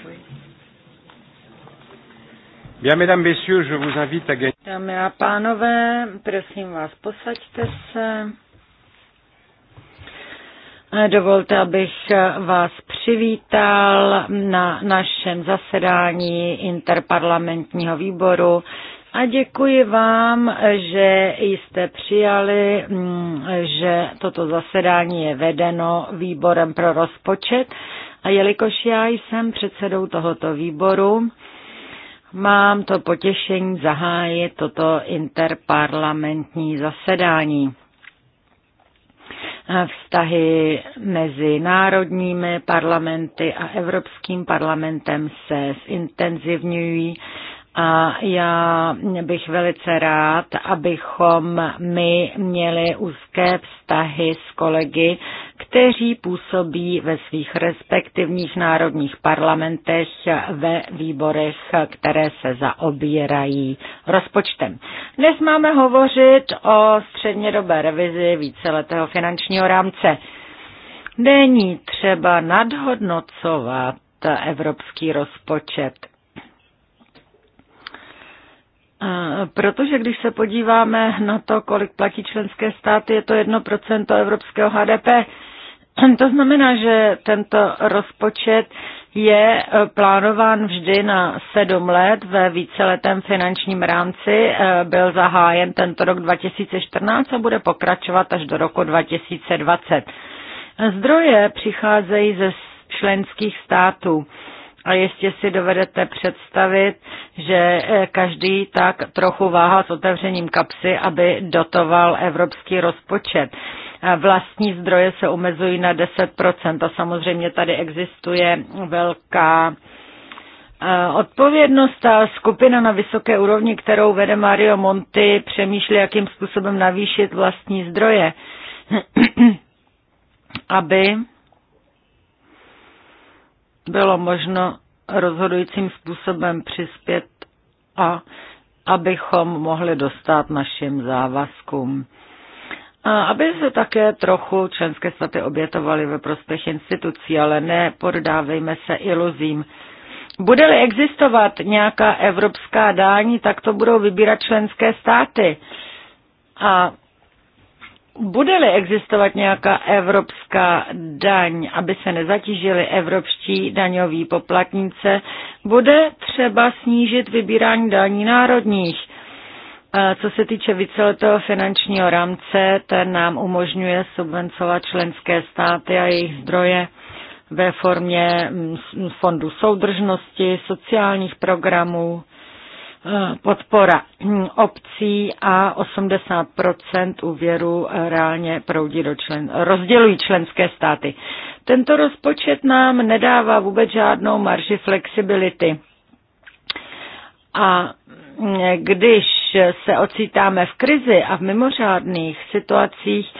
suivant. Bien, mesdames, messieurs, je vous invite à gagner. Dámy a pánové, prosím vás, posaďte se. Dovolte, abych vás přivítal na našem zasedání interparlamentního výboru a děkuji vám, že jste přijali, mm, že toto zasedání je vedeno výborem pro rozpočet a jelikož já jsem předsedou tohoto výboru, mám to potěšení zahájit toto interparlamentní zasedání vztahy mezi národními parlamenty a Evropským parlamentem se zintenzivňují a já bych velice rád, abychom my měli úzké vztahy s kolegy kteří působí ve svých respektivních národních parlamentech ve výborech, které se zaobírají rozpočtem. Dnes máme hovořit o střednědobé revizi víceletého finančního rámce. Není třeba nadhodnocovat evropský rozpočet. Protože když se podíváme na to, kolik platí členské státy, je to 1% evropského HDP. To znamená, že tento rozpočet je e, plánován vždy na sedm let ve víceletém finančním rámci. E, byl zahájen tento rok 2014 a bude pokračovat až do roku 2020. Zdroje přicházejí ze členských států. A jistě si dovedete představit, že e, každý tak trochu váhá s otevřením kapsy, aby dotoval evropský rozpočet vlastní zdroje se omezují na 10%. A samozřejmě tady existuje velká eh, Odpovědnost ta skupina na vysoké úrovni, kterou vede Mario Monti, přemýšlí, jakým způsobem navýšit vlastní zdroje, aby bylo možno rozhodujícím způsobem přispět a abychom mohli dostat našim závazkům aby se také trochu členské státy obětovaly ve prospěch institucí, ale ne poddávejme se iluzím. Bude-li existovat nějaká evropská dání, tak to budou vybírat členské státy. A bude-li existovat nějaká evropská daň, aby se nezatížili evropští daňoví poplatníci, bude třeba snížit vybírání daní národních co se týče víceletého finančního rámce, ten nám umožňuje subvencovat členské státy a jejich zdroje ve formě mm, fondu soudržnosti, sociálních programů, e, podpora mm, obcí a 80 úvěru reálně proudí do člen, rozdělují členské státy. Tento rozpočet nám nedává vůbec žádnou marži flexibility a když se ocitáme v krizi a v mimořádných situacích,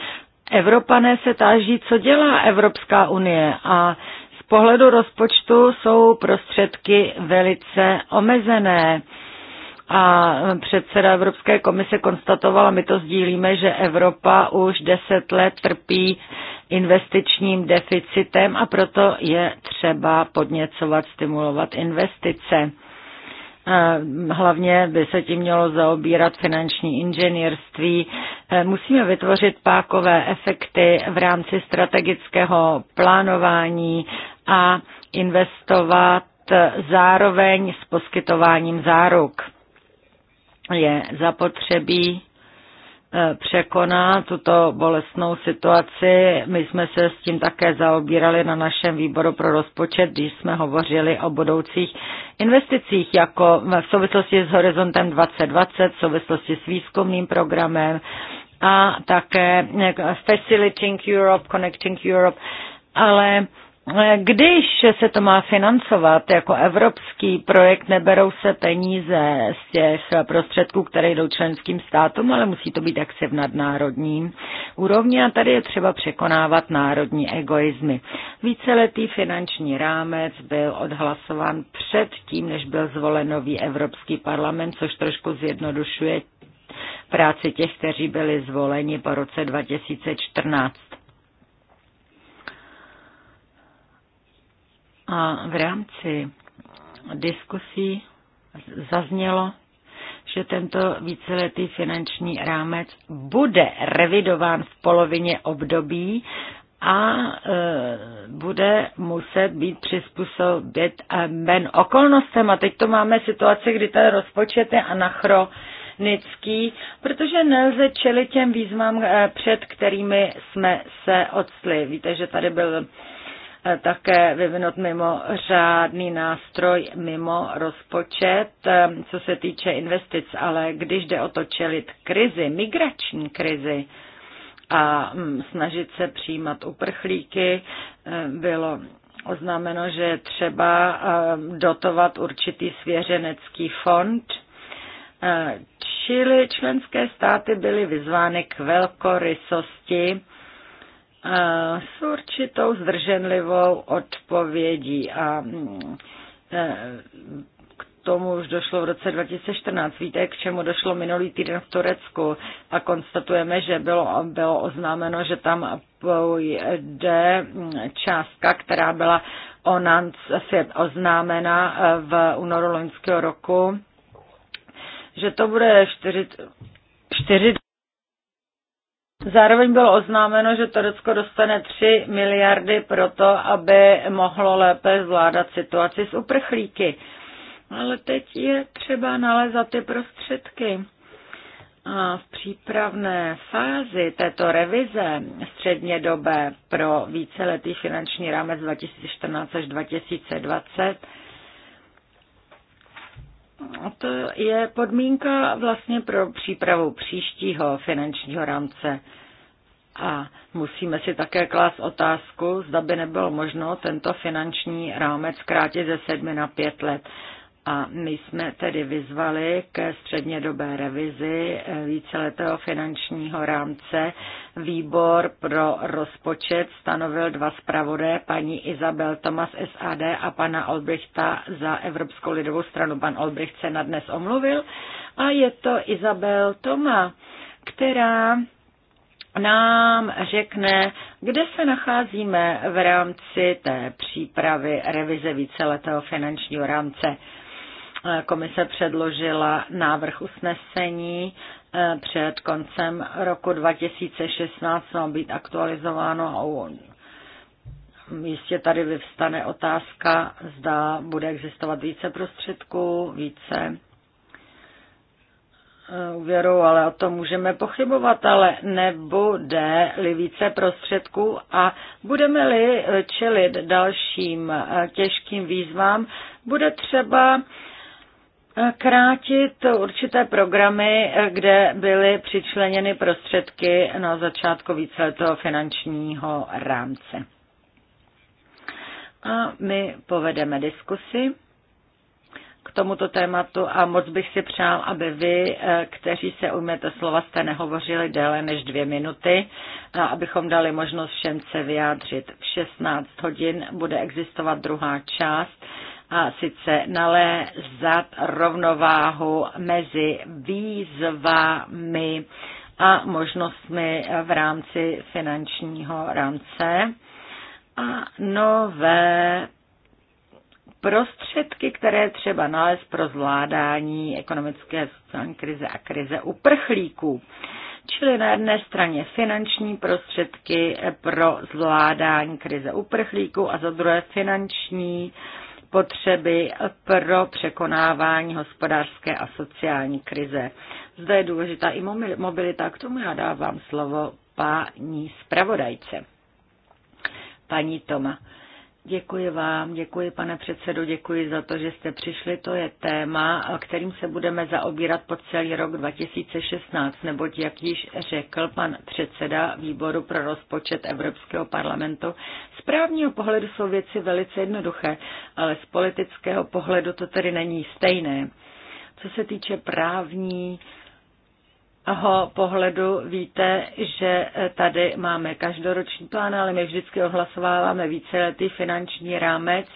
Evropané se táží, co dělá Evropská unie a z pohledu rozpočtu jsou prostředky velice omezené. A předseda Evropské komise konstatovala, my to sdílíme, že Evropa už deset let trpí investičním deficitem a proto je třeba podněcovat, stimulovat investice. Hlavně by se tím mělo zaobírat finanční inženýrství. E, musíme vytvořit pákové efekty v rámci strategického plánování a investovat zároveň s poskytováním záruk. Je zapotřebí Eh, překoná tuto bolestnou situaci. My jsme se s tím také zaobírali na našem výboru pro rozpočet, když jsme hovořili o budoucích investicích jako v souvislosti s Horizontem 2020, v souvislosti s výzkumným programem a také eh, Facilitating Europe, Connecting Europe, ale Eh, když se to má financovat jako evropský projekt, neberou se peníze z těch prostředků, které jdou členským státům, ale musí to být jaksi v nadnárodním úrovni a tady je třeba překonávat národní egoizmy. Víceletý finanční rámec byl odhlasován před tím, než byl zvolen nový Evropský parlament, což trošku zjednodušuje práci těch, kteří byli zvoleni po roce 2014 A v rámci diskusí zaznělo, že tento víceletý finanční rámec bude revidován v polovině období a e, bude muset být přizpůsobit e, men okolnostem. A teď to máme situaci, kdy ten rozpočet je anachronický, protože nelze čelit těm výzvám, e, před kterými jsme se odstli. Víte, že tady byl Eh, také vyvinout mimo řádný nástroj mimo rozpočet, eh, co se týče investic, ale když jde o to čelit krizi, migrační krizi, a mm, snažit se přijímat uprchlíky. Eh, bylo oznámeno, že třeba dotovat určitý svěřenecký fond. Čili členské státy byly vyzvány k velkorysosti s určitou zdrženlivou odpovědí a mm, e, k tomu už došlo v roce 2014. Víte, k čemu došlo minulý týden v Turecku a konstatujeme, že bylo, bylo oznámeno, že tam půjde mm, částka, která byla onanc oznámena e, v únoru loňského roku, že to bude 4, 4 Zároveň bylo oznámeno, že Turecko dostane 3 miliardy pro to, aby mohlo lépe zvládat situaci s uprchlíky. Ale teď je třeba nalézat ty prostředky. A v přípravné fázi této revize středně střednědobé pro víceletý finanční rámec 2014 až 2020 to je podmínka vlastně pro přípravu příštího finančního rámce. A musíme si také klást otázku, zda by nebylo možno tento finanční rámec zkrátit ze sedmi na pět let. A my jsme tedy vyzvali ke střednědobé revizi eh, víceletého finančního rámce. Výbor pro rozpočet stanovil dva zpravodé, paní Izabel Tomas SAD a pana Olbrichta za Evropskou lidovou stranu. Pan Olbricht se na dnes omluvil a je to Izabel Toma, která nám řekne, kde se nacházíme v rámci té přípravy revize víceletého finančního rámce. Komise předložila návrh usnesení eh, před koncem roku 2016 má být aktualizováno a jistě tady vyvstane otázka, zda bude existovat více prostředků, více eh, úvěru, ale o tom můžeme pochybovat, ale nebude-li více prostředků a budeme-li čelit dalším eh, těžkým výzvám, bude třeba Eh, krátit určité programy, eh, kde byly přičleněny prostředky na začátku víceletého finančního rámce. A my povedeme diskusi k tomuto tématu a moc bych si přál, aby vy, eh, kteří se ujmete slova, jste nehovořili déle než dvě minuty, a abychom dali možnost všem se vyjádřit. V 16 hodin bude existovat druhá část a sice nalézat rovnováhu mezi výzvami a možnostmi v rámci finančního rámce a nové prostředky, které třeba nalézt pro zvládání ekonomické sociální krize a krize uprchlíků. Čili na jedné straně finanční prostředky pro zvládání krize uprchlíků a za druhé finanční potřeby pro překonávání hospodářské a sociální krize. Zde je důležitá i mobilita, k tomu já dávám slovo paní zpravodajce. Paní Toma, Děkuji vám, děkuji pane předsedo, děkuji za to, že jste přišli. To je téma, kterým se budeme zaobírat po celý rok 2016, neboť, jak již řekl pan předseda výboru pro rozpočet Evropského parlamentu, z právního pohledu jsou věci velice jednoduché, ale z politického pohledu to tedy není stejné. Co se týče právní ho pohledu víte, že tady máme každoroční plán, ale my vždycky ohlasováváme víceletý finanční rámec,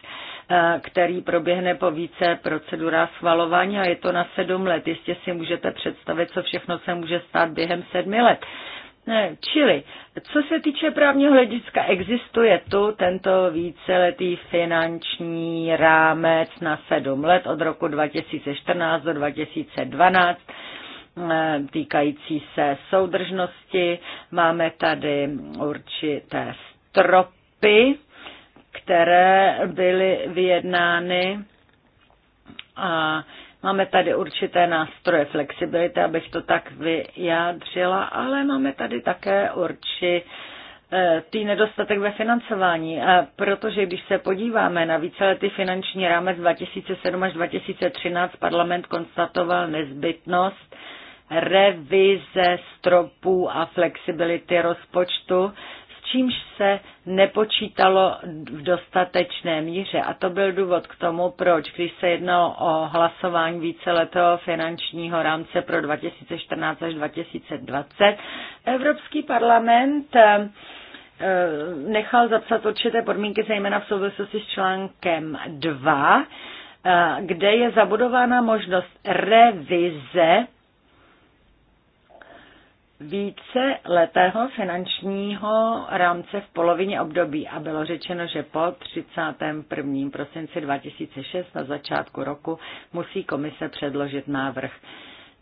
eh, který proběhne po více procedurách schvalování a je to na sedm let. Jistě si můžete představit, co všechno se může stát během sedmi let. Ne, eh, čili, co se týče právního hlediska, existuje tu tento víceletý finanční rámec na sedm let od roku 2014 do 2012 Eh, týkající se soudržnosti. Máme tady určité stropy, které byly vyjednány a Máme tady určité nástroje flexibility, abych to tak vyjádřila, ale máme tady také určitý eh, nedostatek ve financování, protože když se podíváme na víceletý finanční rámec 2007 až 2013, parlament konstatoval nezbytnost revize stropů a flexibility rozpočtu, s čímž se nepočítalo v dostatečné míře. A to byl důvod k tomu, proč, když se jednalo o hlasování víceletého finančního rámce pro 2014 až 2020, Evropský parlament eh, nechal zapsat určité podmínky, zejména v souvislosti s článkem 2, eh, kde je zabudována možnost revize více letého finančního rámce v polovině období a bylo řečeno, že po 31. prosinci 2006 na začátku roku musí komise předložit návrh.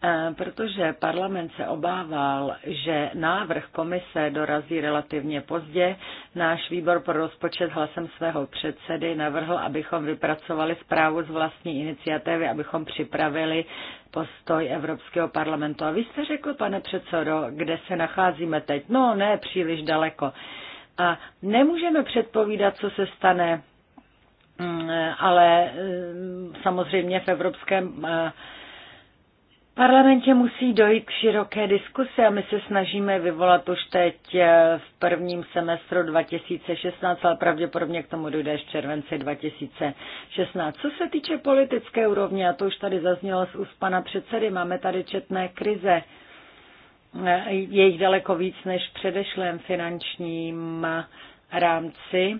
Eh, protože parlament se obával, že návrh komise dorazí relativně pozdě, náš výbor pro rozpočet hlasem svého předsedy navrhl, abychom vypracovali zprávu z vlastní iniciativy, abychom připravili postoj Evropského parlamentu. A vy jste řekl, pane předsedo, kde se nacházíme teď? No, ne příliš daleko. A nemůžeme předpovídat, co se stane, mm, eh, ale eh, samozřejmě v Evropském parlamentě musí dojít k široké diskusi a my se snažíme vyvolat už teď eh, v prvním semestru 2016, ale pravděpodobně k tomu dojde v červenci 2016. Co se týče politické úrovně, a to už tady zaznělo z úst pana předsedy, máme tady četné krize. Eh, je jich daleko víc než v předešlém finančním rámci.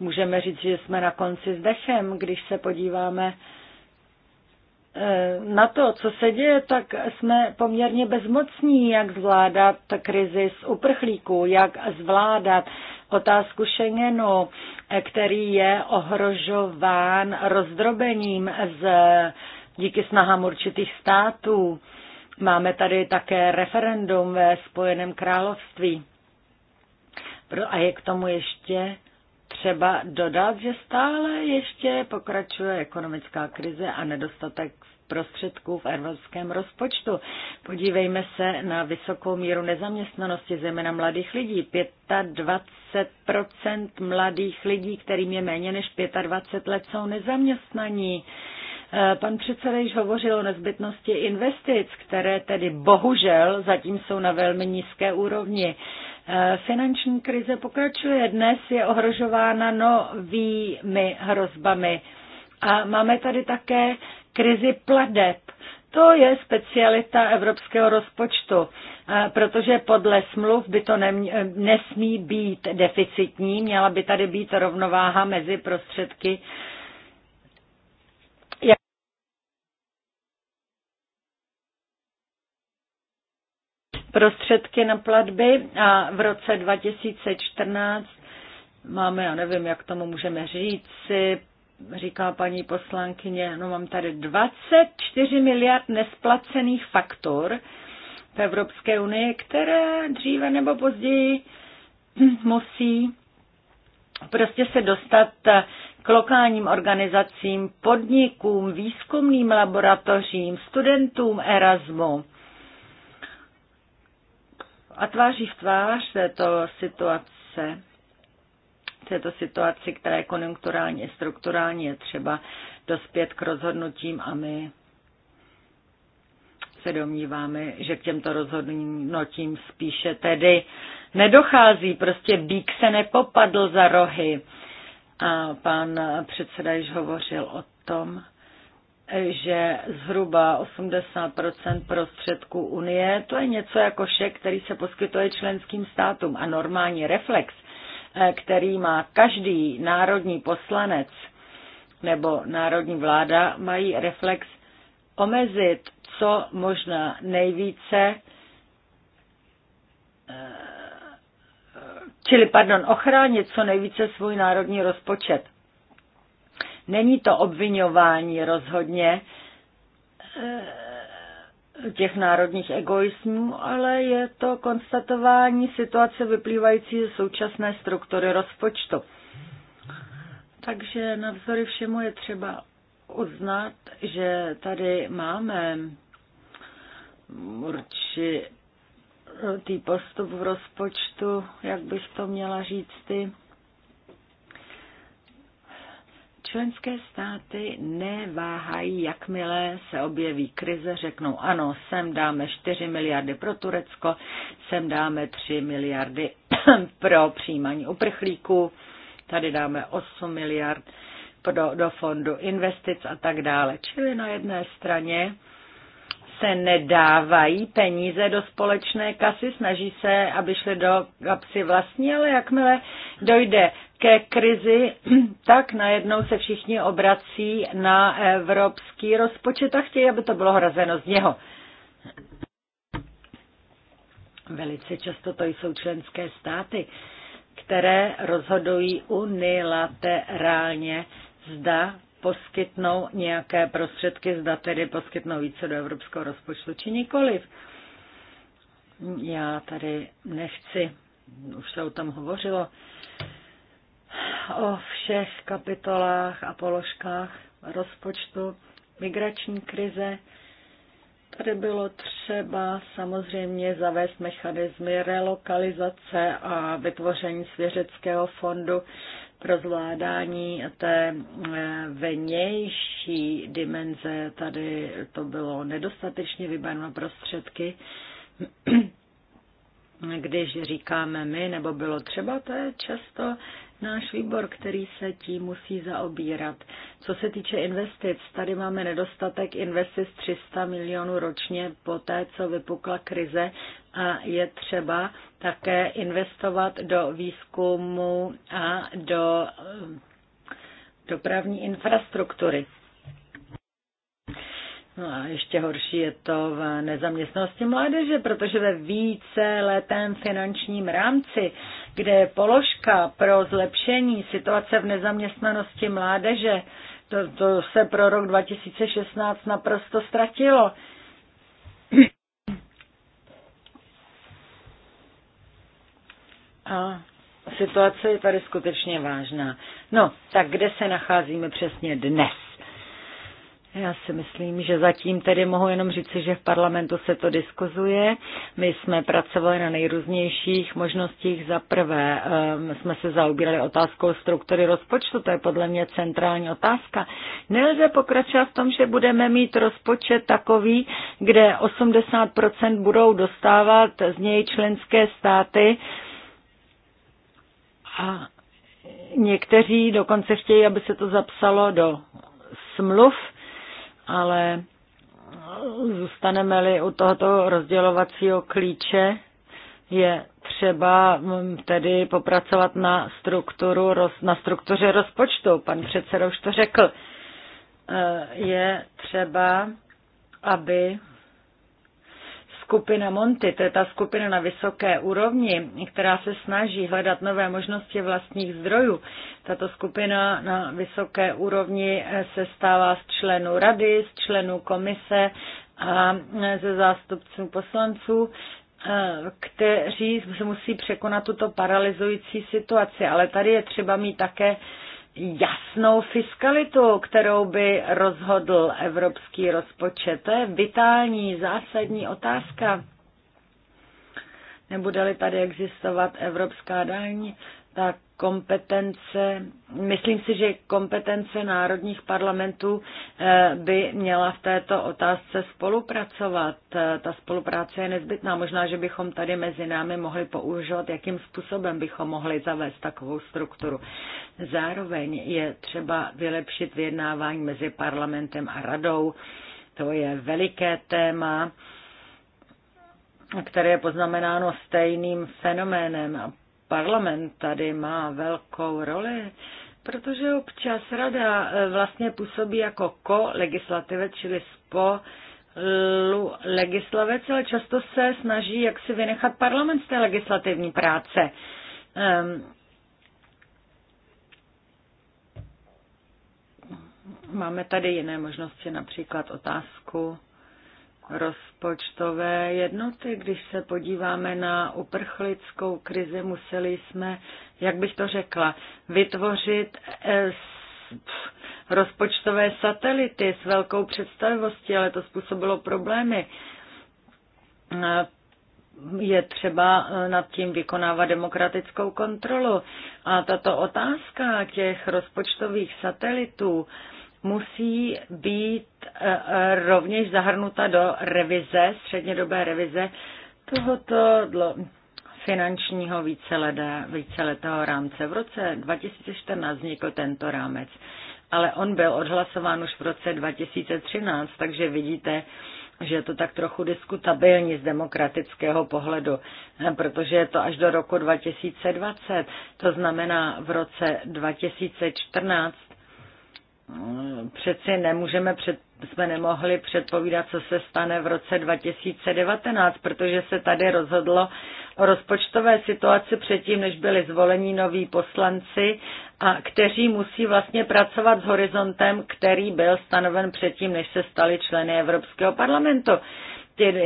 Můžeme říct, že jsme na konci s dechem, když se podíváme Eh, na to, co se děje, tak jsme poměrně bezmocní, jak zvládat krizi z uprchlíků, jak zvládat otázku Schengenu, eh, který je ohrožován rozdrobením z, díky snahám určitých států. Máme tady také referendum ve Spojeném království. A je k tomu ještě třeba dodat, že stále ještě pokračuje ekonomická krize a nedostatek prostředků v evropském rozpočtu. Podívejme se na vysokou míru nezaměstnanosti, zejména mladých lidí. 25% mladých lidí, kterým je méně než 25 let, jsou nezaměstnaní. Eh, pan předseda již hovořil o nezbytnosti investic, které tedy bohužel zatím jsou na velmi nízké úrovni. Eh, finanční krize pokračuje dnes, je ohrožována novými hrozbami. A máme tady také krizi pladeb. To je specialita evropského rozpočtu, eh, protože podle smluv by to nem, eh, nesmí být deficitní, měla by tady být rovnováha mezi prostředky, prostředky na platby a v roce 2014 máme, já nevím, jak tomu můžeme říci, říká paní poslankyně, no mám tady 24 miliard nesplacených faktur v Evropské unii, které dříve nebo později musí prostě se dostat k lokálním organizacím, podnikům, výzkumným laboratořím, studentům Erasmu a tváří v tvář této situace, této situaci, která je konjunkturální a strukturální, je třeba dospět k rozhodnutím a my se domníváme, že k těmto rozhodnutím spíše tedy nedochází. Prostě bík se nepopadl za rohy. A pan předseda již hovořil o tom, že zhruba 80 prostředků Unie, to je něco jako šek, který se poskytuje členským státům. A normální reflex, eh, který má každý národní poslanec nebo národní vláda, mají reflex omezit co možná nejvíce, eh, eh, čili pardon, ochránit co nejvíce svůj národní rozpočet. Není to obvinování rozhodně eh, těch národních egoismů, ale je to konstatování situace vyplývající ze současné struktury rozpočtu. Takže navzory všemu je třeba uznat, že tady máme určitý postup v rozpočtu, jak bych to měla říct ty, Členské státy neváhají, jakmile se objeví krize, řeknou ano, sem dáme 4 miliardy pro Turecko, sem dáme 3 miliardy pro přijímání uprchlíků, tady dáme 8 miliard do, do fondu investic a tak dále. Čili na jedné straně se nedávají peníze do společné kasy, snaží se, aby šly do kapsy vlastní, ale jakmile dojde ke krizi, tak najednou se všichni obrací na evropský rozpočet a chtějí, aby to bylo hrazeno z něho. Velice často to jsou členské státy, které rozhodují unilaterálně, zda poskytnou nějaké prostředky, zda tedy poskytnou více do evropského rozpočtu, či nikoliv. Já tady nechci, už se o tom hovořilo, o všech kapitolách a položkách rozpočtu migrační krize. Tady bylo třeba samozřejmě zavést mechanizmy relokalizace a vytvoření svěřeckého fondu pro zvládání té eh, vnější dimenze. Tady to bylo nedostatečně vybrano prostředky když říkáme my, nebo bylo třeba, to je často náš výbor, který se tím musí zaobírat. Co se týče investic, tady máme nedostatek investic 300 milionů ročně po té, co vypukla krize a je třeba také investovat do výzkumu a do eh, dopravní infrastruktury. No a ještě horší je to v nezaměstnosti mládeže, protože ve více letém finančním rámci kde položka pro zlepšení situace v nezaměstnanosti mládeže, to, to se pro rok 2016 naprosto ztratilo. A situace je tady skutečně vážná. No, tak kde se nacházíme přesně dnes? Já si myslím, že zatím tedy mohu jenom říci, že v parlamentu se to diskuzuje. My jsme pracovali na nejrůznějších možnostích. Za prvé ehm, jsme se zaobírali otázkou struktury rozpočtu, to je podle mě centrální otázka. Nelze pokračovat v tom, že budeme mít rozpočet takový, kde 80% budou dostávat z něj členské státy a někteří dokonce chtějí, aby se to zapsalo do smluv ale zůstaneme-li u tohoto rozdělovacího klíče, je třeba mm, tedy popracovat na, strukturu, na struktuře rozpočtu. Pan předseda už to řekl. E, je třeba, aby Skupina Monty, to je ta skupina na vysoké úrovni, která se snaží hledat nové možnosti vlastních zdrojů. Tato skupina na vysoké úrovni eh, se stává z členů rady, z členů komise a eh, ze zástupců poslanců eh, kteří se musí překonat tuto paralyzující situaci. Ale tady je třeba mít také jasnou fiskalitu, kterou by rozhodl evropský rozpočet? To je vitální, zásadní otázka. Nebude-li tady existovat evropská daň, tak kompetence, myslím si, že kompetence národních parlamentů eh, by měla v této otázce spolupracovat. Eh, ta spolupráce je nezbytná. Možná, že bychom tady mezi námi mohli použít, jakým způsobem bychom mohli zavést takovou strukturu. Zároveň je třeba vylepšit vyjednávání mezi parlamentem a radou. To je veliké téma které je poznamenáno stejným fenoménem parlament tady má velkou roli, protože občas rada eh, vlastně působí jako ko-legislativec, čili spo legislavec, ale často se snaží jak si vynechat parlament z té legislativní práce. Ehm, máme tady jiné možnosti, například otázku rozpočtové jednoty. Když se podíváme na uprchlickou krizi, museli jsme, jak bych to řekla, vytvořit eh, rozpočtové satelity s velkou představivostí, ale to způsobilo problémy. Eh, je třeba eh, nad tím vykonávat demokratickou kontrolu. A tato otázka těch rozpočtových satelitů, musí být eh, eh, rovněž zahrnuta do revize, střednědobé revize tohoto dlo, finančního víceledé, víceletého rámce. V roce 2014 vznikl tento rámec, ale on byl odhlasován už v roce 2013, takže vidíte, že je to tak trochu diskutabilní z demokratického pohledu, eh, protože je to až do roku 2020. To znamená, v roce 2014 Mm, přeci nemůžeme před, jsme nemohli předpovídat, co se stane v roce 2019, protože se tady rozhodlo o rozpočtové situaci předtím, než byli zvoleni noví poslanci, a kteří musí vlastně pracovat s horizontem, který byl stanoven předtím, než se stali členy Evropského parlamentu.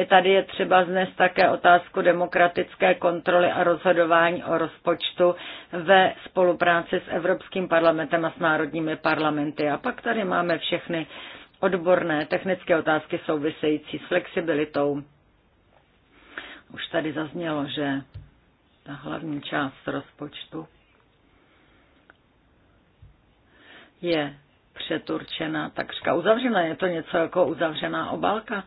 Tady je třeba znést také otázku demokratické kontroly a rozhodování o rozpočtu ve spolupráci s Evropským parlamentem a s národními parlamenty. A pak tady máme všechny odborné technické otázky související s flexibilitou. Už tady zaznělo, že ta hlavní část rozpočtu je přeturčena. takřka uzavřena. Je to něco jako uzavřená obálka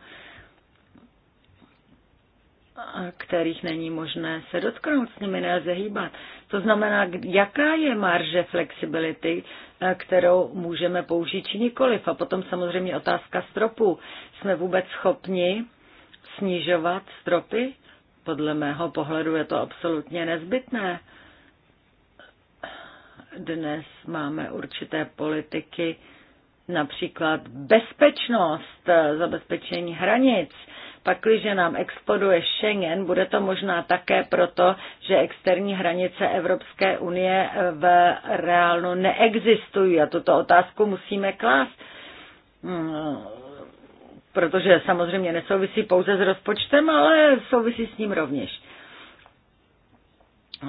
kterých není možné se dotknout, s nimi nelze hýbat. To znamená, jaká je marže flexibility, eh, kterou můžeme použít či nikoliv. A potom samozřejmě otázka stropu. Jsme vůbec schopni snižovat stropy? Podle mého pohledu je to absolutně nezbytné. Dnes máme určité politiky, například bezpečnost, zabezpečení hranic, Pakliže nám exploduje Schengen, bude to možná také proto, že externí hranice Evropské unie eh, v reálnu neexistují a tuto otázku musíme klást. Hmm, protože samozřejmě nesouvisí pouze s rozpočtem, ale souvisí s ním rovněž.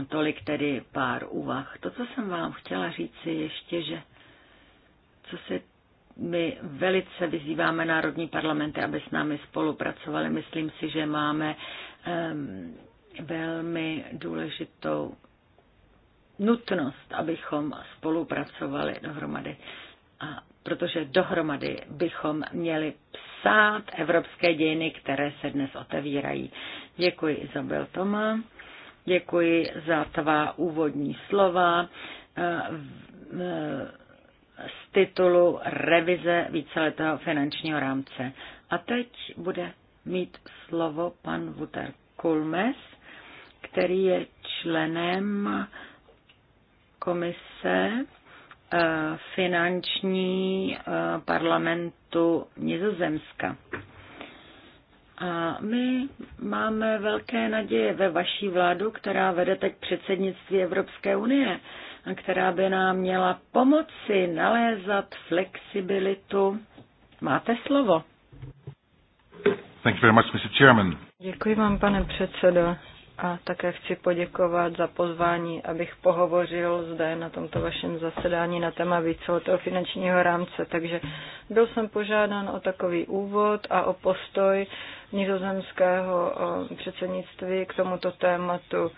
Tolik tedy pár úvah. To, co jsem vám chtěla říct, je ještě, že co se my velice vyzýváme národní parlamenty, aby s námi spolupracovali. Myslím si, že máme um, velmi důležitou nutnost, abychom spolupracovali dohromady. A protože dohromady bychom měli psát evropské dějiny, které se dnes otevírají. Děkuji Izabel Toma, děkuji za tvá úvodní slova. Uh, uh, z titulu revize víceletého finančního rámce. A teď bude mít slovo pan Vuter Kulmes, který je členem komise eh, finanční eh, parlamentu Nizozemska. A my máme velké naděje ve vaší vládu, která vede teď předsednictví Evropské unie která by nám měla pomoci nalézat flexibilitu. Máte slovo. Thank you very much, Mr. Chairman. Děkuji vám, pane předsedo. A také chci poděkovat za pozvání, abych pohovořil zde na tomto vašem zasedání na téma víceletého finančního rámce. Takže byl jsem požádán o takový úvod a o postoj nizozemského eh, předsednictví k tomuto tématu.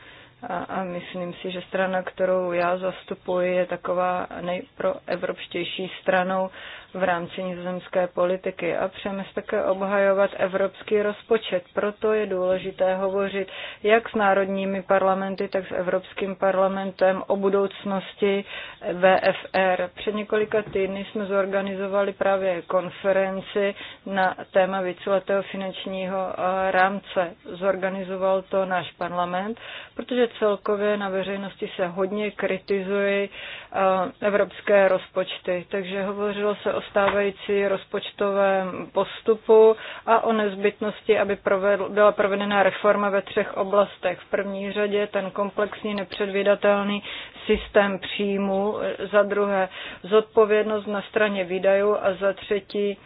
A, a myslím si, že strana, kterou já zastupuji, je taková nejproevropštější stranou v rámci nizozemské politiky a přejeme se také obhajovat evropský rozpočet. Proto je důležité hovořit jak s národními parlamenty, tak s Evropským parlamentem o budoucnosti VFR. Před několika týdny jsme zorganizovali právě konferenci na téma víceletého finančního eh, rámce. Zorganizoval to náš parlament, protože celkově na veřejnosti se hodně kritizují eh, evropské rozpočty. Takže hovořilo se o stávající rozpočtovém postupu a o nezbytnosti, aby provedl, byla provedena reforma ve třech oblastech. V první řadě ten komplexní nepředvídatelný systém příjmu, za druhé zodpovědnost na straně výdajů a za třetí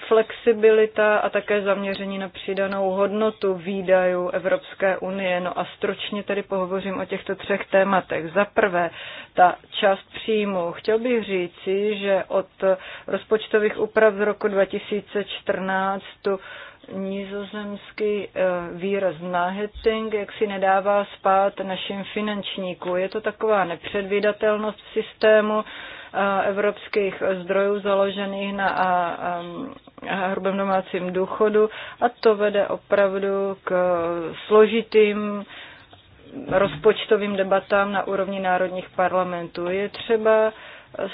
flexibilita a také zaměření na přidanou hodnotu výdajů Evropské unie. No a stročně tedy pohovořím o těchto třech tématech. Za prvé, ta část příjmu. Chtěl bych říci, že od rozpočtových úprav z roku 2014 tu nizozemský eh, výraz marketing, jak si nedává spát našim finančníků. Je to taková nepředvídatelnost v systému eh, evropských zdrojů založených na hrubém domácím důchodu a to vede opravdu k složitým rozpočtovým debatám na úrovni národních parlamentů. Je třeba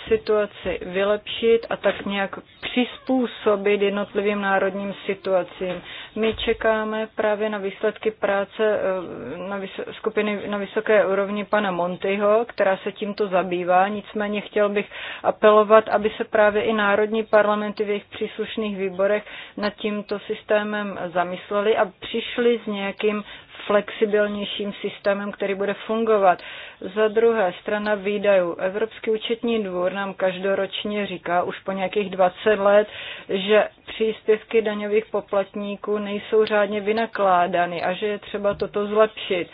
situaci vylepšit a tak nějak přizpůsobit jednotlivým národním situacím. My čekáme právě na výsledky práce eh, na vys- skupiny na vysoké úrovni pana Montyho, která se tímto zabývá. Nicméně chtěl bych apelovat, aby se právě i národní parlamenty v jejich příslušných výborech nad tímto systémem zamysleli a přišli s nějakým flexibilnějším systémem, který bude fungovat. Za druhé, strana výdajů. Evropský účetní dvůr nám každoročně říká už po nějakých 20 let, že příspěvky daňových poplatníků nejsou řádně vynakládány a že je třeba toto zlepšit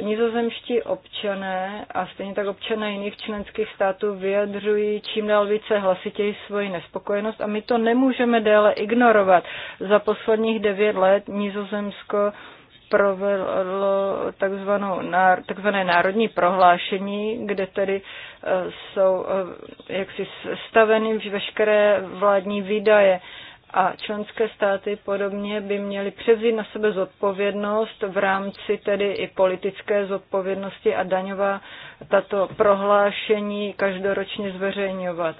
nizozemští občané a stejně tak občané jiných členských států vyjadřují čím dál více hlasitěji svoji nespokojenost a my to nemůžeme déle ignorovat. Za posledních devět let Nizozemsko provedlo takzvanou, takzvané národní prohlášení, kde tedy e, jsou e, jaksi staveny veškeré vládní výdaje a členské státy podobně by měly převzít na sebe zodpovědnost v rámci tedy i politické zodpovědnosti a daňová tato prohlášení každoročně zveřejňovat.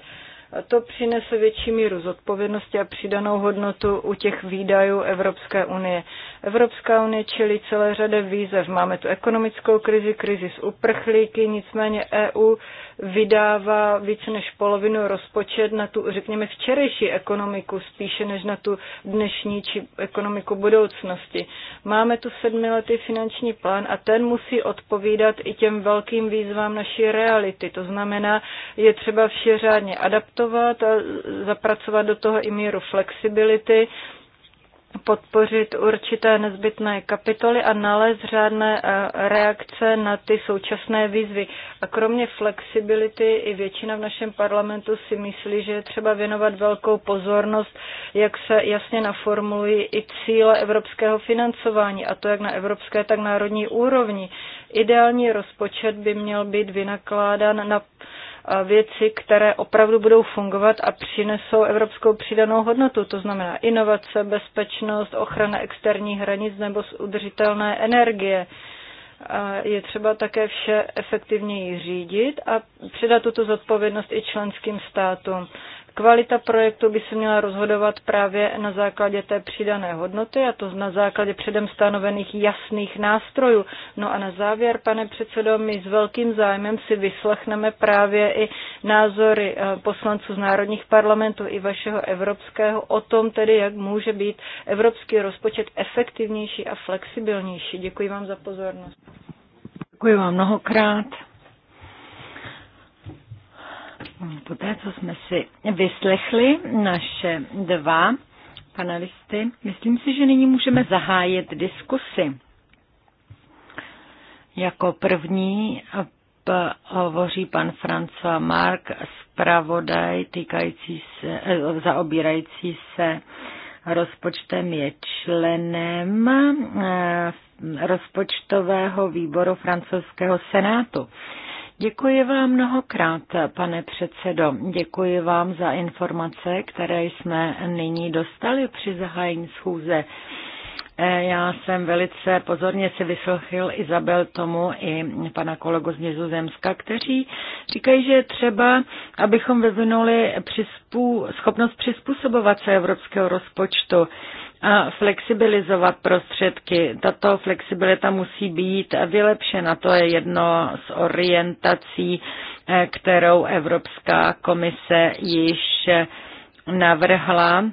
To přinese větší míru zodpovědnosti a přidanou hodnotu u těch výdajů Evropské unie. Evropská unie čelí celé řadě výzev. Máme tu ekonomickou krizi, krizi s uprchlíky, nicméně EU vydává více než polovinu rozpočet na tu, řekněme, včerejší ekonomiku, spíše než na tu dnešní či ekonomiku budoucnosti. Máme tu sedmiletý finanční plán a ten musí odpovídat i těm velkým výzvám naší reality. To znamená, je třeba vše řádně adaptovat a zapracovat do toho i míru flexibility, podpořit určité nezbytné kapitoly a nalézt řádné eh, reakce na ty současné výzvy. A kromě flexibility i většina v našem parlamentu si myslí, že je třeba věnovat velkou pozornost, jak se jasně naformulují i cíle evropského financování, a to jak na evropské, tak národní úrovni. Ideální rozpočet by měl být vynakládán na Eh, věci, které opravdu budou fungovat a přinesou evropskou přidanou hodnotu. To znamená inovace, bezpečnost, ochrana externích hranic nebo udržitelné energie. Eh, je třeba také vše efektivněji řídit a předat tuto zodpovědnost i členským státům. Kvalita projektu by se měla rozhodovat právě na základě té přidané hodnoty a to na základě předem stanovených jasných nástrojů. No a na závěr, pane předsedo, my s velkým zájmem si vyslechneme právě i názory eh, poslanců z národních parlamentů i vašeho evropského o tom tedy, jak může být evropský rozpočet efektivnější a flexibilnější. Děkuji vám za pozornost. Děkuji vám mnohokrát té, co jsme si vyslechli naše dva panelisty, myslím si, že nyní můžeme zahájit diskusy. Jako první hovoří pan François Mark, zpravodaj týkající se, eh, zaobírající se rozpočtem je členem eh, rozpočtového výboru francouzského senátu. Děkuji vám mnohokrát, pane předsedo. Děkuji vám za informace, které jsme nyní dostali při zahájení schůze. Eh, já jsem velice pozorně si vyslechl Izabel tomu i pana kolegu z Nizozemska, kteří říkají, že je třeba, abychom vyvinuli přizpů, schopnost přizpůsobovat se evropského rozpočtu flexibilizovat prostředky. Tato flexibilita musí být vylepšena. To je jedno z orientací, eh, kterou Evropská komise již eh, navrhla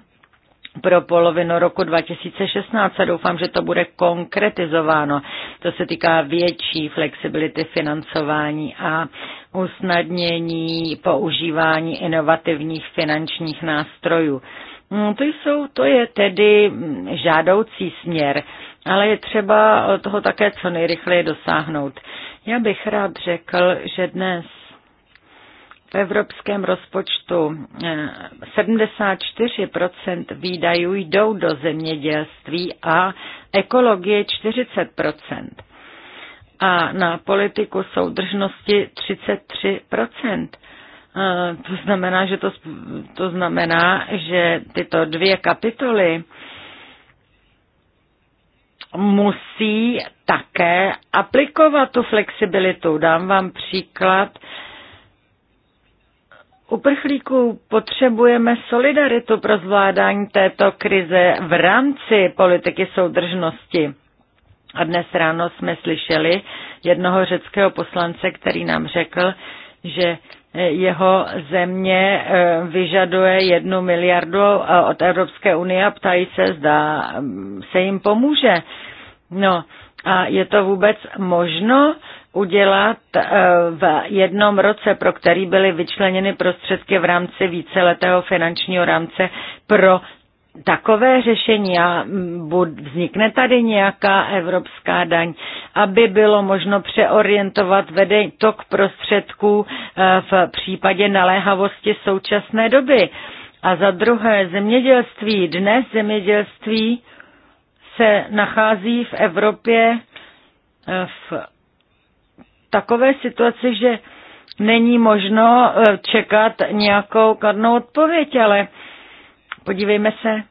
pro polovinu roku 2016 a doufám, že to bude konkretizováno. To se týká větší flexibility financování a usnadnění používání inovativních finančních nástrojů. No, to, jsou, to je tedy žádoucí směr, ale je třeba toho také co nejrychleji dosáhnout. Já bych rád řekl, že dnes v evropském rozpočtu 74% eh, výdajů jdou do zemědělství a ekologie 40%. A na politiku soudržnosti 33%. Eh, to znamená, že to, to znamená, že tyto dvě kapitoly musí také aplikovat tu flexibilitu. Dám vám příklad. Uprchlíků potřebujeme solidaritu pro zvládání této krize v rámci politiky soudržnosti. A dnes ráno jsme slyšeli jednoho řeckého poslance, který nám řekl, že jeho země eh, vyžaduje jednu miliardu eh, od Evropské unie a ptají se, zda mm, se jim pomůže. No a je to vůbec možno udělat eh, v jednom roce, pro který byly vyčleněny prostředky v rámci víceletého finančního rámce pro takové řešení a vznikne tady nějaká evropská daň, aby bylo možno přeorientovat vedení tok prostředků eh, v případě naléhavosti současné doby. A za druhé zemědělství. Dnes zemědělství se nachází v Evropě eh, v takové situaci, že není možno eh, čekat nějakou kladnou odpověď, ale Podívejme se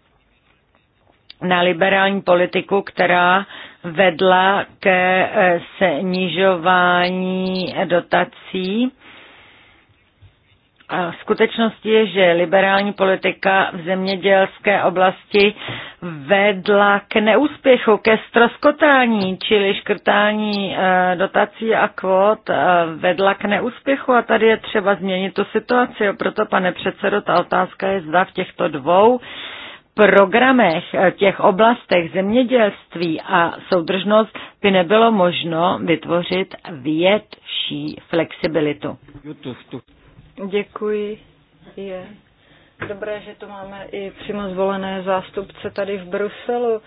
na liberální politiku, která vedla ke eh, snižování dotací skutečnosti je, že liberální politika v zemědělské oblasti vedla k neúspěchu, ke stroskotání, čili škrtání e, dotací a kvót e, vedla k neúspěchu a tady je třeba změnit tu situaci. Proto, pane předsedo, ta otázka je zda v těchto dvou programech, e, těch oblastech zemědělství a soudržnost by nebylo možno vytvořit větší flexibilitu. Děkuji. Je dobré, že to máme i přímo zvolené zástupce tady v Bruselu.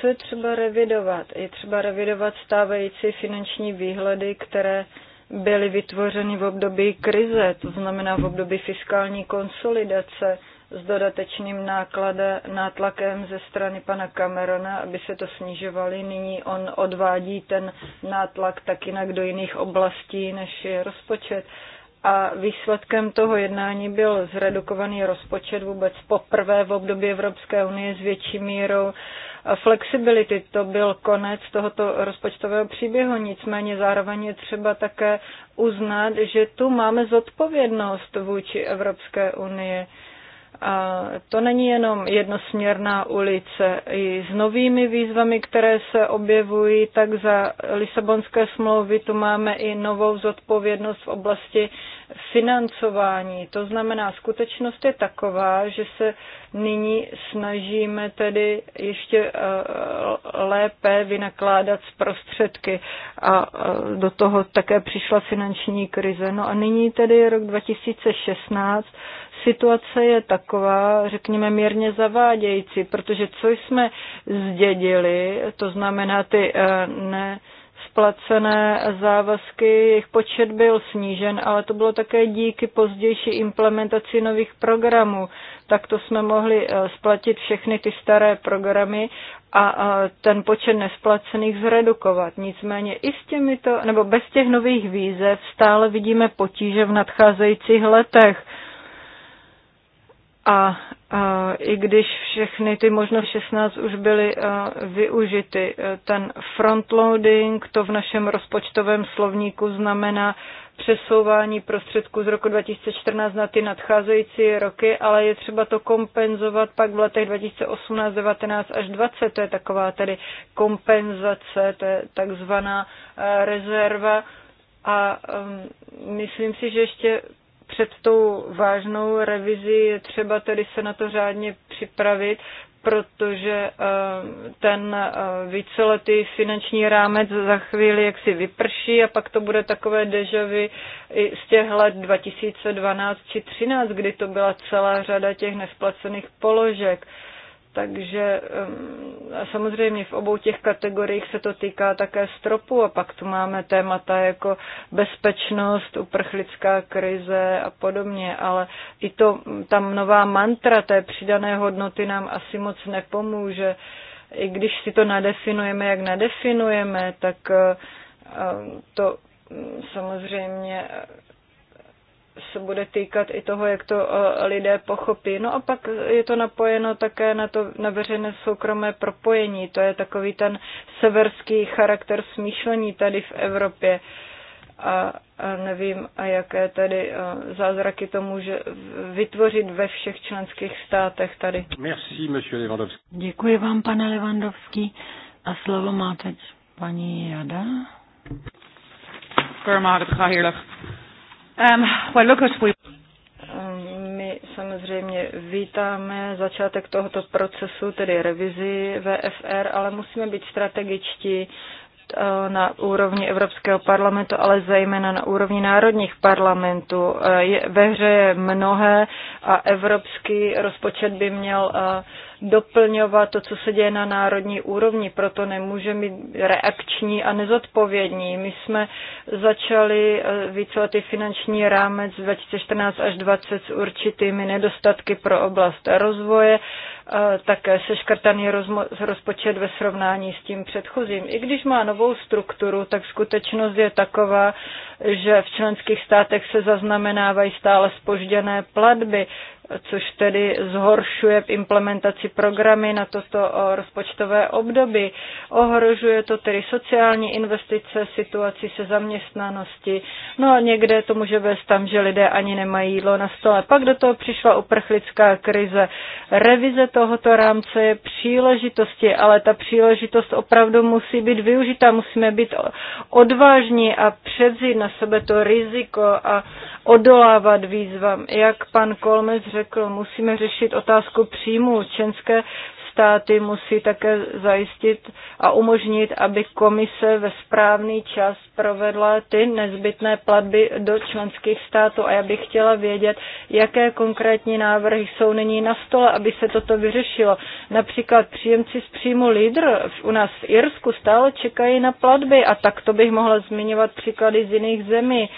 Co je třeba revidovat? Je třeba revidovat stávající finanční výhledy, které byly vytvořeny v období krize, to znamená v období fiskální konsolidace s dodatečným náklade, nátlakem ze strany pana Camerona, aby se to snižovali. Nyní on odvádí ten nátlak tak jinak do jiných oblastí, než je rozpočet. Uh, a výsledkem toho jednání byl zredukovaný rozpočet vůbec poprvé v období Evropské unie s větší mírou flexibility. To byl konec tohoto rozpočtového příběhu, nicméně zároveň je třeba také uznat, že tu máme zodpovědnost vůči Evropské unie. A to není jenom jednosměrná ulice. I s novými výzvami, které se objevují, tak za Lisabonské smlouvy tu máme i novou zodpovědnost v oblasti financování. To znamená, skutečnost je taková, že se nyní snažíme tedy ještě e, lépe vynakládat z prostředky a e, do toho také přišla finanční krize. No a nyní tedy rok 2016 situace je taková, řekněme, mírně zavádějící, protože co jsme zdědili, to znamená ty eh, ne, splacené závazky, jejich počet byl snížen, ale to bylo také díky pozdější implementaci nových programů. tak to jsme mohli eh, splatit všechny ty staré programy a eh, ten počet nesplacených zredukovat. Nicméně i s těmito, nebo bez těch nových výzev stále vidíme potíže v nadcházejících letech a, a i když všechny ty možnosti 16 už byly a, využity, e, ten frontloading, to v našem rozpočtovém slovníku znamená přesouvání prostředků z roku 2014 na ty nadcházející roky, ale je třeba to kompenzovat pak v letech 2018, 19 až 20. To je taková tedy kompenzace, to je takzvaná e, rezerva. A um, myslím si, že ještě před tou vážnou revizi je třeba tedy se na to řádně připravit, protože eh, ten eh, víceletý finanční rámec za chvíli jaksi vyprší a pak to bude takové dežavy i z těch let 2012 či 2013, kdy to byla celá řada těch nesplacených položek. Takže samozřejmě v obou těch kategoriích se to týká také stropu a pak tu máme témata jako bezpečnost, uprchlická krize a podobně, ale i to, tam nová mantra té přidané hodnoty nám asi moc nepomůže. I když si to nadefinujeme, jak nadefinujeme, tak eh, to mm, samozřejmě se bude týkat i toho, jak to eh, lidé pochopí. No a pak je to napojeno také na to na veřejné soukromé propojení. To je takový ten severský charakter smýšlení tady v Evropě. A, a nevím, a jaké tady eh, zázraky to může vytvořit ve všech členských státech tady. Merci, monsieur Lewandowski. Děkuji vám, pane Lewandowski. A slovo má teď paní Jada. Kurma, Um, well, look at we... Um, my samozřejmě vítáme začátek tohoto procesu, tedy revizi VFR, ale musíme být strategičtí uh, na úrovni Evropského parlamentu, ale zejména na úrovni národních parlamentů. Uh, je, ve hře je mnohé a evropský rozpočet by měl uh, doplňovat to, co se děje na národní úrovni, proto nemůžeme být reakční a nezodpovědní. My jsme začali eh, víceletý finanční rámec 2014 až 2020 s určitými nedostatky pro oblast rozvoje, také seškrtaný rozpočet ve srovnání s tím předchozím. I když má novou strukturu, tak skutečnost je taková, že v členských státech se zaznamenávají stále spožděné platby, což tedy zhoršuje implementaci programy na toto rozpočtové období. Ohrožuje to tedy sociální investice, situaci se zaměstnanosti. No a někde to může vést tam, že lidé ani nemají jídlo na stole. Pak do toho přišla uprchlická krize. Revize tohoto rámce je příležitosti, ale ta příležitost opravdu musí být využita. Musíme být odvážní a předzít na sebe to riziko a odolávat výzvám. Jak pan Kolmec řekl, musíme řešit otázku příjmu. čenské státy musí také zajistit a umožnit, aby komise ve správný čas provedla ty nezbytné platby do členských států. A já bych chtěla vědět, jaké konkrétní návrhy jsou nyní na stole, aby se toto vyřešilo. Například příjemci z příjmu lídr u nás v Irsku stále čekají na platby a tak to bych mohla zmiňovat příklady z jiných zemí.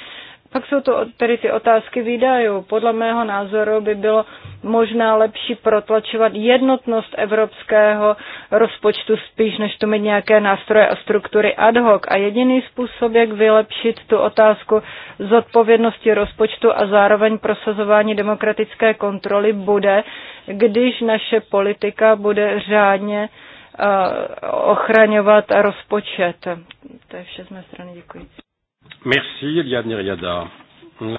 Pak jsou to tedy ty otázky výdajů. Podle mého názoru by bylo možná lepší protlačovat jednotnost evropského rozpočtu spíš, než tu mít nějaké nástroje a struktury ad hoc. A jediný způsob, jak vylepšit tu otázku zodpovědnosti rozpočtu a zároveň prosazování demokratické kontroly, bude, když naše politika bude řádně eh, ochraňovat rozpočet. To je vše z mé strany. Děkuji. Merci, Eliane Riada.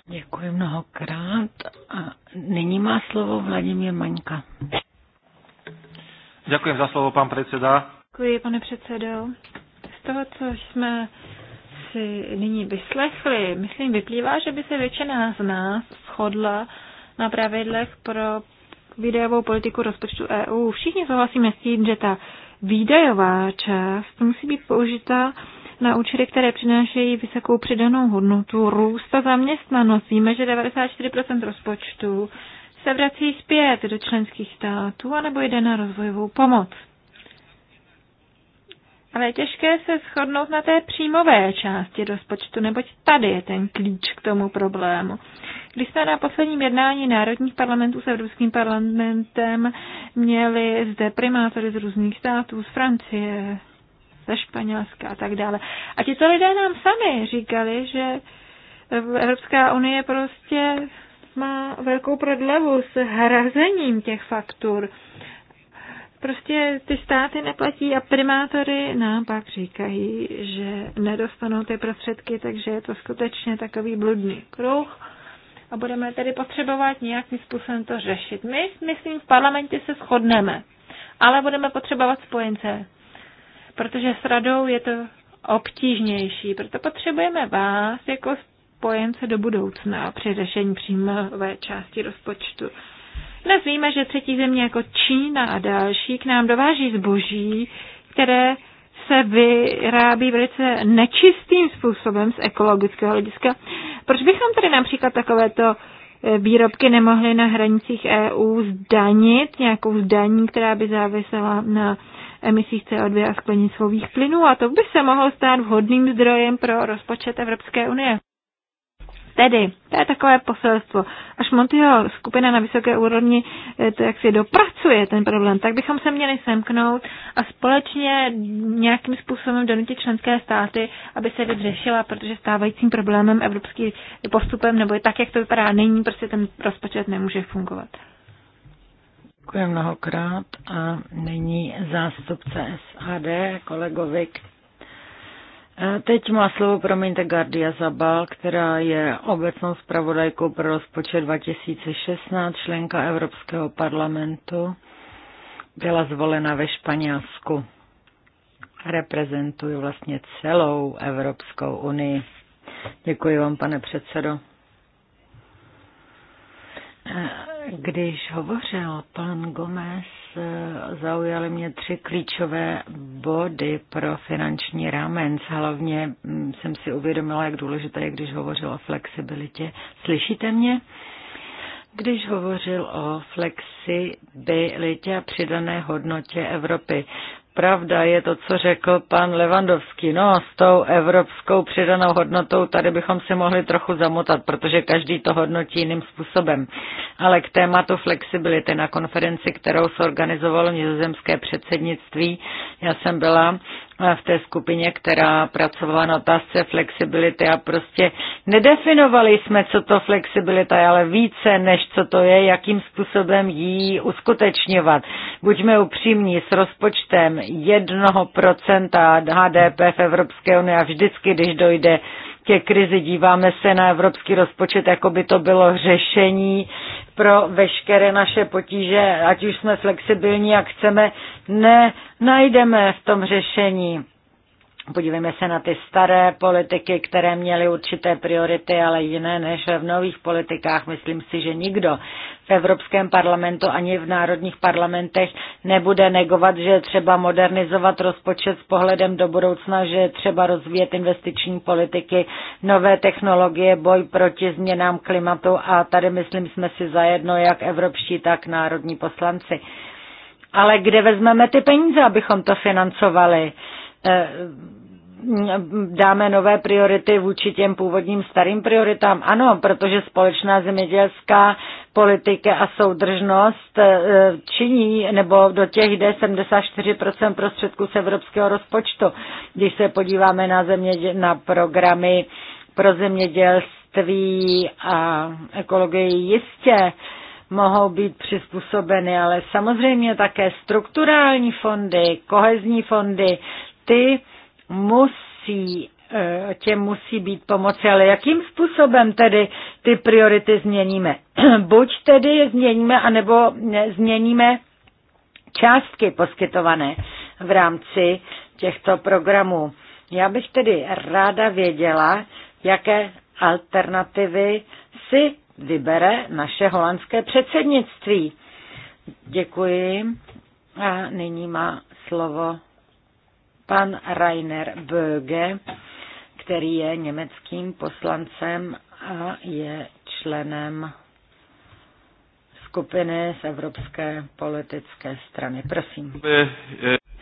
Děkuji mnohokrát. A nyní má slovo Vladimír Maňka. Děkuji za slovo, pan předseda. Děkuji, pane předsedo. Z toho, co jsme si nyní vyslechli, myslím, vyplývá, že by se většina z nás shodla na pravidlech pro výdajovou politiku rozpočtu EU. Všichni souhlasíme s tím, že ta výdajová část musí být použita na účely, které přinášejí vysokou přidanou hodnotu, růst a zaměstnanost. Víme, že 94% rozpočtu se vrací zpět do členských států anebo jde na rozvojovou pomoc. Ale je těžké se shodnout na té příjmové části rozpočtu, neboť tady je ten klíč k tomu problému. Když jsme na posledním jednání národních parlamentů s Evropským parlamentem měli zde primátory z různých států, z Francie, ze Španělska a tak dále. A tito lidé nám sami říkali, že Evropská unie prostě má velkou prodlevu s hrazením těch faktur. Prostě ty státy neplatí a primátory nám pak říkají, že nedostanou ty prostředky, takže je to skutečně takový bludný kruh a budeme tedy potřebovat nějakým způsobem to řešit. My, myslím, v parlamentě se shodneme, ale budeme potřebovat spojence protože s radou je to obtížnější. Proto potřebujeme vás jako spojence do budoucna při řešení příjmové části rozpočtu. Dnes víme, že třetí země jako Čína a další k nám dováží zboží, které se vyrábí velice nečistým způsobem z ekologického hlediska. Proč bychom tedy například takovéto e, výrobky nemohly na hranicích EU zdanit, nějakou zdaní, která by závisela na emisích CO2 a skleníkových plynů a to by se mohlo stát vhodným zdrojem pro rozpočet Evropské unie. Tedy, to je takové poselstvo. Až Montyho skupina na vysoké úrovni eh, to jak si dopracuje ten problém, tak bychom se měli semknout a společně nějakým způsobem donutit členské státy, aby se vyřešila, protože stávajícím problémem evropský postupem, nebo je tak, jak to vypadá nyní, prostě ten rozpočet nemůže fungovat. Děkuji mnohokrát a nyní zástupce SAD, kolegovik. E, teď má slovo, promiňte, Gardia Zabal, která je obecnou zpravodajkou pro rozpočet 2016, členka Evropského parlamentu. Byla zvolena ve Španělsku. Reprezentuje vlastně celou Evropskou unii. Děkuji vám, pane předsedo. E, když hovořil pan Gomez, zaujaly mě tři klíčové body pro finanční rámec. Hlavně mm, jsem si uvědomila, jak důležité je, když hovořil o flexibilitě. Slyšíte mě? Když hovořil o flexibilitě a přidané hodnotě Evropy, Pravda je to, co řekl pan Levandovský. No, s tou evropskou přidanou hodnotou tady bychom si mohli trochu zamotat, protože každý to hodnotí jiným způsobem. Ale k tématu flexibility na konferenci, kterou se organizovalo nizozemské předsednictví, já jsem byla Eh, v té skupině, která pracovala na otázce flexibility a prostě nedefinovali jsme, co to flexibilita je, ale více než co to je, jakým způsobem ji uskutečňovat. Buďme upřímní, s rozpočtem 1% HDP v Evropské unii a vždycky, když dojde ke krizi. Díváme se na evropský rozpočet, jako by to bylo řešení pro veškeré naše potíže, ať už jsme flexibilní, a chceme, ne, najdeme v tom řešení. Podívejme se na ty staré politiky, které měly určité priority, ale jiné než v nových politikách. Myslím si, že nikdo v Evropském parlamentu ani v národních parlamentech nebude negovat, že je třeba modernizovat rozpočet s pohledem do budoucna, že je třeba rozvíjet investiční politiky, nové technologie, boj proti změnám klimatu a tady myslím jsme si zajedno jak evropští, tak národní poslanci. Ale kde vezmeme ty peníze, abychom to financovali? Eh, dáme nové priority vůči těm původním starým prioritám? Ano, protože společná zemědělská politiky a soudržnost e, činí, nebo do těch jde 74% prostředků z evropského rozpočtu. Když se podíváme na, země, na programy pro zemědělství a ekologii, jistě mohou být přizpůsobeny, ale samozřejmě také strukturální fondy, kohezní fondy, ty musí Eh, těm musí být pomoci, ale jakým způsobem tedy ty priority změníme? Buď tedy je změníme, anebo změníme částky poskytované v rámci těchto programů. Já bych tedy ráda věděla, jaké alternativy si vybere naše holandské předsednictví. Děkuji. A nyní má slovo pan Rainer Böge který je německým poslancem a je členem skupiny z Evropské politické strany. Prosím.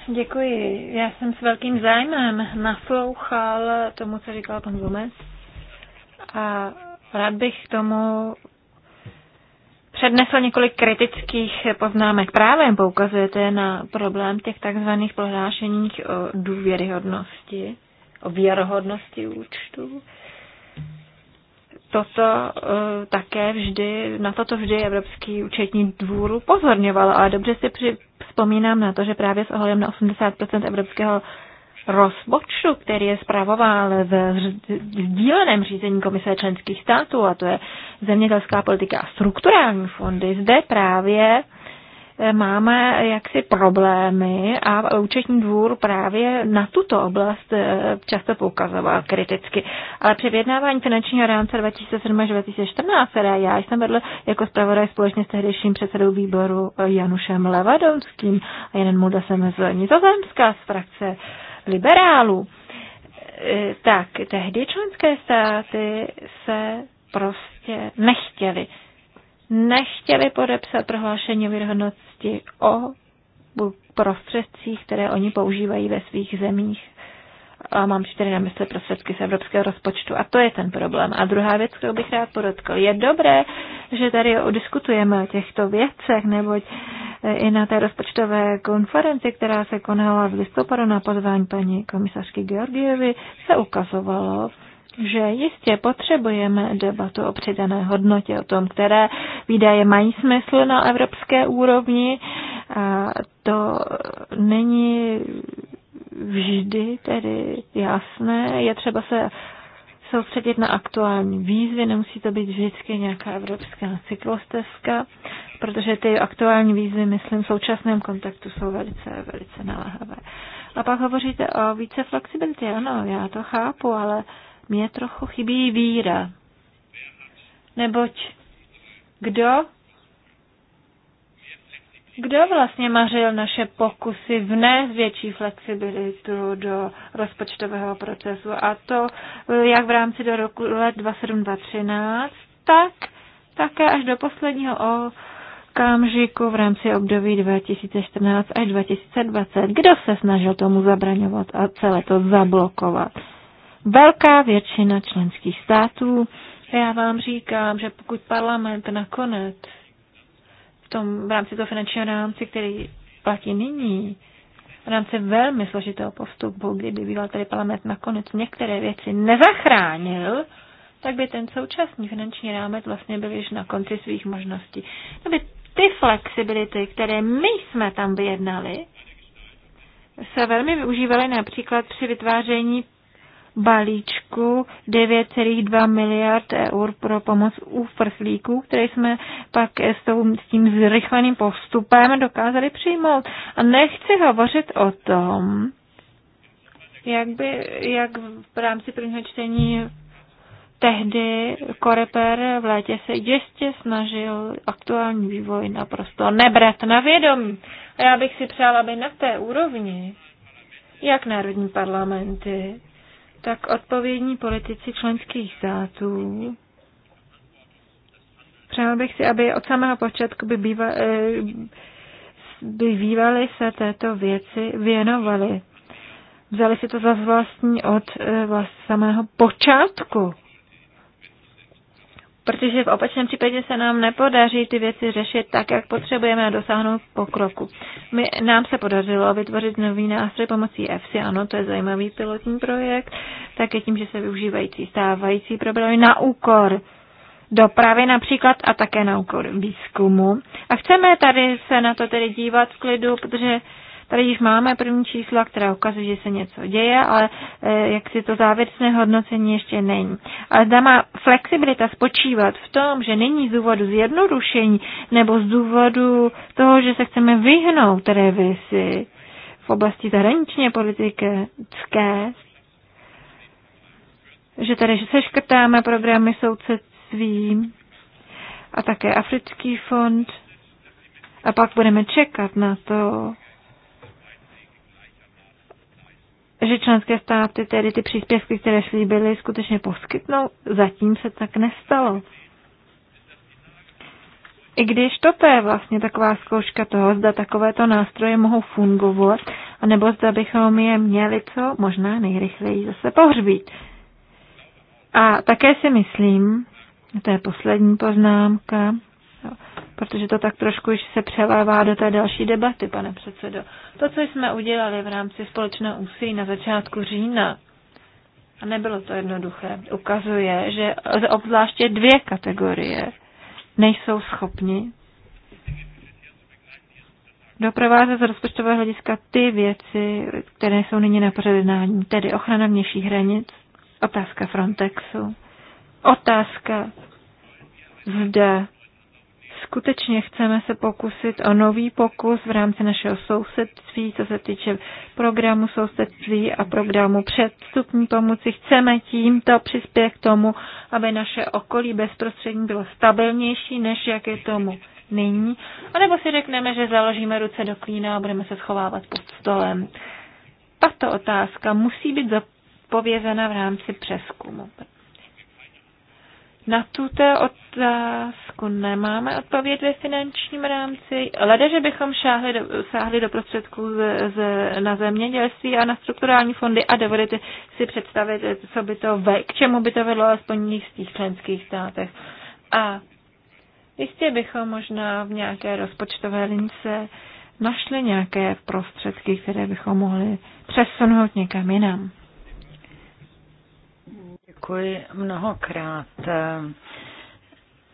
Děkuji. Já jsem s velkým zájmem naslouchal tomu, co říkal pan Gomez. A rád bych k tomu přednesl několik kritických poznámek. Právě poukazujete na problém těch takzvaných prohlášení o důvěryhodnosti o věrohodnosti účtu. Toto eh, také vždy, na toto vždy Evropský účetní dvůr upozorňoval, ale dobře si při, vzpomínám na to, že právě s ohledem na 80% evropského rozpočtu, který je zpravován v sdíleném řízení Komise členských států, a to je zemědělská politika a strukturální fondy, zde právě Eh, máme jaksi problémy a účetní dvůr právě na tuto oblast eh, často poukazoval kriticky. Ale při vyjednávání finančního rámce 2007 až 2014, které já jsem vedl jako zpravodaj společně s tehdejším předsedou výboru eh, Janušem Levadonským a Janem jsem z Nizozemska z frakce liberálů, tak tehdy členské státy se prostě nechtěli nechtěli podepsat prohlášení o věrhodnosti o prostředcích, které oni používají ve svých zemích. A mám čtyři na mysli prostředky z evropského rozpočtu. A to je ten problém. A druhá věc, kterou bych rád podotkl. Je dobré, že tady diskutujeme o těchto věcech, neboť eh, i na té rozpočtové konferenci, která se konala v listopadu na pozvání paní komisařky Georgievy, se ukazovalo, že jistě potřebujeme debatu o přidané hodnotě, o tom, které výdaje mají smysl na evropské úrovni. A to není vždy tedy jasné. Je třeba se soustředit na aktuální výzvy, nemusí to být vždycky nějaká evropská cyklostezka, protože ty aktuální výzvy, myslím, v současném kontaktu jsou velice, velice naléhavé. A pak hovoříte o více flexibility, ano, já to chápu, ale mě trochu chybí víra. Neboť kdo? Kdo vlastně mařil naše pokusy v větší flexibilitu do rozpočtového procesu a to jak v rámci do roku let 2007-2013, tak také až do posledního okamžiku v rámci období 2014 až 2020. Kdo se snažil tomu zabraňovat a celé to zablokovat? Velká většina členských států já vám říkám, že pokud parlament nakonec v, tom, v rámci toho finančního rámci, který platí nyní, v rámci velmi složitého postupu, kdyby býval tady parlament nakonec některé věci nezachránil, tak by ten současný finanční rámec vlastně byl již na konci svých možností. To by ty flexibility, které my jsme tam vyjednali, se velmi využívaly například při vytváření balíčku 9,2 miliard eur pro pomoc u frslíků, které jsme pak s tím zrychleným postupem dokázali přijmout. A nechci hovořit o tom, jak by, jak v rámci prvního čtení tehdy Koreper v létě se jistě snažil aktuální vývoj naprosto nebrat na vědomí. A já bych si přála, aby na té úrovni, jak národní parlamenty, tak odpovědní politici členských států Přál bych si, aby od samého počátku by, býva, eh, by bývali se této věci věnovali. Vzali si to za vlastní od eh, vlast samého počátku protože v opačném případě se nám nepodaří ty věci řešit tak, jak potřebujeme a dosáhnout pokroku. My, nám se podařilo vytvořit nový nástroj pomocí EFSI, ano, to je zajímavý pilotní projekt, také tím, že se využívající stávající problémy na úkor dopravy například a také na úkor výzkumu. A chceme tady se na to tedy dívat v klidu, protože Tady již máme první čísla, která ukazují, že se něco děje, ale e, jak si to závěrečné hodnocení ještě není. Ale zda má flexibilita spočívat v tom, že není z důvodu zjednodušení nebo z důvodu toho, že se chceme vyhnout revisi v oblasti zahraničně politické, že tady že škrtáme programy svým a také Africký fond a pak budeme čekat na to, že členské státy tedy ty příspěvky, které slíbily, skutečně poskytnou. Zatím se tak nestalo. I když toto je vlastně taková zkouška toho, zda takovéto nástroje mohou fungovat, anebo zda bychom je měli co možná nejrychleji zase pohřbít. A také si myslím, to je poslední poznámka, protože to tak trošku již se přelévá do té další debaty, pane předsedo to, co jsme udělali v rámci společného úsilí na začátku října, a nebylo to jednoduché, ukazuje, že obzvláště dvě kategorie nejsou schopni doprovázet z rozpočtového hlediska ty věci, které jsou nyní na pořadnání, tedy ochrana vnějších hranic, otázka Frontexu, otázka zde skutečně chceme se pokusit o nový pokus v rámci našeho sousedství, co se týče programu sousedství a programu předstupní pomoci. Chceme tímto přispět k tomu, aby naše okolí bezprostřední bylo stabilnější, než jak je tomu nyní. A nebo si řekneme, že založíme ruce do klína a budeme se schovávat pod stolem. Tato otázka musí být zapovězena v rámci přeskumu, na tuto otázku nemáme odpověď ve finančním rámci. Lede, že bychom šáhli do, sáhli do prostředků z, z, na zemědělství a na strukturální fondy a dovedete si představit, co by to ve, k čemu by to vedlo alespoň v těch členských státech. A jistě bychom možná v nějaké rozpočtové lince našli nějaké prostředky, které bychom mohli přesunout někam jinam. Děkuji mnohokrát.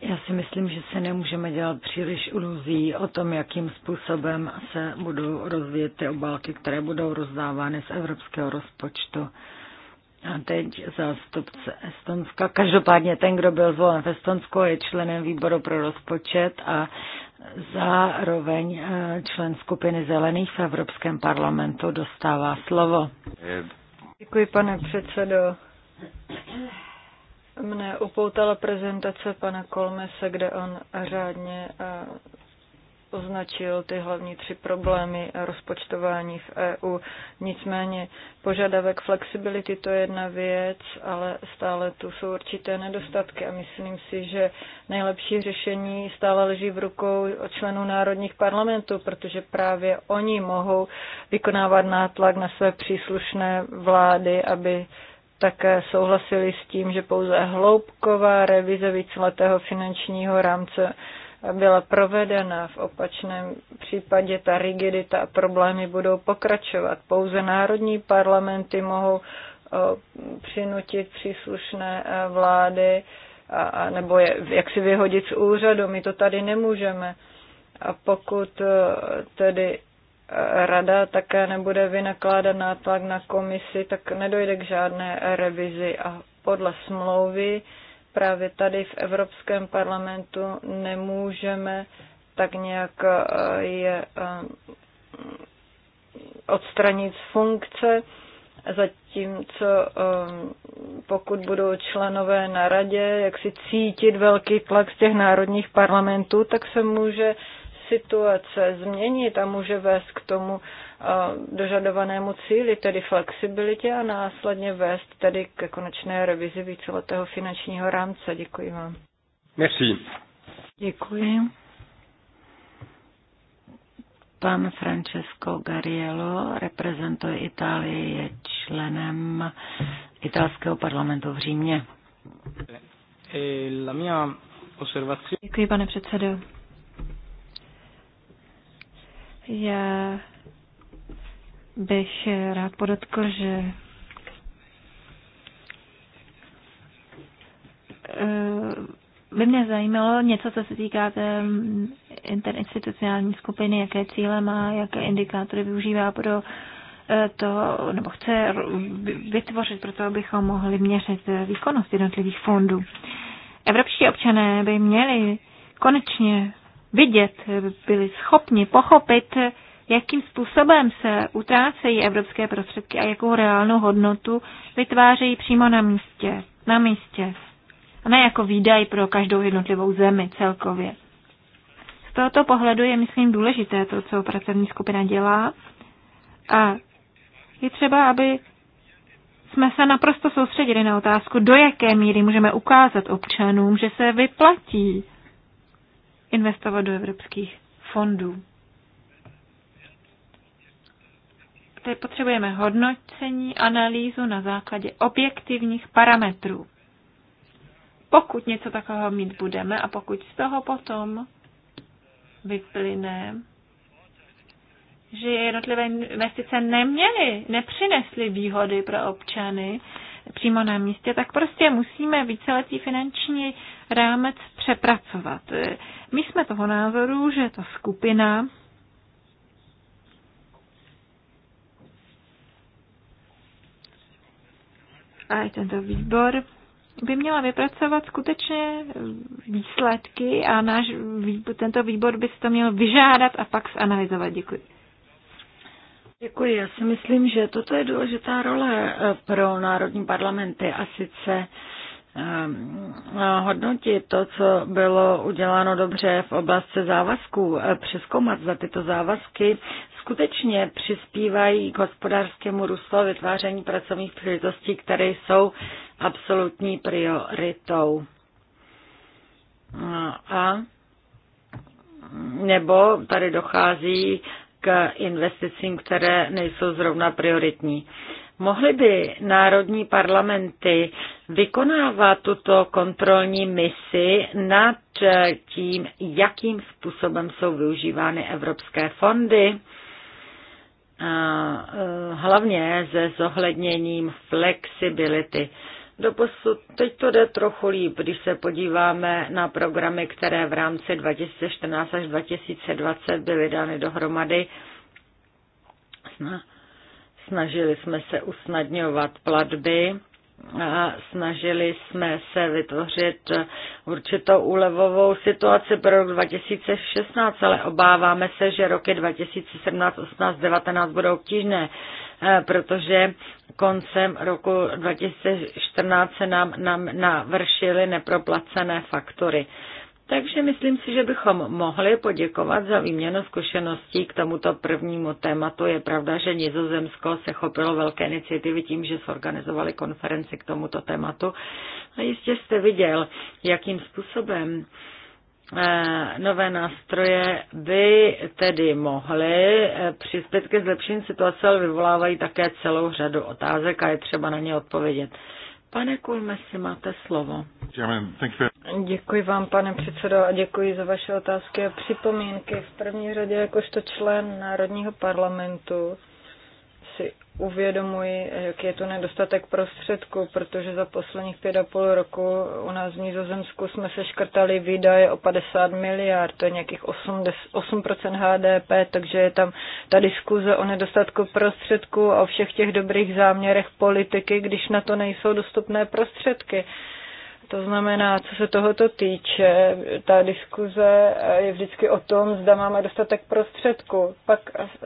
Já si myslím, že se nemůžeme dělat příliš iluzí o tom, jakým způsobem se budou rozvíjet ty obálky, které budou rozdávány z evropského rozpočtu. A teď zástupce Estonska. Každopádně ten, kdo byl zvolen v Estonsku, je členem výboru pro rozpočet a zároveň eh, člen skupiny zelených v Evropském parlamentu dostává slovo. Eh, Děkuji, pane předsedo. Mne upoutala prezentace pana Kolmese, kde on řádně eh, označil ty hlavní tři problémy rozpočtování v EU. Nicméně požadavek flexibility to je jedna věc, ale stále tu jsou určité nedostatky a myslím si, že nejlepší řešení stále leží v rukou členů národních parlamentů, protože právě oni mohou vykonávat nátlak na své příslušné vlády, aby také souhlasili s tím, že pouze hloubková revize víceletého finančního rámce byla provedena. V opačném případě ta rigidita a problémy budou pokračovat. Pouze národní parlamenty mohou přinutit příslušné e, vlády a, nebo je, jak si vyhodit z úřadu. My to tady nemůžeme. A pokud e, tedy rada také nebude vynakládat nátlak na komisi, tak nedojde k žádné revizi a podle smlouvy právě tady v Evropském parlamentu nemůžeme tak nějak eh, je eh, odstranit z funkce, zatímco eh, pokud budou členové na radě, jak si cítit velký tlak z těch národních parlamentů, tak se může situace změnit a může vést k tomu eh, dožadovanému cíli, tedy flexibilitě a následně vést tedy ke konečné revizi víceletého finančního rámce. Děkuji vám. Merci. Děkuji. Pan Francesco Gariello reprezentuje Itálii, je členem italského parlamentu v Římě. Eh, eh, Děkuji, pane předsedo. Já bych rád podotkl, že eh, by mě zajímalo něco, co se týká té mm, interinstitucionální skupiny, jaké cíle má, jaké indikátory využívá pro eh, to, nebo chce vytvořit pro to, abychom mohli měřit eh, výkonnost jednotlivých fondů. Evropští občané by měli konečně vidět, byli schopni pochopit, jakým způsobem se utrácejí evropské prostředky a jakou reálnou hodnotu vytvářejí přímo na místě. Na místě. A ne jako výdaj pro každou jednotlivou zemi celkově. Z tohoto pohledu je, myslím, důležité to, co pracovní skupina dělá. A je třeba, aby jsme se naprosto soustředili na otázku, do jaké míry můžeme ukázat občanům, že se vyplatí investovat do evropských fondů. Tady potřebujeme hodnocení, analýzu na základě objektivních parametrů. Pokud něco takového mít budeme a pokud z toho potom vyplyne, že jednotlivé investice neměly, nepřinesly výhody pro občany, přímo na místě, tak prostě musíme víceletý finanční rámec přepracovat. My jsme toho názoru, že ta skupina a i tento výbor by měla vypracovat skutečně výsledky a náš, tento výbor by se to měl vyžádat a pak zanalizovat. Děkuji. Děkuji. Já si myslím, že toto je důležitá role eh, pro národní parlamenty a sice ehm, eh, hodnotit to, co bylo uděláno dobře v oblasti závazků, eh, přeskoumat za tyto závazky, skutečně přispívají k hospodářskému růstu a vytváření pracovních příležitostí, které jsou absolutní prioritou. A nebo tady dochází k investicím, které nejsou zrovna prioritní. Mohly by národní parlamenty vykonávat tuto kontrolní misi nad tím, jakým způsobem jsou využívány evropské fondy, e, hlavně se zohledněním flexibility. Doposud teď to jde trochu líp, když se podíváme na programy, které v rámci 2014 až 2020 byly dány dohromady. Snažili jsme se usnadňovat platby a snažili jsme se vytvořit určitou úlevovou situaci pro rok 2016, ale obáváme se, že roky 2017, 18, 19 budou obtížné. Eh, protože koncem roku 2014 se nám, nám navršily neproplacené faktory. Takže myslím si, že bychom mohli poděkovat za výměnu zkušeností k tomuto prvnímu tématu. Je pravda, že Nizozemsko se chopilo velké iniciativy tím, že zorganizovali konferenci k tomuto tématu. A jistě jste viděl, jakým způsobem Eh, nové nástroje by tedy mohly eh, přispět ke zlepšení situace, ale vyvolávají také celou řadu otázek a je třeba na ně odpovědět. Pane Kulme, si máte slovo. Děkuji vám, pane předsedo, a děkuji za vaše otázky a připomínky. V první řadě, jakožto člen Národního parlamentu, uvědomuji, jak je to nedostatek prostředků, protože za posledních pět a půl roku u nás v Nizozemsku jsme se škrtali výdaje o 50 miliard, to je nějakých 8, 8% HDP, takže je tam ta diskuze o nedostatku prostředků a o všech těch dobrých záměrech politiky, když na to nejsou dostupné prostředky. Uh, to znamená, co se tohoto týče, ta diskuze je vždycky o tom, zda máme dostatek prostředku. Pak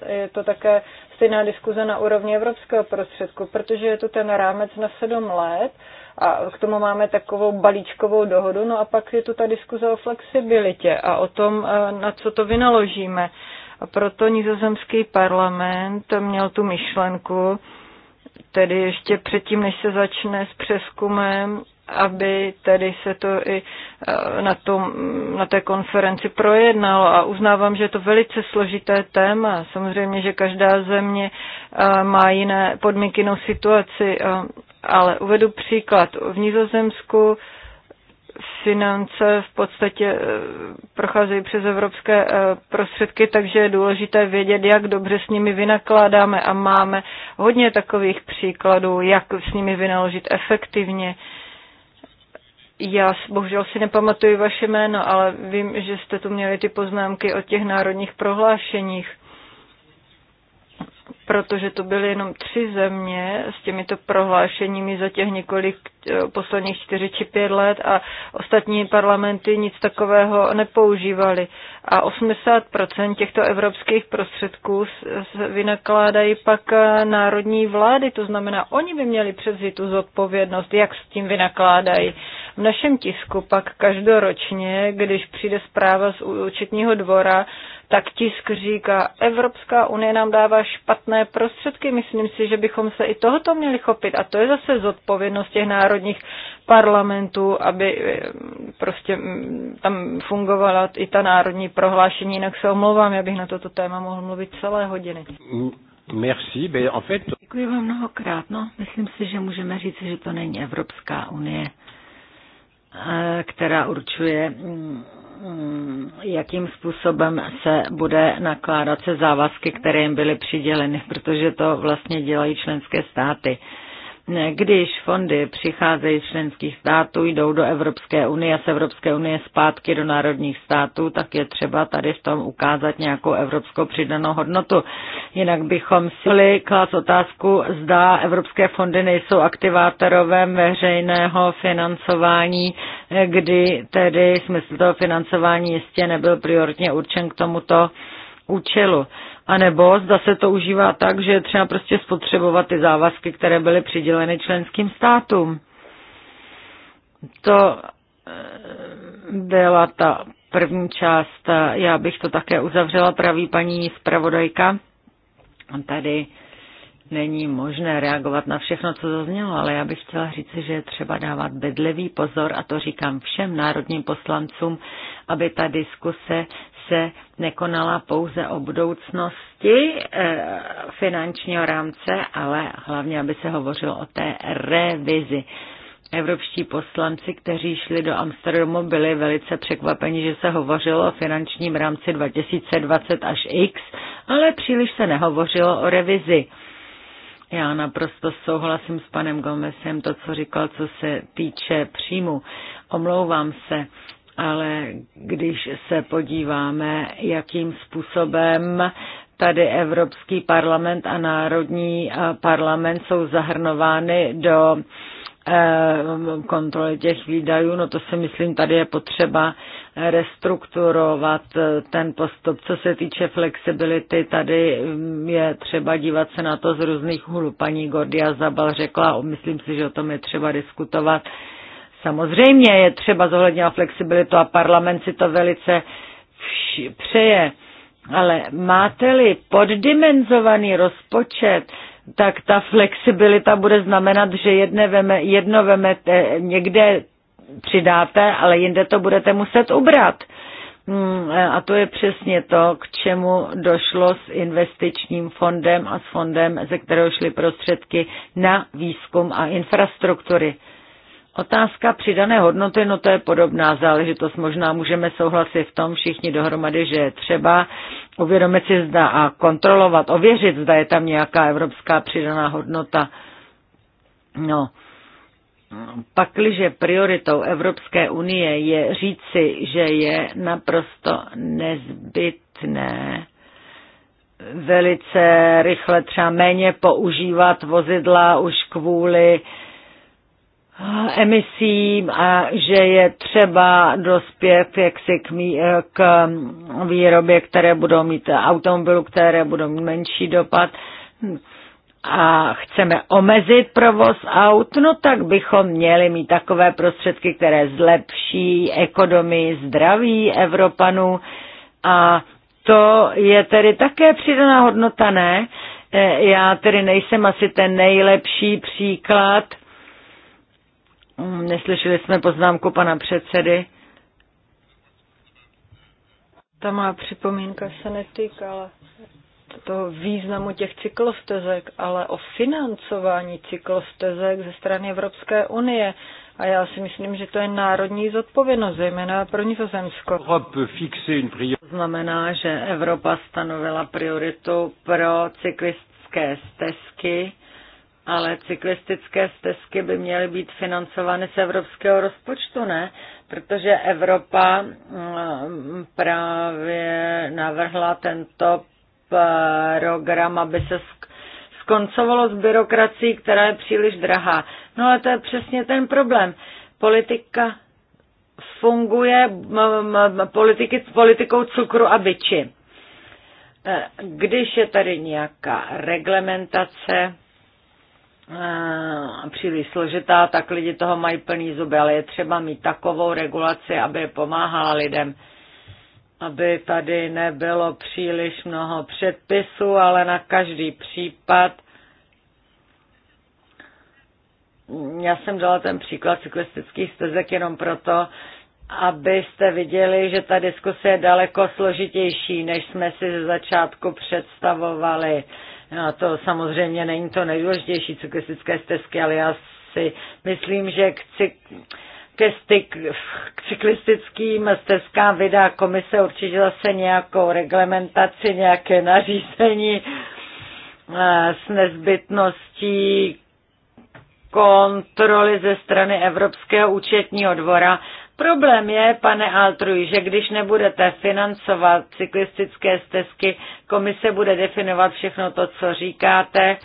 je to také stejná diskuze na úrovni evropského prostředku, protože je to ten rámec na sedm let a k tomu máme takovou balíčkovou dohodu, no a pak je tu ta diskuze o flexibilitě a o tom, eh, na co to vynaložíme. A proto nizozemský parlament měl tu myšlenku, tedy ještě předtím, než se začne s přeskumem aby tedy se to i eh, na, tom, na té konferenci projednalo a uznávám, že je to velice složité téma. Samozřejmě, že každá země eh, má jiné podmínky, jinou situaci, eh, ale uvedu příklad. V Nizozemsku finance v podstatě procházejí přes evropské prostředky, takže je důležité vědět, jak dobře s nimi vynakládáme a máme hodně takových příkladů, jak s nimi vynaložit efektivně. Já bohužel si nepamatuji vaše jméno, ale vím, že jste tu měli ty poznámky o těch národních prohlášeních protože to byly jenom tři země s těmito prohlášeními za těch několik eh, posledních čtyři či pět let a ostatní parlamenty nic takového nepoužívaly. A 80% těchto evropských prostředků se vynakládají pak eh, národní vlády, to znamená, oni by měli převzít tu zodpovědnost, jak s tím vynakládají. V našem tisku pak každoročně, když přijde zpráva z účetního dvora, tak tisk říká, Evropská unie nám dává špatné prostředky. Myslím si, že bychom se i tohoto měli chopit. A to je zase zodpovědnost těch národních parlamentů, aby eh, prostě mm, tam fungovala i ta národní prohlášení. Jinak se omlouvám, já bych na toto téma mohl mluvit celé hodiny. Merci, en fait... Děkuji vám mnohokrát. No, myslím si, že můžeme říct, že to není Evropská unie, eh, která určuje mm, Mm, jakým způsobem se bude nakládat se závazky, které jim byly přiděleny, protože to vlastně dělají členské státy. Když fondy přicházejí z členských států, jdou do Evropské unie a z Evropské unie zpátky do národních států, tak je třeba tady v tom ukázat nějakou evropskou přidanou hodnotu. Jinak bychom si klas otázku, zda evropské fondy nejsou aktivátorovem veřejného financování, kdy tedy smysl toho financování jistě nebyl prioritně určen k tomuto účelu anebo zda se to užívá tak, že je třeba prostě spotřebovat ty závazky, které byly přiděleny členským státům. To eh, byla ta první část. Já bych to také uzavřela, praví paní zpravodajka. Tady není možné reagovat na všechno, co zaznělo, ale já bych chtěla říci, že je třeba dávat bedlivý pozor, a to říkám všem národním poslancům, aby ta diskuse se nekonala pouze o budoucnosti eh, finančního rámce, ale hlavně, aby se hovořilo o té revizi. Evropští poslanci, kteří šli do Amsterdamu, byli velice překvapeni, že se hovořilo o finančním rámci 2020 až X, ale příliš se nehovořilo o revizi. Já naprosto souhlasím s panem Gomesem to, co říkal, co se týče příjmu. Omlouvám se, ale když se podíváme, jakým způsobem tady Evropský parlament a Národní eh, parlament jsou zahrnovány do eh, kontroly těch výdajů, no to si myslím, tady je potřeba restrukturovat eh, ten postup. Co se týče flexibility, tady mm, je třeba dívat se na to z různých hůlů. Paní Gordia Zabal řekla, myslím si, že o tom je třeba diskutovat, Samozřejmě je třeba zohledňovat flexibilitu a parlament si to velice přeje. Ale máte-li poddimenzovaný rozpočet, tak ta flexibilita bude znamenat, že jedne veme, jedno te, někde přidáte, ale jinde to budete muset ubrat. Hmm, a to je přesně to, k čemu došlo s investičním fondem a s fondem, ze kterého šly prostředky na výzkum a infrastruktury. Otázka přidané hodnoty, no to je podobná záležitost. Možná můžeme souhlasit v tom všichni dohromady, že je třeba uvědomit si zda a kontrolovat, ověřit, zda je tam nějaká evropská přidaná hodnota. No, pakliže prioritou Evropské unie je říci, že je naprosto nezbytné velice rychle třeba méně používat vozidla už kvůli uh, emisím a že je třeba dospět jaksi k, k výrobě, které budou mít automobilů, které budou mít menší dopad a chceme omezit provoz aut, no tak bychom měli mít takové prostředky, které zlepší ekonomii zdraví Evropanů a to je tedy také přidaná hodnota, ne? E, já tedy nejsem asi ten nejlepší příklad, Mm, neslyšeli jsme poznámku pana předsedy. Ta má připomínka se netýkala toho významu těch cyklostezek, ale o financování cyklostezek ze strany Evropské unie. A já si myslím, že to je národní zodpovědnost, zejména pro Nizozemsko. Znamená, že Evropa stanovila prioritu pro cyklistické stezky ale cyklistické stezky by měly být financovány z evropského rozpočtu, ne? Protože Evropa mm, právě navrhla tento program, aby se skoncovalo s byrokracií, která je příliš drahá. No ale to je přesně ten problém. Politika funguje politiky, s politikou cukru a byči. E, když je tady nějaká reglementace, Eh, příliš složitá, tak lidi toho mají plný zuby, ale je třeba mít takovou regulaci, aby pomáhala lidem, aby tady nebylo příliš mnoho předpisů, ale na každý případ já jsem dala ten příklad cyklistických stezek jenom proto, abyste viděli, že ta diskuse je daleko složitější, než jsme si ze začátku představovali. No a to samozřejmě není to nejdůležitější cyklistické stezky, ale já si myslím, že k, cyk- ke styk, k cyklistickým stezkám vydá komise určitě zase nějakou reglementaci, nějaké nařízení eh, s nezbytností kontroly ze strany Evropského účetního dvora Problém je, pane Altruj, že když nebudete financovat cyklistické stezky, komise bude definovat všechno to, co říkáte.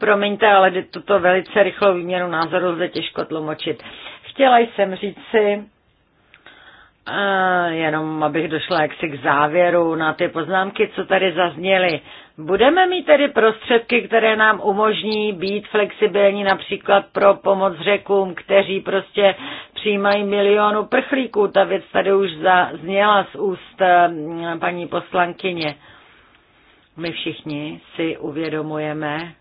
Promiňte, ale tuto velice rychlou výměnu názoru lze těžko tlumočit. Chtěla jsem říci, jenom abych došla jaksi k závěru na ty poznámky, co tady zazněly. Budeme mít tedy prostředky, které nám umožní být flexibilní například pro pomoc řekům, kteří prostě přijímají milionu prchlíků. Ta věc tady už zněla z úst eh, paní poslankyně. My všichni si uvědomujeme,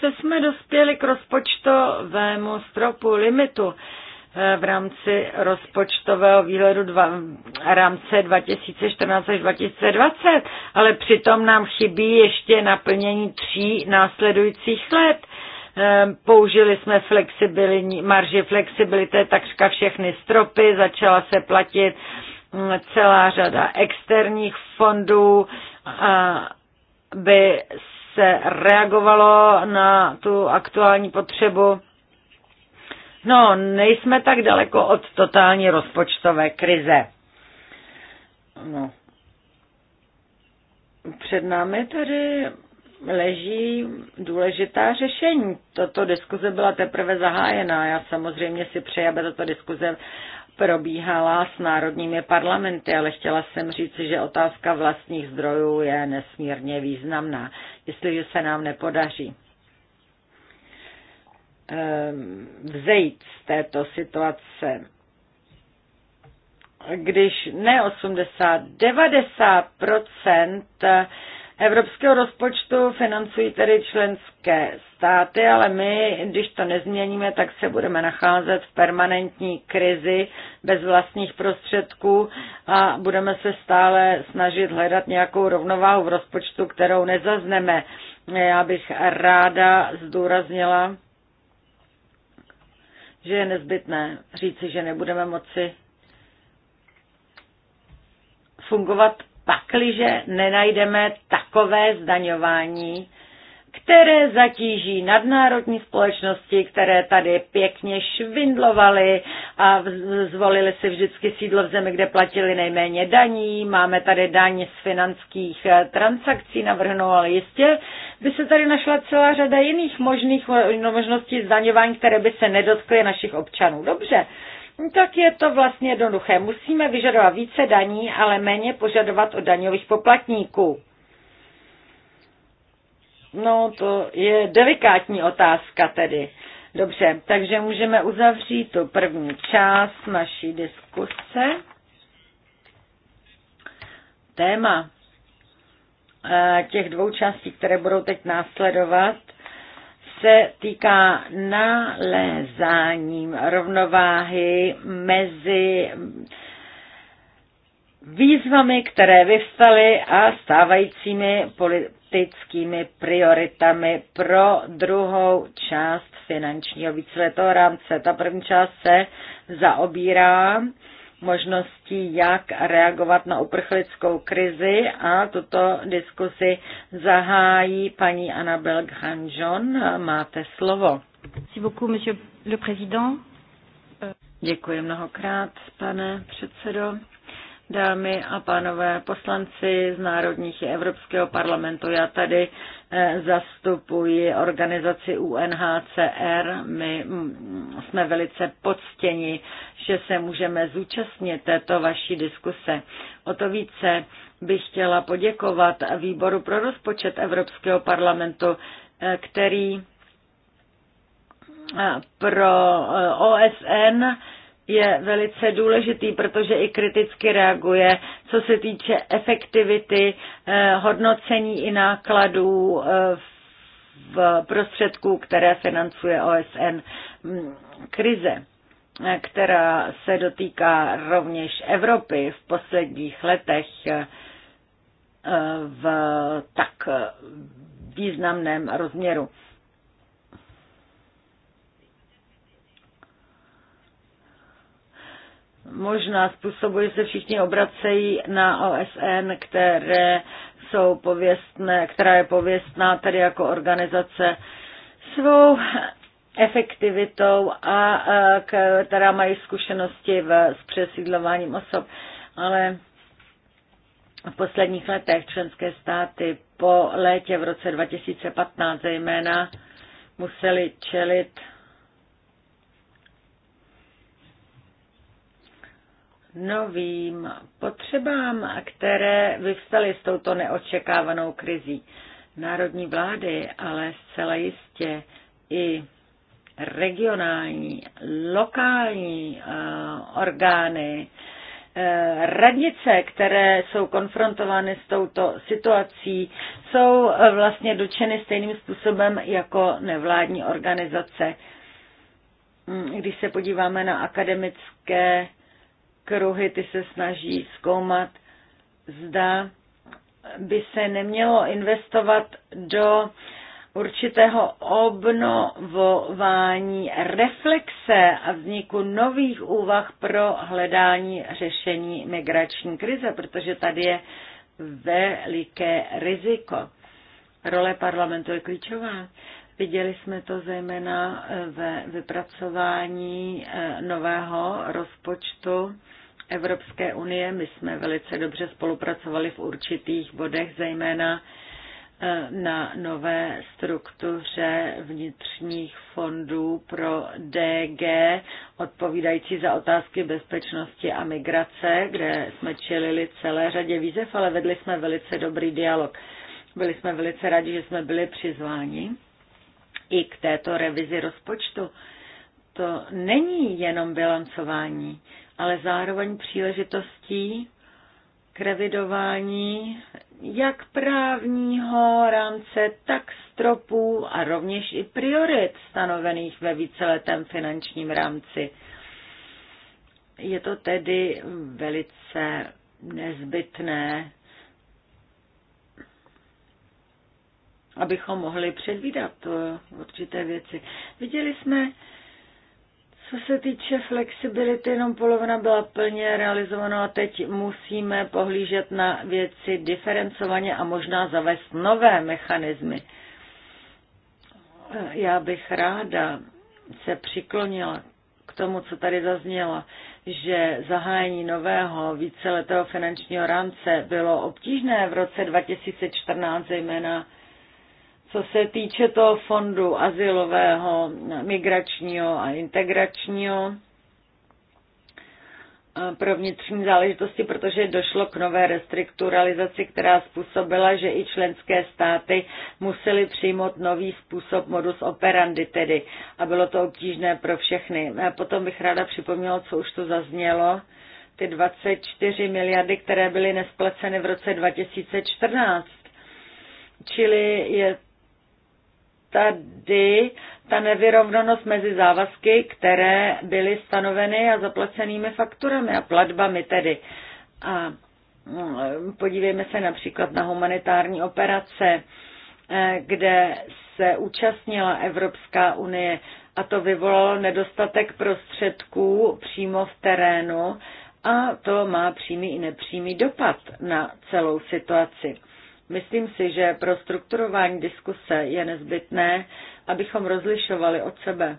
že jsme dospěli k rozpočtovému stropu limitu v rámci rozpočtového výhledu dva, rámce 2014 až 2020, ale přitom nám chybí ještě naplnění tří následujících let. Ehm, použili jsme flexibilní, marži flexibility, takřka všechny stropy, začala se platit hm, celá řada externích fondů, by se reagovalo na tu aktuální potřebu No, nejsme tak daleko od totální rozpočtové krize. No. Před námi tady leží důležitá řešení. Toto diskuze byla teprve zahájena. Já samozřejmě si přeji, aby tato diskuze probíhala s národními parlamenty, ale chtěla jsem říct, že otázka vlastních zdrojů je nesmírně významná, jestliže se nám nepodaří Ehm, vzejít z této situace. Když ne 80, 90 evropského rozpočtu financují tedy členské státy, ale my, když to nezměníme, tak se budeme nacházet v permanentní krizi bez vlastních prostředků a budeme se stále snažit hledat nějakou rovnováhu v rozpočtu, kterou nezazneme. Já bych ráda zdůraznila, že je nezbytné říci, že nebudeme moci fungovat pakliže nenajdeme takové zdaňování, které zatíží nadnárodní společnosti, které tady pěkně švindlovaly a zvolili si vždycky sídlo v zemi, kde platili nejméně daní. Máme tady daň z finanských eh, transakcí navrhnou, ale jistě by se tady našla celá řada jiných možných eh, no, možností zdaňování, které by se nedotkly našich občanů. Dobře, tak je to vlastně jednoduché. Musíme vyžadovat více daní, ale méně požadovat od daňových poplatníků. No, to je delikátní otázka tedy. Dobře, takže můžeme uzavřít tu první část naší diskuse. Téma eh, těch dvou částí, které budou teď následovat, se týká nalézáním rovnováhy mezi výzvami, které vyvstaly a stávajícími politickými prioritami pro druhou část finančního víceletého rámce. Ta první část se zaobírá možností, jak reagovat na uprchlickou krizi a tuto diskusi zahájí paní Anabel Ghanjon. Máte slovo. Děkuji mnohokrát, pane předsedo dámy a pánové poslanci z Národních i Evropského parlamentu. Já tady eh, zastupuji organizaci UNHCR. My mm, jsme velice poctěni, že se můžeme zúčastnit této vaší diskuse. O to více bych chtěla poděkovat Výboru pro rozpočet Evropského parlamentu, eh, který eh, pro OSN je velice důležitý, protože i kriticky reaguje, co se týče efektivity, eh, hodnocení i nákladů eh, v prostředků, které financuje OSN. Mm, krize, eh, která se dotýká rovněž Evropy v posledních letech v tak významném rozměru. možná způsobu, že se všichni obracejí na OSN, které jsou pověstné, která je pověstná tady jako organizace svou efektivitou a e, která mají zkušenosti v, s přesídlováním osob. Ale v posledních letech členské státy po létě v roce 2015 zejména museli čelit novým potřebám, které vyvstaly s touto neočekávanou krizí. Národní vlády, ale zcela jistě i regionální, lokální uh, orgány, eh, radnice, které jsou konfrontovány s touto situací, jsou vlastně dočeny stejným způsobem jako nevládní organizace. Hm, když se podíváme na akademické kruhy, ty se snaží zkoumat, zda by se nemělo investovat do určitého obnovování reflexe a vzniku nových úvah pro hledání řešení migrační krize, protože tady je veliké riziko. Role parlamentu je klíčová. Viděli jsme to zejména eh, ve vypracování eh, nového rozpočtu Evropské unie. My jsme velice dobře spolupracovali v určitých bodech, zejména eh, na nové struktuře vnitřních fondů pro DG, odpovídající za otázky bezpečnosti a migrace, kde jsme čelili celé řadě výzev, ale vedli jsme velice dobrý dialog. Byli jsme velice rádi, že jsme byli přizváni i k této revizi rozpočtu. To není jenom bilancování, ale zároveň příležitostí k revidování jak právního rámce, tak stropů a rovněž i priorit stanovených ve víceletém finančním rámci. Je to tedy velice nezbytné abychom mohli předvídat eh, určité věci. Viděli jsme, co se týče flexibility, jenom polovina byla plně realizovaná a teď musíme pohlížet na věci diferencovaně a možná zavést nové mechanismy. Já bych ráda se přiklonila k tomu, co tady zaznělo, že zahájení nového víceletého finančního rámce bylo obtížné v roce 2014, zejména co se týče toho fondu asilového, migračního a integračního, pro vnitřní záležitosti, protože došlo k nové restrukturalizaci, která způsobila, že i členské státy musely přijmout nový způsob modus operandi tedy a bylo to obtížné pro všechny. Potom bych ráda připomněla, co už to zaznělo, ty 24 miliardy, které byly nesplaceny v roce 2014. Čili je tady ta nevyrovnanost mezi závazky, které byly stanoveny a zaplacenými fakturami a platbami tedy. A mm, podívejme se například na humanitární operace, eh, kde se účastnila Evropská unie a to vyvolalo nedostatek prostředků přímo v terénu a to má přímý i nepřímý dopad na celou situaci. Myslím si, že pro strukturování diskuse je nezbytné, abychom rozlišovali od sebe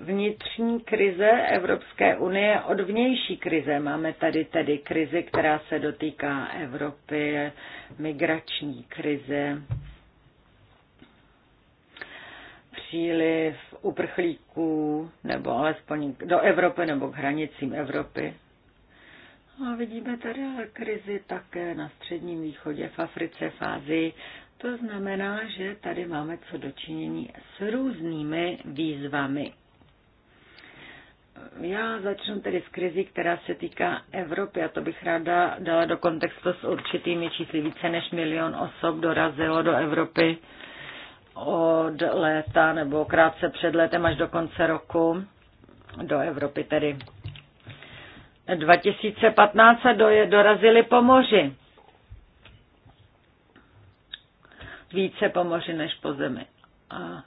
vnitřní krize Evropské unie od vnější krize. Máme tady tedy krizi, která se dotýká Evropy, migrační krize, příliv uprchlíků, nebo alespoň do Evropy nebo k hranicím Evropy. A vidíme tady ale krizi také na středním východě, v Africe, v Ázii. To znamená, že tady máme co dočinění s různými výzvami. Já začnu tedy s krizi, která se týká Evropy a to bych ráda dala do kontextu s určitými čísly. Více než milion osob dorazilo do Evropy od léta nebo krátce před létem až do konce roku do Evropy tedy 2015 se dorazili po moři. Více po moři než po zemi. A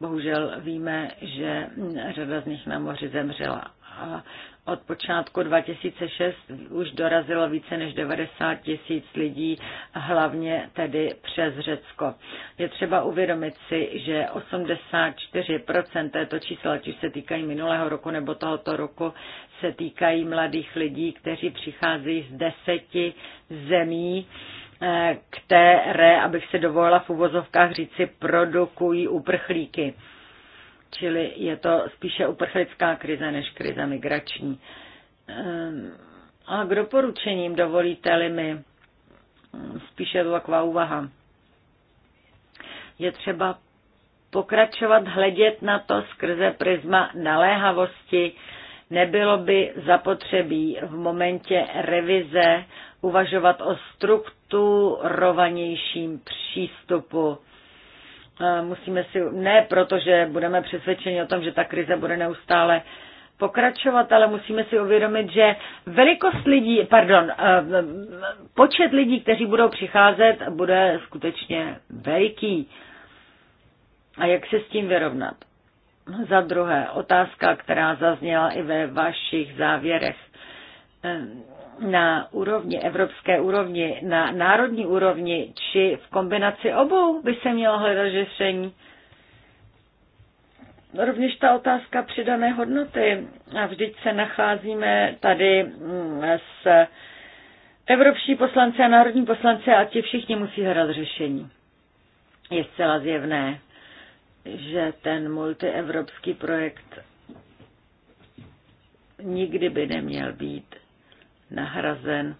bohužel víme, že řada z nich na moři zemřela. A od počátku 2006 už dorazilo více než 90 tisíc lidí, hlavně tedy přes Řecko. Je třeba uvědomit si, že 84% této čísla, či se týkají minulého roku nebo tohoto roku, se týkají mladých lidí, kteří přicházejí z deseti zemí, eh, které, abych se dovolila v uvozovkách říci, produkují uprchlíky. Čili je to spíše uprchlická krize než krize migrační. Eh, a k doporučením dovolíte-li mi, hm, spíše to taková úvaha. Je třeba pokračovat hledět na to skrze prisma naléhavosti, Nebylo by zapotřebí v momentě revize uvažovat o strukturovanějším přístupu. Eh, musíme si, ne protože budeme přesvědčeni o tom, že ta krize bude neustále pokračovat, ale musíme si uvědomit, že velikost lidí, pardon, eh, počet lidí, kteří budou přicházet, bude skutečně veliký. A jak se s tím vyrovnat? Za druhé, otázka, která zazněla i ve vašich závěrech. Ehm, na úrovni, evropské úrovni, na národní úrovni, či v kombinaci obou by se mělo hledat řešení. Rovněž ta otázka přidané hodnoty. A vždyť se nacházíme tady mm, s evropští poslanci a národní poslanci a ti všichni musí hledat řešení. Je zcela zjevné, že ten multievropský projekt nikdy by neměl být nahrazen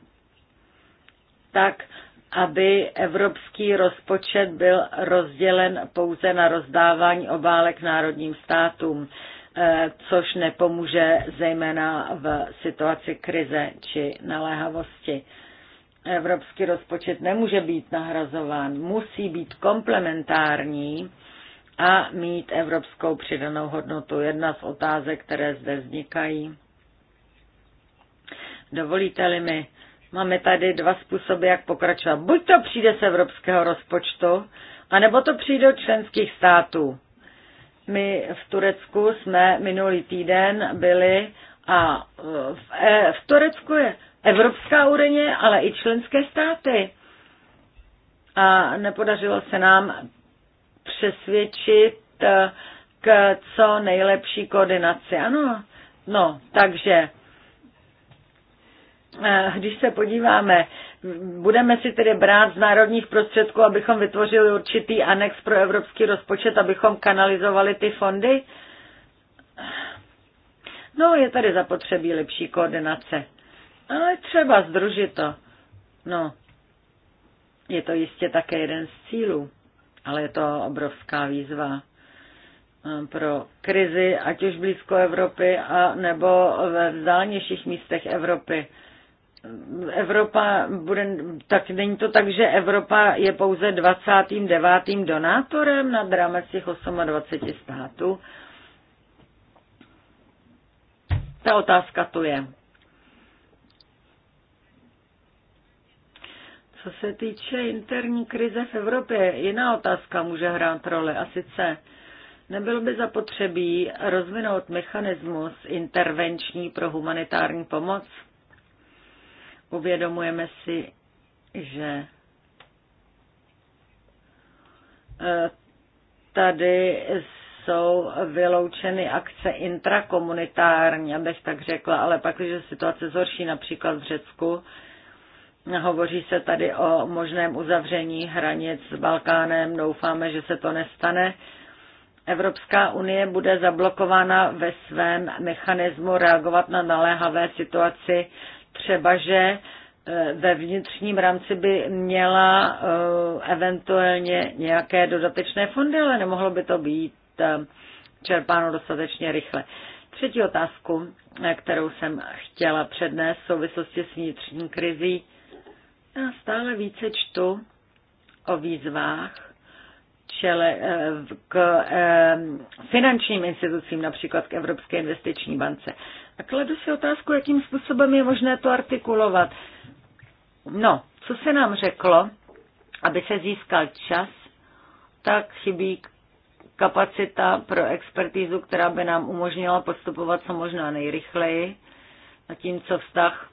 tak, aby evropský rozpočet byl rozdělen pouze na rozdávání obálek národním státům, eh, což nepomůže zejména v situaci krize či naléhavosti. Evropský rozpočet nemůže být nahrazován, musí být komplementární a mít evropskou přidanou hodnotu. Jedna z otázek, které zde vznikají. Dovolíte-li mi, máme tady dva způsoby, jak pokračovat. Buď to přijde z evropského rozpočtu, anebo to přijde od členských států. My v Turecku jsme minulý týden byli a v, e, v Turecku je evropská úroveň, ale i členské státy. A nepodařilo se nám přesvědčit eh, k co nejlepší koordinaci. Ano, no, takže eh, když se podíváme, budeme si tedy brát z národních prostředků, abychom vytvořili určitý anex pro evropský rozpočet, abychom kanalizovali ty fondy? No, je tady zapotřebí lepší koordinace. Ale třeba združit to. No, je to jistě také jeden z cílů ale je to obrovská výzva eh, pro krizi, ať už blízko Evropy, a nebo ve vzdálenějších místech Evropy. Evropa bude, tak není to tak, že Evropa je pouze 29. donátorem na rámec těch 28 států. Ta otázka tu je. Co se týče interní krize v Evropě, jiná otázka může hrát roli a sice nebylo by zapotřebí rozvinout mechanismus intervenční pro humanitární pomoc? Uvědomujeme si, že e, tady jsou vyloučeny akce intrakomunitární, abych tak řekla, ale pak, když situace zhorší například v Řecku, Hovoří se tady o možném uzavření hranic s Balkánem. Doufáme, že se to nestane. Evropská unie bude zablokována ve svém mechanismu reagovat na naléhavé situaci, třeba že e, ve vnitřním rámci by měla e, eventuálně nějaké dodatečné fondy, ale nemohlo by to být e, čerpáno dostatečně rychle. Třetí otázku, kterou jsem chtěla přednést v souvislosti s vnitřní krizí, já stále více čtu o výzvách čele, eh, k eh, finančním institucím, například k Evropské investiční bance. A kladu si otázku, jakým způsobem je možné to artikulovat. No, co se nám řeklo, aby se získal čas, tak chybí kapacita pro expertízu, která by nám umožnila postupovat co možná nejrychleji, zatímco vztah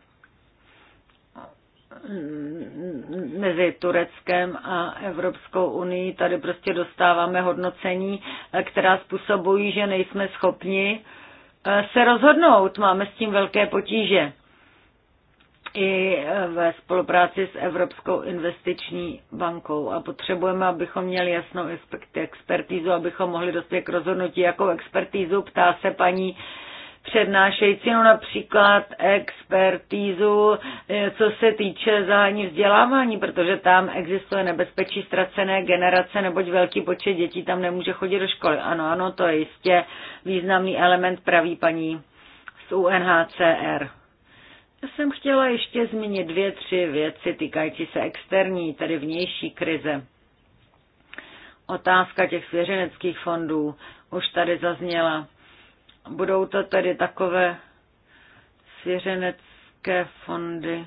mezi Tureckem a Evropskou unii. Tady prostě dostáváme hodnocení, eh, která způsobují, že nejsme schopni eh, se rozhodnout. Máme s tím velké potíže. I eh, ve spolupráci s Evropskou investiční bankou. A potřebujeme, abychom měli jasnou expertízu, abychom mohli dostat k rozhodnutí. Jakou expertízu ptá se paní uh, přednášejícího no například expertízu, eh, co se týče zahání vzdělávání, protože tam existuje nebezpečí ztracené generace, neboť velký počet dětí tam nemůže chodit do školy. Ano, ano, to je jistě významný element, praví paní z UNHCR. Já jsem chtěla ještě zmínit dvě, tři věci týkající se externí, tedy vnější krize. Otázka těch svěřeneckých fondů už tady zazněla Budou to tedy takové svěřenecké fondy,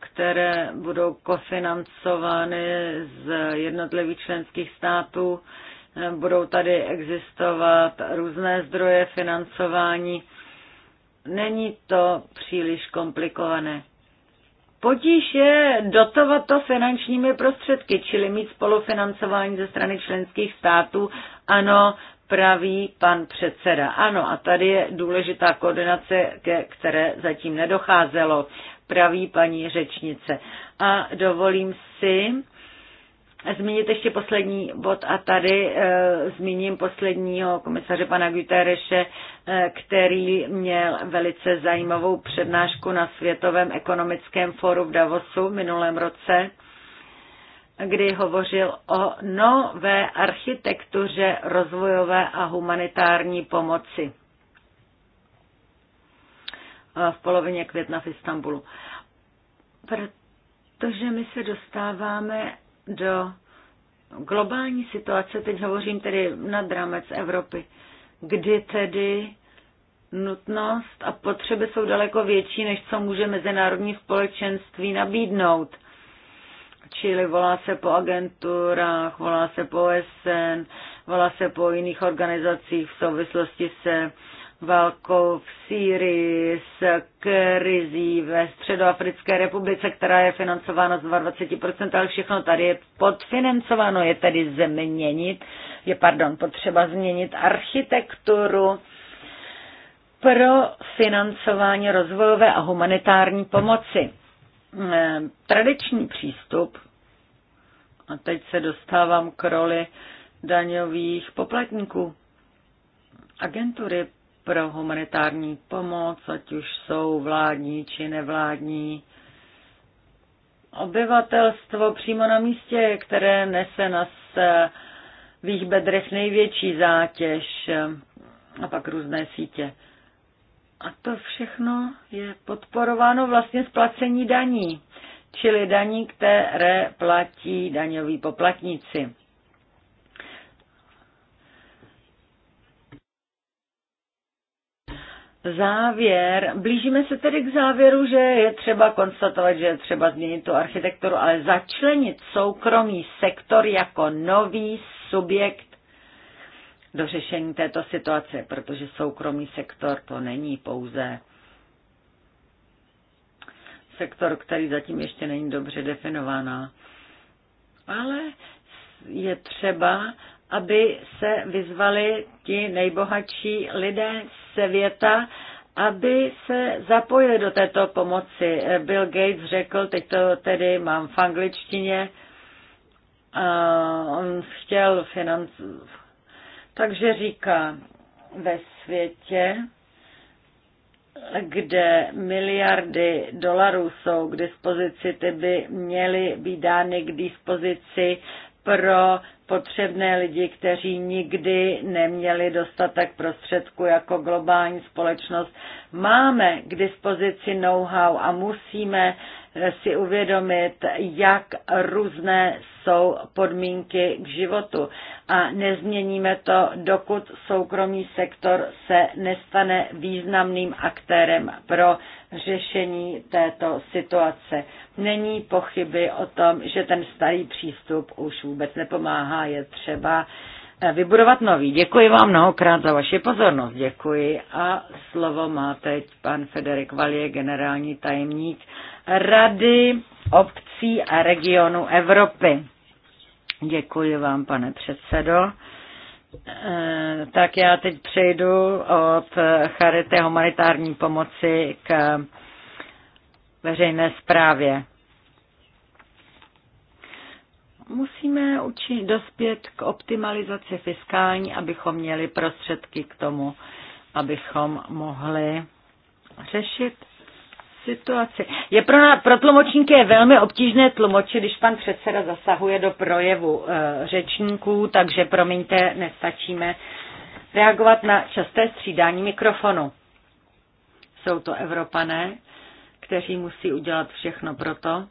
které budou kofinancovány z jednotlivých členských států. Budou tady existovat různé zdroje financování. Není to příliš komplikované. Potíž je dotovat to finančními prostředky, čili mít spolufinancování ze strany členských států. Ano, praví pan předseda. Ano, a tady je důležitá koordinace, ke které zatím nedocházelo, praví paní řečnice. A dovolím si zmínit ještě poslední bod a tady e, zmíním posledního komisaře pana Guterreše, e, který měl velice zajímavou přednášku na Světovém ekonomickém fóru v Davosu v minulém roce kdy hovořil o nové architektuře rozvojové a humanitární pomoci v polovině května v Istanbulu. Protože my se dostáváme do globální situace, teď hovořím tedy nad rámec Evropy, kdy tedy nutnost a potřeby jsou daleko větší, než co může mezinárodní společenství nabídnout – Čili volá se po agenturách, volá se po OSN, volá se po jiných organizacích v souvislosti se válkou v Sýrii, s krizí ve Středoafrické republice, která je financována z 22%, ale všechno tady je podfinancováno, je tedy změnit, je pardon, potřeba změnit architekturu pro financování rozvojové a humanitární pomoci. Eh, tradiční přístup, a teď se dostávám k roli daňových poplatníků, agentury pro humanitární pomoc, ať už jsou vládní či nevládní, obyvatelstvo přímo na místě, které nese na svých bedrech největší zátěž eh, a pak různé sítě. A to všechno je podporováno vlastně splacení daní, čili daní, které platí daňoví poplatníci. Závěr. Blížíme se tedy k závěru, že je třeba konstatovat, že je třeba změnit tu architekturu, ale začlenit soukromý sektor jako nový subjekt do řešení této situace, protože soukromý sektor to není pouze sektor, který zatím ještě není dobře definovaná, Ale je třeba, aby se vyzvali ti nejbohatší lidé z světa, aby se zapojili do této pomoci. Bill Gates řekl, teď to tedy mám v angličtině, on chtěl financ- takže říká, ve světě, kde miliardy dolarů jsou k dispozici, ty by měly být dány k dispozici pro potřebné lidi, kteří nikdy neměli dostatek prostředků jako globální společnost. Máme k dispozici know-how a musíme si uvědomit, jak různé jsou podmínky k životu. A nezměníme to, dokud soukromý sektor se nestane významným aktérem pro řešení této situace. Není pochyby o tom, že ten starý přístup už vůbec nepomáhá, je třeba eh, vybudovat nový. Děkuji vám mnohokrát za vaši pozornost. Děkuji a slovo má teď pan Federik Valie, generální tajemník Rady obcí a regionů Evropy. Děkuji vám, pane předsedo. Eh, tak já teď přejdu od charity humanitární pomoci k veřejné zprávě. Musíme učit dospět k optimalizaci fiskální, abychom měli prostředky k tomu, abychom mohli řešit situaci. Je pro, ná, pro tlumočníky je velmi obtížné tlumočit, když pan předseda zasahuje do projevu e, řečníků, takže promiňte, nestačíme reagovat na časté střídání mikrofonu. Jsou to Evropané, kteří musí udělat všechno proto,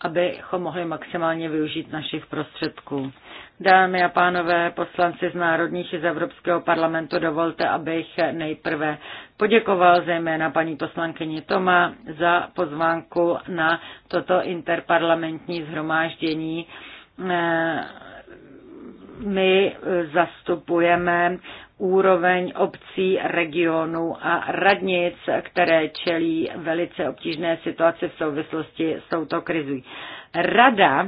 abychom mohli maximálně využít našich prostředků. Dámy a pánové, poslanci z Národních i z Evropského parlamentu, dovolte, abych nejprve poděkoval zejména paní poslankyni Toma za pozvánku na toto interparlamentní zhromáždění. Eh, my zastupujeme úroveň obcí, regionů a radnic, které čelí velice obtížné situaci v souvislosti s touto krizí. Rada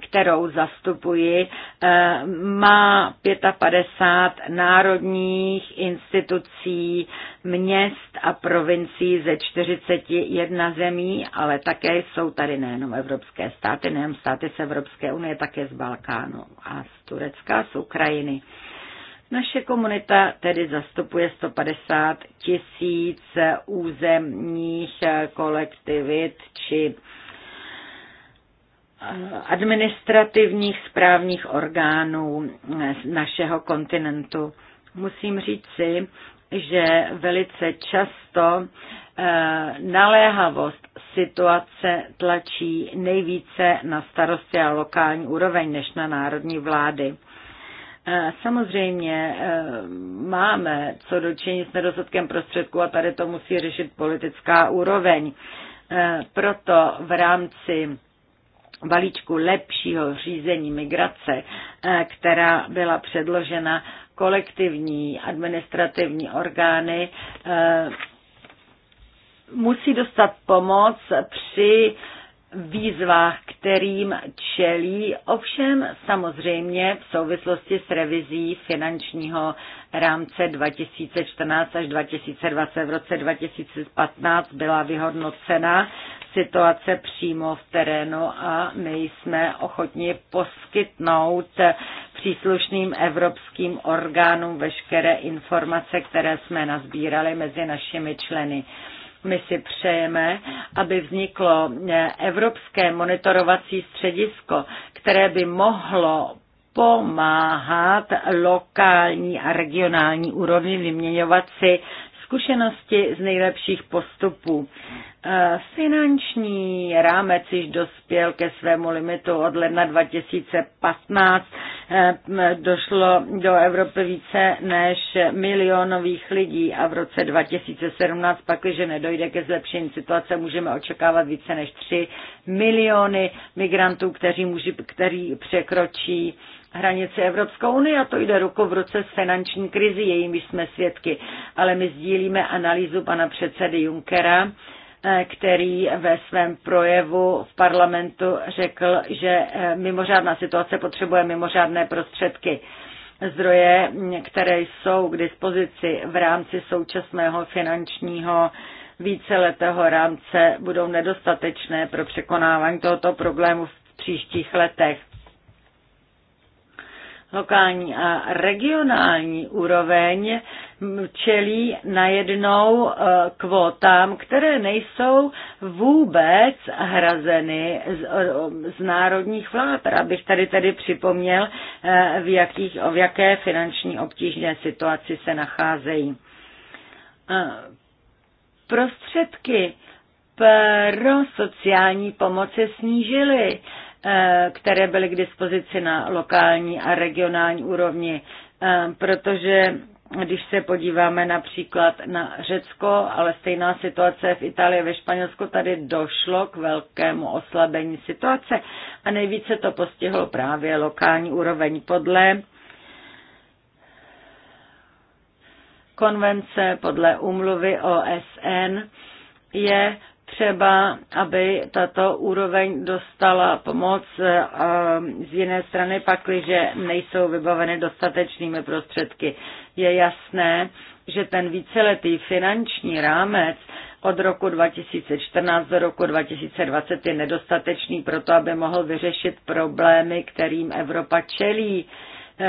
kterou zastupuji, eh, má 55 národních institucí, měst a provincií ze 41 zemí, ale také jsou tady nejenom evropské státy, nejenom státy z Evropské unie, také z Balkánu a z Turecka, z Ukrajiny. Naše komunita tedy zastupuje 150 tisíc územních kolektivit či administrativních správních orgánů našeho kontinentu. Musím říci, že velice často eh, naléhavost situace tlačí nejvíce na starosti a lokální úroveň než na národní vlády. Eh, samozřejmě eh, máme co dočinit s nedostatkem prostředků a tady to musí řešit politická úroveň. Proto v rámci balíčku lepšího řízení migrace, eh, která byla předložena kolektivní administrativní orgány, eh, musí dostat pomoc při výzvách, kterým čelí, ovšem samozřejmě v souvislosti s revizí finančního rámce 2014 až 2020. V roce 2015 byla vyhodnocena situace přímo v terénu a my jsme ochotni poskytnout příslušným evropským orgánům veškeré informace, které jsme nazbírali mezi našimi členy. My si přejeme, aby vzniklo eh, evropské monitorovací středisko, které by mohlo pomáhat lokální a regionální úrovni vyměňovat si zkušenosti z nejlepších postupů. Eh, finanční rámec již dospěl ke svému limitu od ledna 2015. Eh, došlo do Evropy více než milionových lidí a v roce 2017, pak, když nedojde ke zlepšení situace, můžeme očekávat více než 3 miliony migrantů, kteří, muži, kteří překročí hranici Evropskou unii a to jde ruku v ruce s finanční krizi, jejími jsme svědky. Ale my sdílíme analýzu pana předsedy Junckera, eh, který ve svém projevu v parlamentu řekl, že eh, mimořádná situace potřebuje mimořádné prostředky. Zdroje, které jsou k dispozici v rámci současného finančního víceletého rámce, budou nedostatečné pro překonávání tohoto problému v příštích letech lokální a regionální úroveň čelí najednou eh, kvótám, které nejsou vůbec hrazeny z, eh, z národních vlád. Abych tady tedy připomněl, eh, v, jakých, v jaké finanční obtížné situaci se nacházejí. Prostředky pro sociální pomoc se snížily Eh, které byly k dispozici na lokální a regionální úrovni, eh, protože když se podíváme například na Řecko, ale stejná situace v Itálii, ve Španělsku, tady došlo k velkému oslabení situace a nejvíce to postihlo právě lokální úroveň podle konvence, podle úmluvy OSN je potřeba, aby tato úroveň dostala pomoc eh, z jiné strany pakliže nejsou vybaveny dostatečnými prostředky. Je jasné, že ten víceletý finanční rámec od roku 2014 do roku 2020 je nedostatečný proto, aby mohl vyřešit problémy, kterým Evropa čelí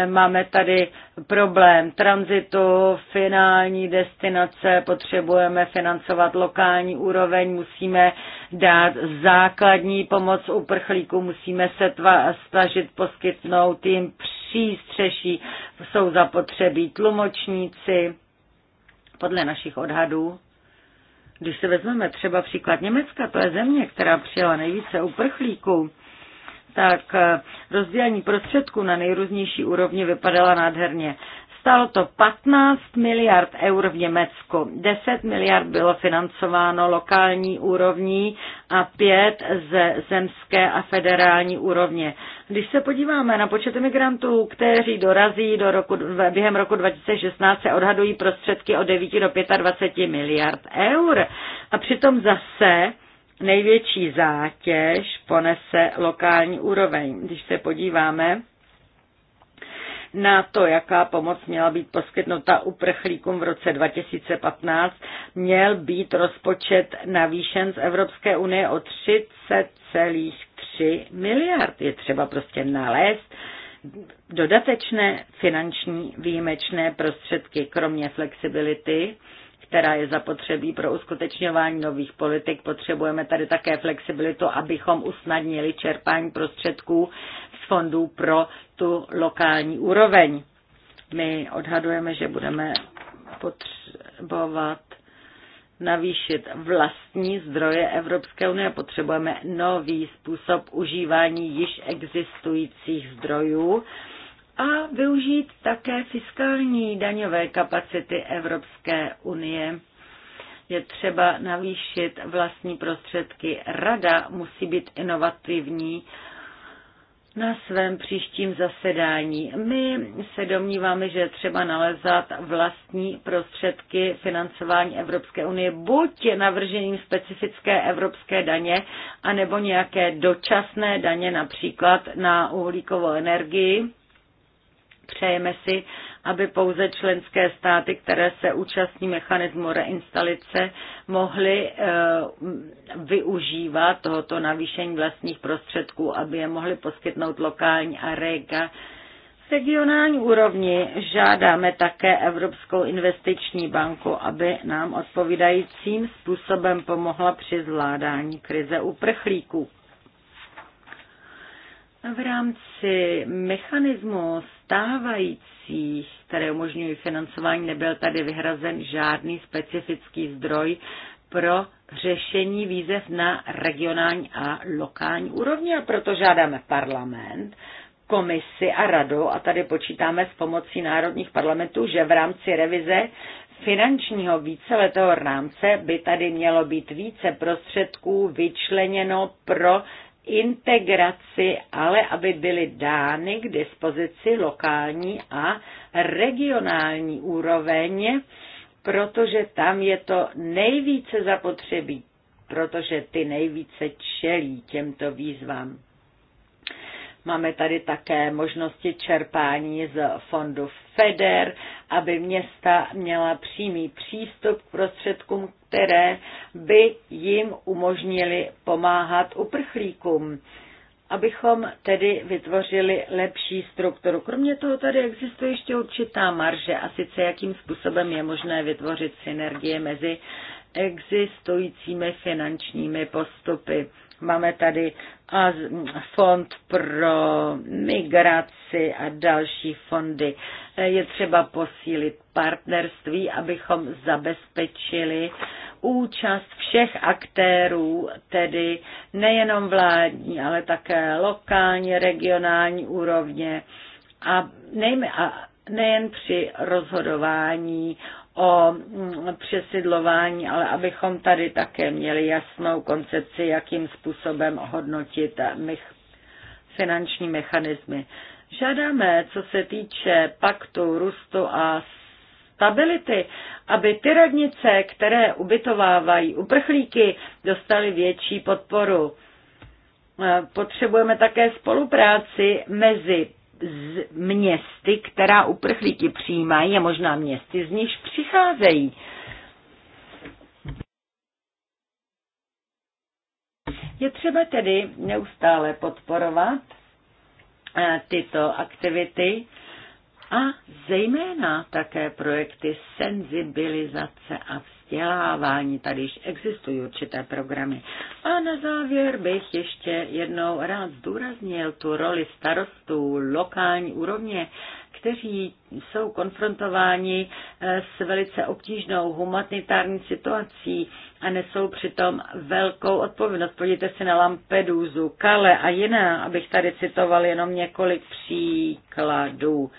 Máme tady problém tranzitu, finální destinace, potřebujeme financovat lokální úroveň, musíme dát základní pomoc uprchlíků. musíme se tva, snažit poskytnout jim přístřeší, jsou zapotřebí tlumočníci. Podle našich odhadů když se vezmeme třeba příklad Německa, to je země, která přijela nejvíce uprchlíků, tak eh, rozdělení prostředků na nejrůznější úrovni vypadala nádherně. Stalo to 15 miliard eur v Německu, 10 miliard bylo financováno lokální úrovní a 5 ze zemské a federální úrovně. Když se podíváme na počet imigrantů, kteří dorazí do roku, během roku 2016, se odhadují prostředky od 9 do 25 miliard eur. A přitom zase největší zátěž ponese lokální úroveň. Když se podíváme na to, jaká pomoc měla být poskytnuta uprchlíkům v roce 2015, měl být rozpočet navýšen z Evropské unie o 30,3 miliard. Je třeba prostě nalézt dodatečné finanční výjimečné prostředky, kromě flexibility, která je zapotřebí pro uskutečňování nových politik. Potřebujeme tady také flexibilitu, abychom usnadnili čerpání prostředků z fondů pro tu lokální úroveň. My odhadujeme, že budeme potřebovat navýšit vlastní zdroje Evropské unie. Potřebujeme nový způsob užívání již existujících zdrojů a využít také fiskální daňové kapacity Evropské unie. Je třeba navýšit vlastní prostředky. Rada musí být inovativní na svém příštím zasedání. My se domníváme, že je třeba nalezat vlastní prostředky financování Evropské unie buď navržením specifické evropské daně, anebo nějaké dočasné daně, například na uhlíkovou energii Přejeme si, aby pouze členské státy, které se účastní mechanismu reinstalice, mohly eh, využívat tohoto navýšení vlastních prostředků, aby je mohly poskytnout lokální a rega regionální úrovni žádáme také Evropskou investiční banku, aby nám odpovídajícím způsobem pomohla při zvládání krize uprchlíků. V rámci mechanismu stávajících, které umožňují financování, nebyl tady vyhrazen žádný specifický zdroj pro řešení výzev na regionální a lokální úrovni a proto žádáme parlament, komisi a radu, a tady počítáme s pomocí národních parlamentů, že v rámci revize finančního víceletého rámce by tady mělo být více prostředků vyčleněno pro integraci, ale aby byly dány k dispozici lokální a regionální úroveň, protože tam je to nejvíce zapotřebí, protože ty nejvíce čelí těmto výzvám. Máme tady také možnosti čerpání z fondu FEDER, aby města měla přímý přístup k prostředkům, které by jim umožnili pomáhat uprchlíkům abychom tedy vytvořili lepší strukturu. Kromě toho tady existuje ještě určitá marže a sice jakým způsobem je možné vytvořit synergie mezi existujícími finančními postupy. Máme tady fond pro migraci a další fondy. Je třeba posílit partnerství, abychom zabezpečili účast všech aktérů, tedy nejenom vládní, ale také lokální, regionální úrovně a, nejme, a nejen při rozhodování o mm, přesidlování, ale abychom tady také měli jasnou koncepci, jakým způsobem hodnotit finanční mechanismy. Žádáme, co se týče paktu růstu a stability, aby ty radnice, které ubytovávají uprchlíky, dostaly větší podporu. E, potřebujeme také spolupráci mezi z městy, která uprchlíky přijímají a možná městy z nich přicházejí. Je třeba tedy neustále podporovat eh, tyto aktivity a zejména také projekty senzibilizace a vzdělávání. Tady již existují určité programy. A na závěr bych ještě jednou rád zdůraznil tu roli starostů lokální úrovně, kteří jsou konfrontováni eh, s velice obtížnou humanitární situací a nesou přitom velkou odpovědnost. Podívejte se na Lampedusu, Kale a jiné, abych tady citoval jenom několik příkladů.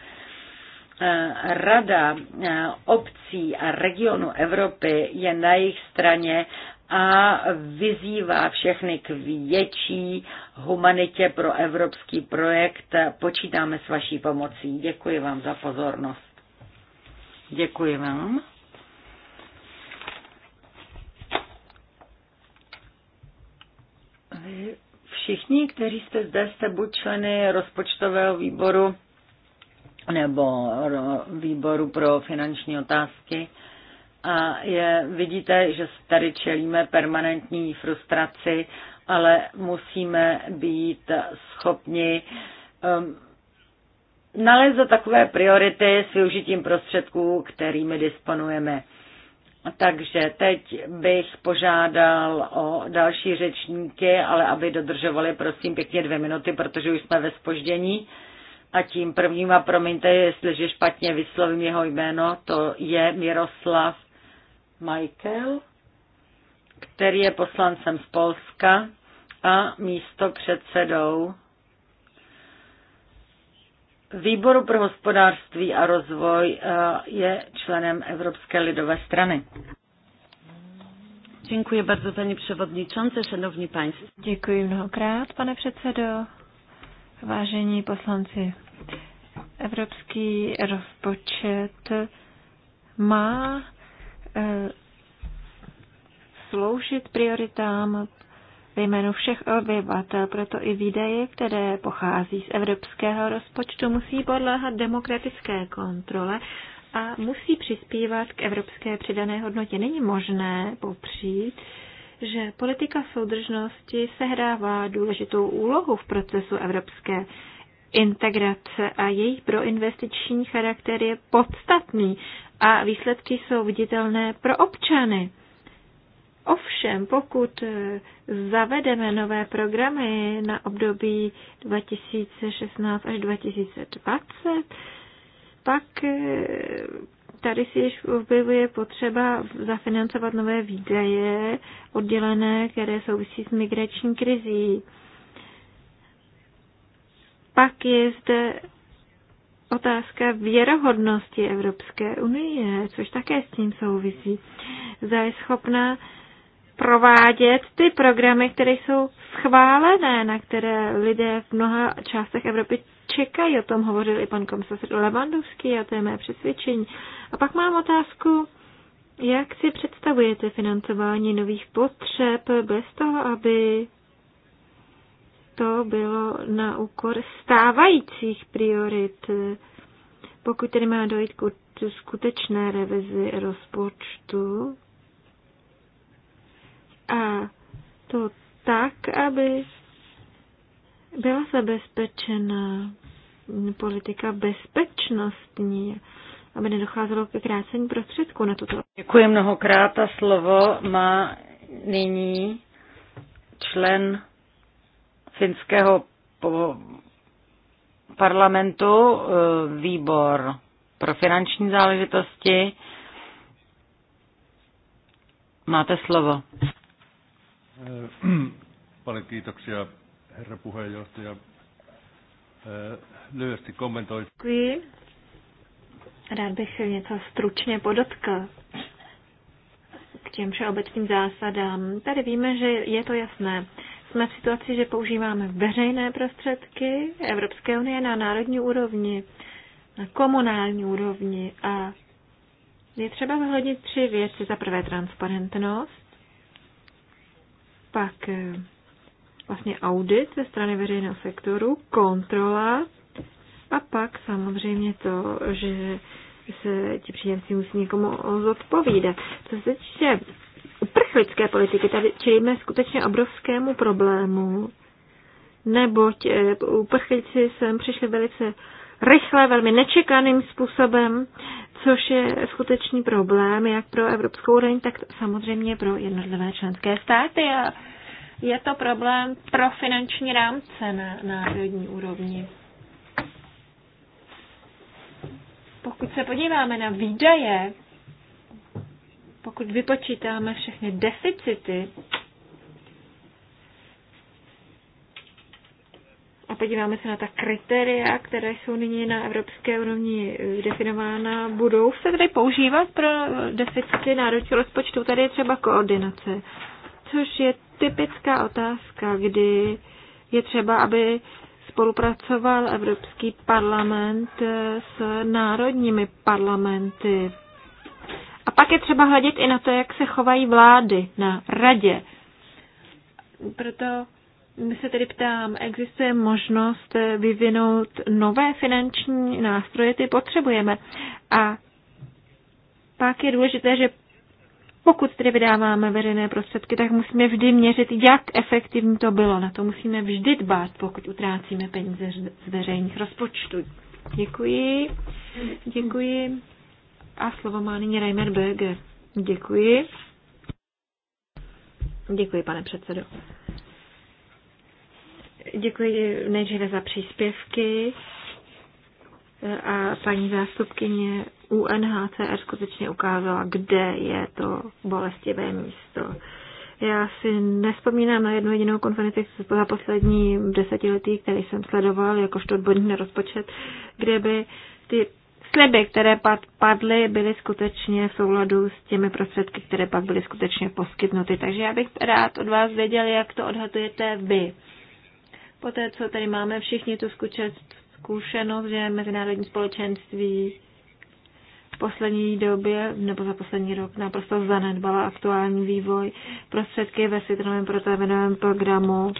Eh, Rada eh, obcí a regionu Evropy je na jejich straně a vyzývá všechny k větší humanitě pro evropský projekt. Počítáme s vaší pomocí. Děkuji vám za pozornost. Děkuji vám. všichni, kteří jste zde, jste buď členy rozpočtového výboru, nebo výboru pro finanční otázky. A je, vidíte, že tady čelíme permanentní frustraci, ale musíme být schopni um, nalézat takové priority s využitím prostředků, kterými disponujeme. Takže teď bych požádal o další řečníky, ale aby dodržovali prosím pěkně dvě minuty, protože už jsme ve spoždění. A tím prvním, a promiňte, jestliže špatně vyslovím jeho jméno, to je Miroslav Michael, který je poslancem z Polska a místo předsedou Výboru pro hospodářství a rozvoj je členem Evropské lidové strany. Děkuji bardzo, paní předsedající, šanovní paní. Děkuji mnohokrát, pane předsedo. Vážení poslanci, evropský rozpočet má eh, sloužit prioritám ve jménu všech obyvatel, proto i výdaje, které pochází z evropského rozpočtu, musí podléhat demokratické kontrole a musí přispívat k evropské přidané hodnotě. Není možné popřít, že politika soudržnosti sehrává důležitou úlohu v procesu evropské integrace a její proinvestiční charakter je podstatný a výsledky jsou viditelné pro občany. Ovšem, pokud eh, zavedeme nové programy na období 2016 až 2020, pak eh, tady si již objevuje potřeba zafinancovat nové výdaje oddělené, které souvisí s migrační krizí. Pak je zde otázka věrohodnosti Evropské unie, což také s tím souvisí. Zda je schopná provádět ty programy, které jsou schválené, na které lidé v mnoha částech Evropy čekají. O tom hovořil i pan komisař Levandovský a to je mé přesvědčení. A pak mám otázku, jak si představujete financování nových potřeb bez toho, aby to bylo na úkor stávajících priorit, pokud tedy má dojít k skutečné revizi rozpočtu, a to tak, aby byla zabezpečena politika bezpečnostní, aby nedocházelo ke krácení prostředků na tuto. Děkuji mnohokrát a slovo má nyní člen finského parlamentu eh, výbor pro finanční záležitosti. Máte slovo. Eh, paljon kiitoksia, herra puheenjohtaja. Eh, lyhyesti komentoi. Děkuji. Rád bych něco stručně podotkl k těm všeobecným zásadám. Tady víme, že je to jasné. Jsme v situaci, že používáme veřejné prostředky Evropské unie na národní úrovni, na komunální úrovni a je třeba vyhodnit tři věci. Za prvé transparentnost, pak eh, vlastně audit ze strany veřejného sektoru, kontrola a pak samozřejmě to, že se ti příjemci musí někomu zodpovídat. Co se týče uprchlické politiky, tady čelíme skutečně obrovskému problému, neboť eh, uprchlíci sem přišli velice rychle, velmi nečekaným způsobem což je skutečný problém jak pro Evropskou unii, tak samozřejmě pro jednotlivé členské státy. A je to problém pro finanční rámce na národní úrovni. Pokud se podíváme na výdaje, pokud vypočítáme všechny deficity, podíváme se na ta kritéria, které jsou nyní na evropské úrovni definována, budou se tady používat pro deficity národního rozpočtu. Tady je třeba koordinace, což je typická otázka, kdy je třeba, aby spolupracoval Evropský parlament s národními parlamenty. A pak je třeba hledět i na to, jak se chovají vlády na radě. Proto se tedy ptám, existuje možnost vyvinout nové finanční nástroje, ty potřebujeme. A pak je důležité, že pokud tedy vydáváme veřejné prostředky, tak musíme vždy měřit, jak efektivní to bylo. Na to musíme vždy dbát, pokud utrácíme peníze z veřejných rozpočtů. Děkuji. Děkuji. A slovo má nyní Reimer Berger. Děkuji. Děkuji, pane předsedo. Děkuji nejdříve za příspěvky a paní zástupkyně UNHCR skutečně ukázala, kde je to bolestivé místo. Já si nespomínám na jednu jedinou konferenci za poslední desetiletí, který jsem sledoval jakožto odborník na rozpočet, kde by ty sliby, které padly, byly skutečně v souladu s těmi prostředky, které pak byly skutečně poskytnuty. Takže já bych rád od vás věděl, jak to odhadujete vy. Poté, co tady máme všichni tu zkušenost, že mezinárodní společenství v poslední době nebo za poslední rok naprosto zanedbala aktuální vývoj. Prostředky ve světovém protavenovém programu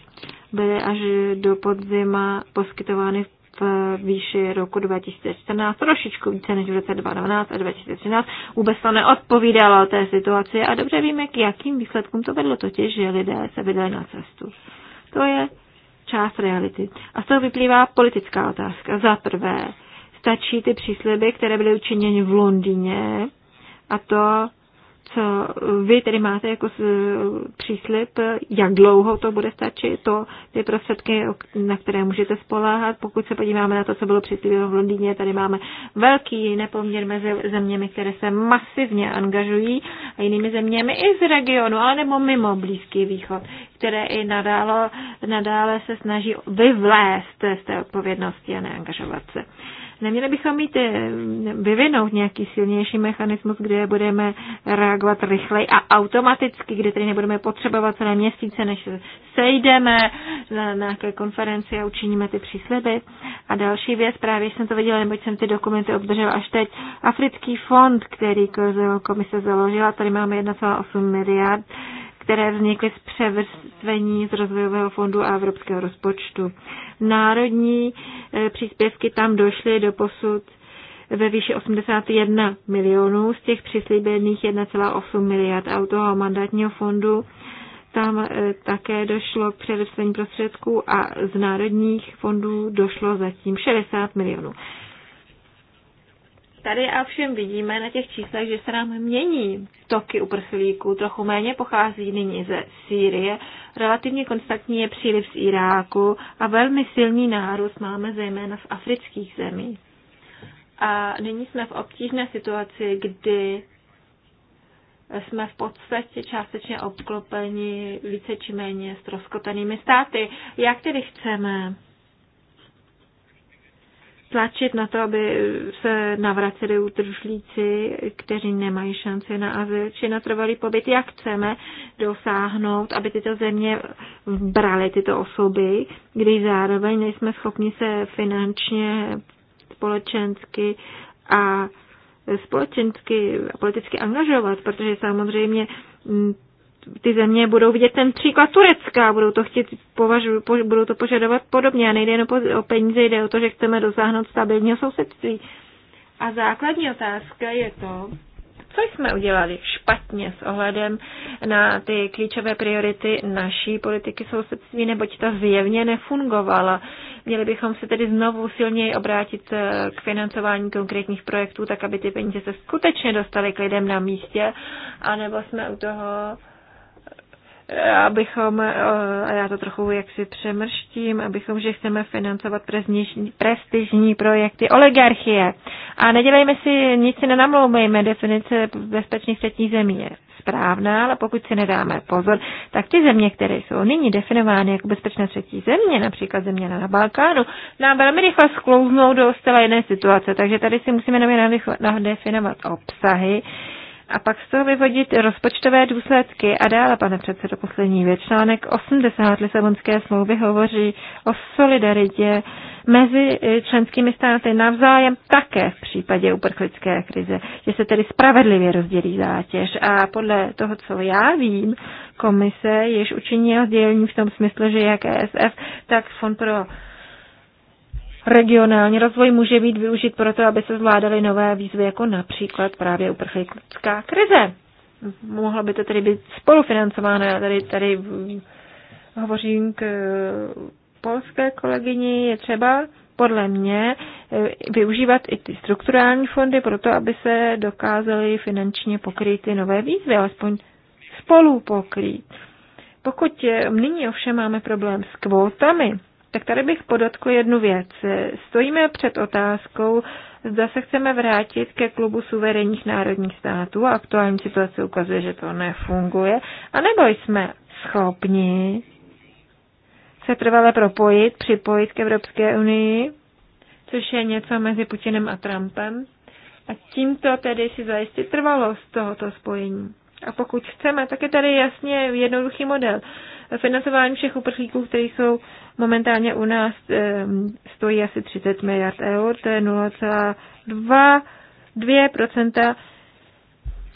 byly až do podzima poskytovány v výši roku 2014, trošičku více než v roce 2012 a 2013. Vůbec to neodpovídalo té situaci a dobře víme, k jakým výsledkům to vedlo, totiž, že lidé se vydali na cestu. To je část reality. A z toho vyplývá politická otázka. Za prvé, stačí ty přísliby, které byly učiněny v Londýně, a to co vy tedy máte jako příslip, jak dlouho to bude stačit, to ty prostředky, na které můžete spoláhat. Pokud se podíváme na to, co bylo přislíbeno v Londýně, tady máme velký nepoměr mezi zeměmi, které se masivně angažují a jinými zeměmi i z regionu, ale nebo mimo Blízký východ, které i nadále, nadále se snaží vyvlést z té odpovědnosti a neangažovat se. Neměli bychom mít eh, vyvinout nějaký silnější mechanismus, kde budeme reagovat rychleji a automaticky, kde tedy nebudeme potřebovat celé měsíce, než sejdeme na nějaké konferenci a učiníme ty přísliby. A další věc, právě jsem to viděla, neboť jsem ty dokumenty obdržela až teď, Africký fond, který komise založila, tady máme 1,8 miliard které vznikly z převrstvení z rozvojového fondu a evropského rozpočtu. Národní eh, příspěvky tam došly do posud ve výši 81 milionů, z těch přislíbených 1,8 miliard a u toho mandátního fondu tam eh, také došlo k prostředků a z národních fondů došlo zatím 60 milionů. Tady a všem vidíme na těch číslech, že se nám mění toky uprchlíků. Trochu méně pochází nyní ze Sýrie, relativně konstantní je příliv z Iráku a velmi silný nárůst máme zejména v afrických zemích. A nyní jsme v obtížné situaci, kdy jsme v podstatě částečně obklopeni více či méně stroskotanými státy. Jak tedy chceme tlačit na to, aby se navraceli utržlíci, kteří nemají šanci na azyl či na trvalý pobyt, jak chceme dosáhnout, aby tyto země brali tyto osoby, když zároveň nejsme schopni se finančně, společensky a společensky a politicky angažovat, protože samozřejmě ty země budou vidět ten příklad Turecka, budou to chtít považu, po, budou to požadovat podobně a nejde jen o, o peníze, jde o to, že chceme dosáhnout stabilního sousedství. A základní otázka je to, co jsme udělali špatně s ohledem na ty klíčové priority naší politiky sousedství, neboť ta zjevně nefungovala. Měli bychom se tedy znovu silněji obrátit eh, k financování konkrétních projektů, tak aby ty peníze se skutečně dostaly k lidem na místě, anebo jsme u toho abychom, eh, a já to trochu jaksi přemrštím, abychom, že chceme financovat prestižní, projekty oligarchie. A nedělejme si, nic si nenamlouvejme, definice bezpečných třetích zemí je správná, ale pokud si nedáme pozor, tak ty země, které jsou nyní definovány jako bezpečné třetí země, například země na Balkánu, nám velmi rychle sklouznou do zcela jiné situace. Takže tady si musíme nadefinovat obsahy, a pak z toho vyvodit rozpočtové důsledky. A dále, pane předsedo, poslední věc. Článek 80 Lisabonské smlouvy hovoří o solidaritě mezi eh, členskými státy navzájem také v případě uprchlické krize, že se tedy spravedlivě rozdělí zátěž. A podle toho, co já vím, komise již učinila dělení v tom smyslu, že jak ESF, tak Fond pro regionální rozvoj může být využit proto, aby se zvládaly nové výzvy, jako například právě uprchlická krize. Mohla by to tedy být spolufinancováno. Já tady, tady mm, hovořím k eh, polské kolegyni, je třeba podle mě eh, využívat i ty strukturální fondy proto, aby se dokázaly finančně pokrýt ty nové výzvy, alespoň spolu pokrýt. Pokud eh, nyní ovšem máme problém s kvótami, tak tady bych podotkl jednu věc. Stojíme před otázkou, zda se chceme vrátit ke klubu suverénních národních států, a aktuální situace ukazuje, že to nefunguje, nebo jsme schopni se trvale propojit, připojit k Evropské unii, což je něco mezi Putinem a Trumpem, a tímto tedy si zajistit trvalost tohoto spojení. A pokud chceme, tak je tady jasně jednoduchý model. Financování všech uprchlíků, kteří jsou momentálně u nás, ehm, stojí asi 30 miliard eur, to je 0,2%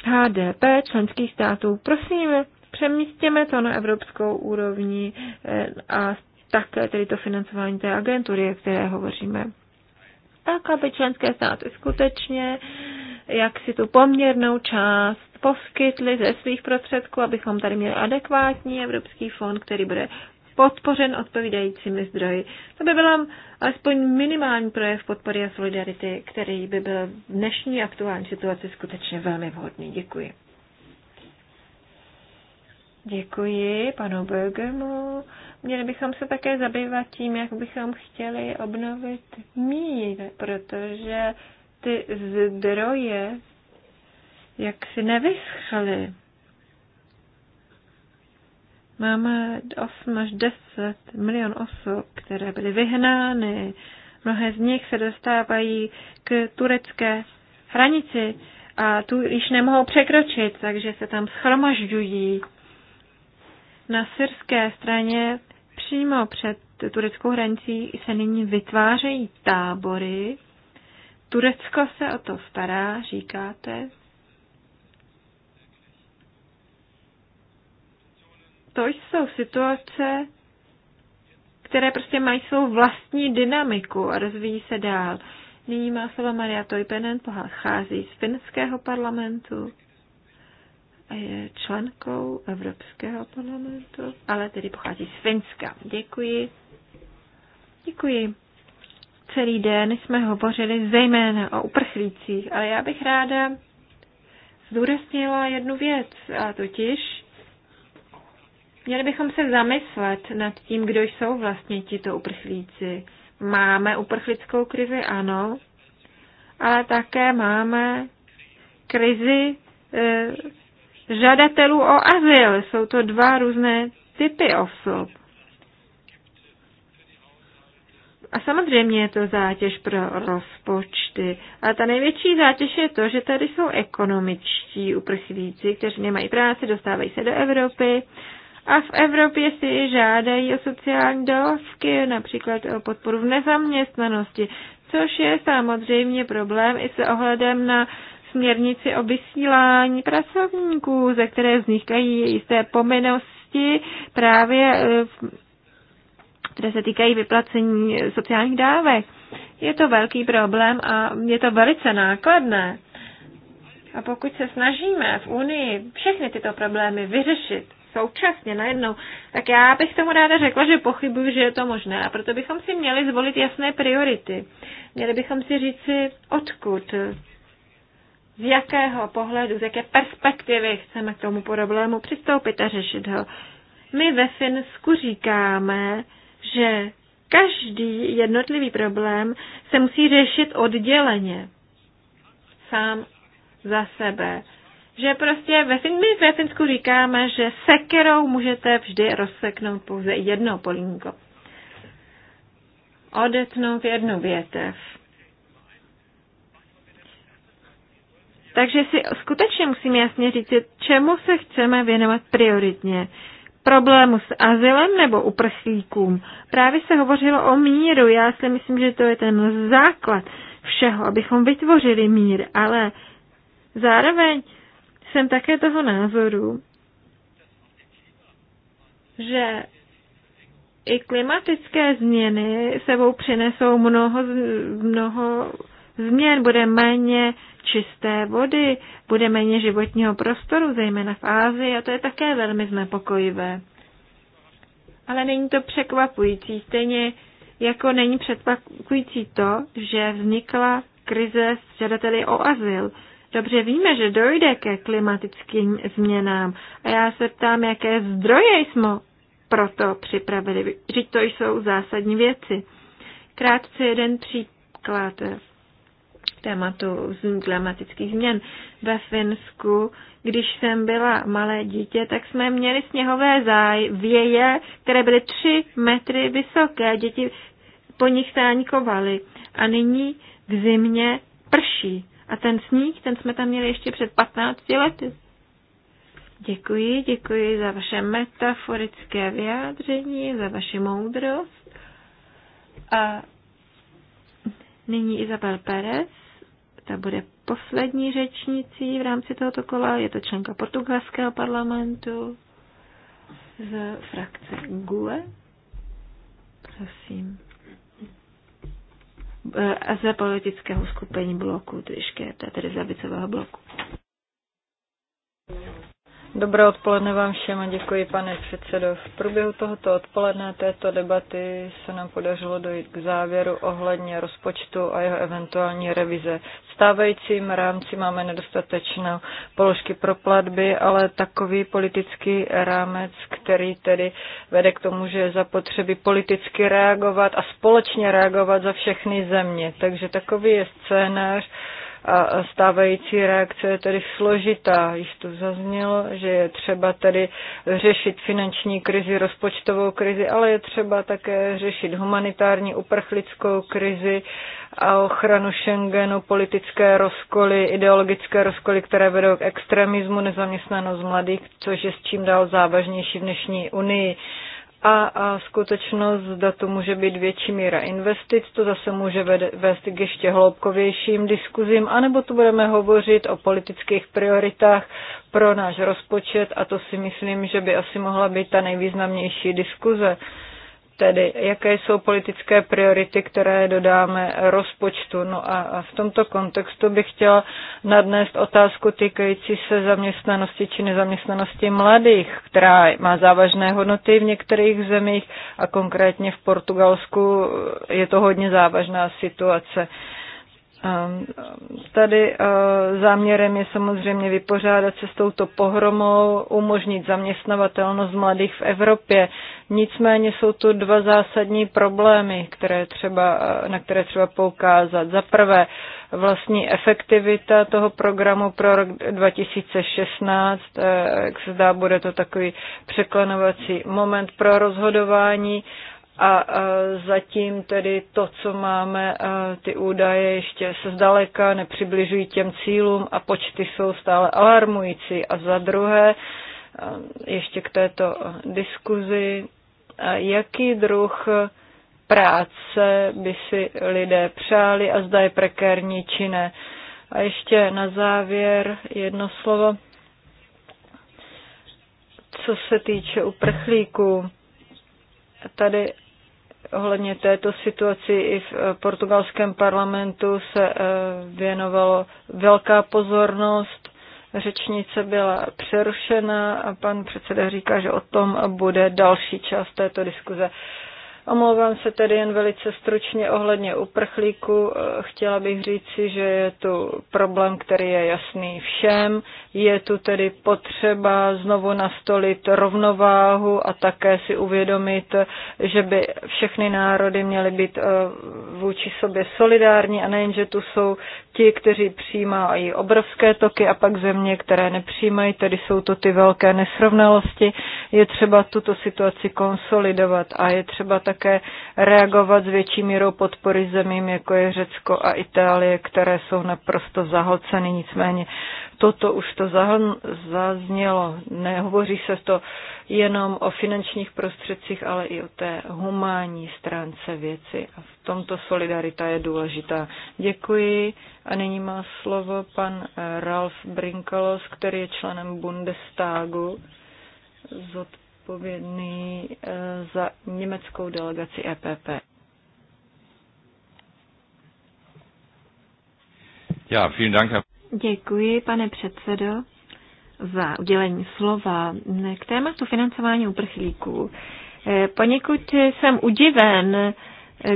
HDP členských států. Prosím, přemístěme to na evropskou úrovni eh, a také tedy to financování té agentury, o které hovoříme. Tak, aby členské státy skutečně jak si tu poměrnou část poskytli ze svých prostředků, abychom tady měli adekvátní Evropský fond, který bude podpořen odpovídajícími zdroji. To by byl alespoň minimální projev podpory a solidarity, který by byl v dnešní aktuální situaci skutečně velmi vhodný. Děkuji. Děkuji panu Bögemu. Měli bychom se také zabývat tím, jak bychom chtěli obnovit mír, protože ty zdroje jak si nevyschly. Máme 8 až 10 milion osob, které byly vyhnány. Mnohé z nich se dostávají k turecké hranici a tu již nemohou překročit, takže se tam schromažďují. Na syrské straně přímo před tureckou hranicí se nyní vytvářejí tábory. Turecko se o to stará, říkáte. to jsou situace, které prostě mají svou vlastní dynamiku a rozvíjí se dál. Nyní má slova Maria Toipenen, pochází z finského parlamentu a je členkou Evropského parlamentu, ale tedy pochází z Finska. Děkuji. Děkuji. Celý den jsme hovořili zejména o uprchlících, ale já bych ráda zdůraznila jednu věc, a totiž Měli bychom se zamyslet nad tím, kdo jsou vlastně tito uprchlíci. Máme uprchlickou krizi, ano, ale také máme krizi e, žadatelů o azyl. Jsou to dva různé typy osob. A samozřejmě je to zátěž pro rozpočty. A ta největší zátěž je to, že tady jsou ekonomičtí uprchlíci, kteří nemají práci, dostávají se do Evropy a v Evropě si i žádají o sociální dávky, například o podporu v nezaměstnanosti, což je samozřejmě problém i se ohledem na směrnici o vysílání pracovníků, ze které vznikají jisté pomenosti právě e, které se týkají vyplacení sociálních dávek. Je to velký problém a je to velice nákladné. A pokud se snažíme v Unii všechny tyto problémy vyřešit, současně najednou, tak já bych tomu ráda řekla, že pochybuju, že je to možné. A proto bychom si měli zvolit jasné priority. Měli bychom si říci, odkud, z jakého pohledu, z jaké perspektivy chceme k tomu problému přistoupit a řešit ho. My ve Finsku říkáme, že každý jednotlivý problém se musí řešit odděleně, sám za sebe že prostě ve, fin- my ve Finsku říkáme, že sekerou můžete vždy rozseknout pouze jedno polínko. Odetnout jednu větev. Takže si skutečně musím jasně říct, čemu se chceme věnovat prioritně. Problému s azylem nebo uprchlíkům. Právě se hovořilo o míru. Já si myslím, že to je ten základ všeho, abychom vytvořili mír, ale zároveň jsem také toho názoru, že i klimatické změny sebou přinesou mnoho, mnoho změn. Bude méně čisté vody, bude méně životního prostoru, zejména v Ázii, a to je také velmi znepokojivé. Ale není to překvapující, stejně jako není překvapující to, že vznikla krize s žadateli o azyl. Dobře víme, že dojde ke klimatickým změnám a já se ptám, jaké zdroje jsme proto připravili. Že to jsou zásadní věci. Krátce jeden příklad tématu klimatických změn. Ve Finsku, když jsem byla malé dítě, tak jsme měli sněhové záj, věje, které byly tři metry vysoké. Děti po nich sáňkovaly. A nyní v zimě prší. A ten sníh, ten jsme tam měli ještě před 15 lety. Děkuji, děkuji za vaše metaforické vyjádření, za vaši moudrost. A nyní Izabel Pérez, ta bude poslední řečnicí v rámci tohoto kola, je to členka portugalského parlamentu z frakce GUE. Prosím a ze politického skupení bloku, tedy škéta, tedy z bloku. Dobré odpoledne vám všem a děkuji, pane předsedo. V průběhu tohoto odpoledne této debaty se nám podařilo dojít k závěru ohledně rozpočtu a jeho eventuální revize. V stávajícím rámci máme nedostatečné položky pro platby, ale takový politický rámec, který tedy vede k tomu, že je zapotřebí politicky reagovat a společně reagovat za všechny země. Takže takový je scénář, a stávající reakce je tedy složitá. Již to zaznělo, že je třeba tedy řešit finanční krizi, rozpočtovou krizi, ale je třeba také řešit humanitární uprchlickou krizi a ochranu Schengenu, politické rozkoly, ideologické rozkoly, které vedou k extremismu, nezaměstnanost mladých, což je s čím dál závažnější v dnešní unii a, a skutečnost, zda to může být větší míra investic, to zase může vést k ještě hloubkovějším diskuzím, anebo tu budeme hovořit o politických prioritách pro náš rozpočet a to si myslím, že by asi mohla být ta nejvýznamnější diskuze tedy jaké jsou politické priority, které dodáme rozpočtu. No a v tomto kontextu bych chtěla nadnést otázku týkající se zaměstnanosti či nezaměstnanosti mladých, která má závažné hodnoty v některých zemích a konkrétně v Portugalsku je to hodně závažná situace. Ehm, tady eh, záměrem je samozřejmě vypořádat se s touto pohromou, umožnit zaměstnavatelnost mladých v Evropě. Nicméně jsou tu dva zásadní problémy, které třeba, eh, na které třeba poukázat. Za prvé, vlastní efektivita toho programu pro rok 2016, eh, jak se zdá, bude to takový překlenovací moment pro rozhodování a zatím tedy to, co máme, ty údaje ještě se zdaleka nepřibližují těm cílům a počty jsou stále alarmující. A za druhé, ještě k této diskuzi, jaký druh práce by si lidé přáli a zda je prekérní či ne. A ještě na závěr jedno slovo. Co se týče uprchlíků, tady ohledně této situaci i v eh, portugalském parlamentu se eh, věnovalo velká pozornost. Řečnice byla přerušena a pan předseda říká, že o tom bude další část této diskuze. Omlouvám se tedy jen velice stručně ohledně uprchlíku. Eh, chtěla bych říci, že je tu problém, který je jasný všem. Je tu tedy potřeba znovu nastolit rovnováhu a také si uvědomit, že by všechny národy měly být eh, vůči sobě solidární a nejen, že tu jsou ti, kteří přijímají obrovské toky a pak země, které nepřijímají, tedy jsou to ty velké nesrovnalosti. Je třeba tuto situaci konsolidovat a je třeba také reagovat s větší mírou podpory zemím, jako je Řecko a Itálie, které jsou naprosto zahlceny. Nicméně toto už to to zaznělo. Nehovoří se to jenom o finančních prostředcích, ale i o té humánní stránce věci. A v tomto solidarita je důležitá. Děkuji a nyní má slovo pan eh, Ralf Brinkalos, který je členem Bundestagu, zodpovědný eh, za německou delegaci EPP. Ja, vielen Dank, Herr Děkuji, pane předsedo, za udělení slova k tématu financování uprchlíků. E, poněkud jsem udiven,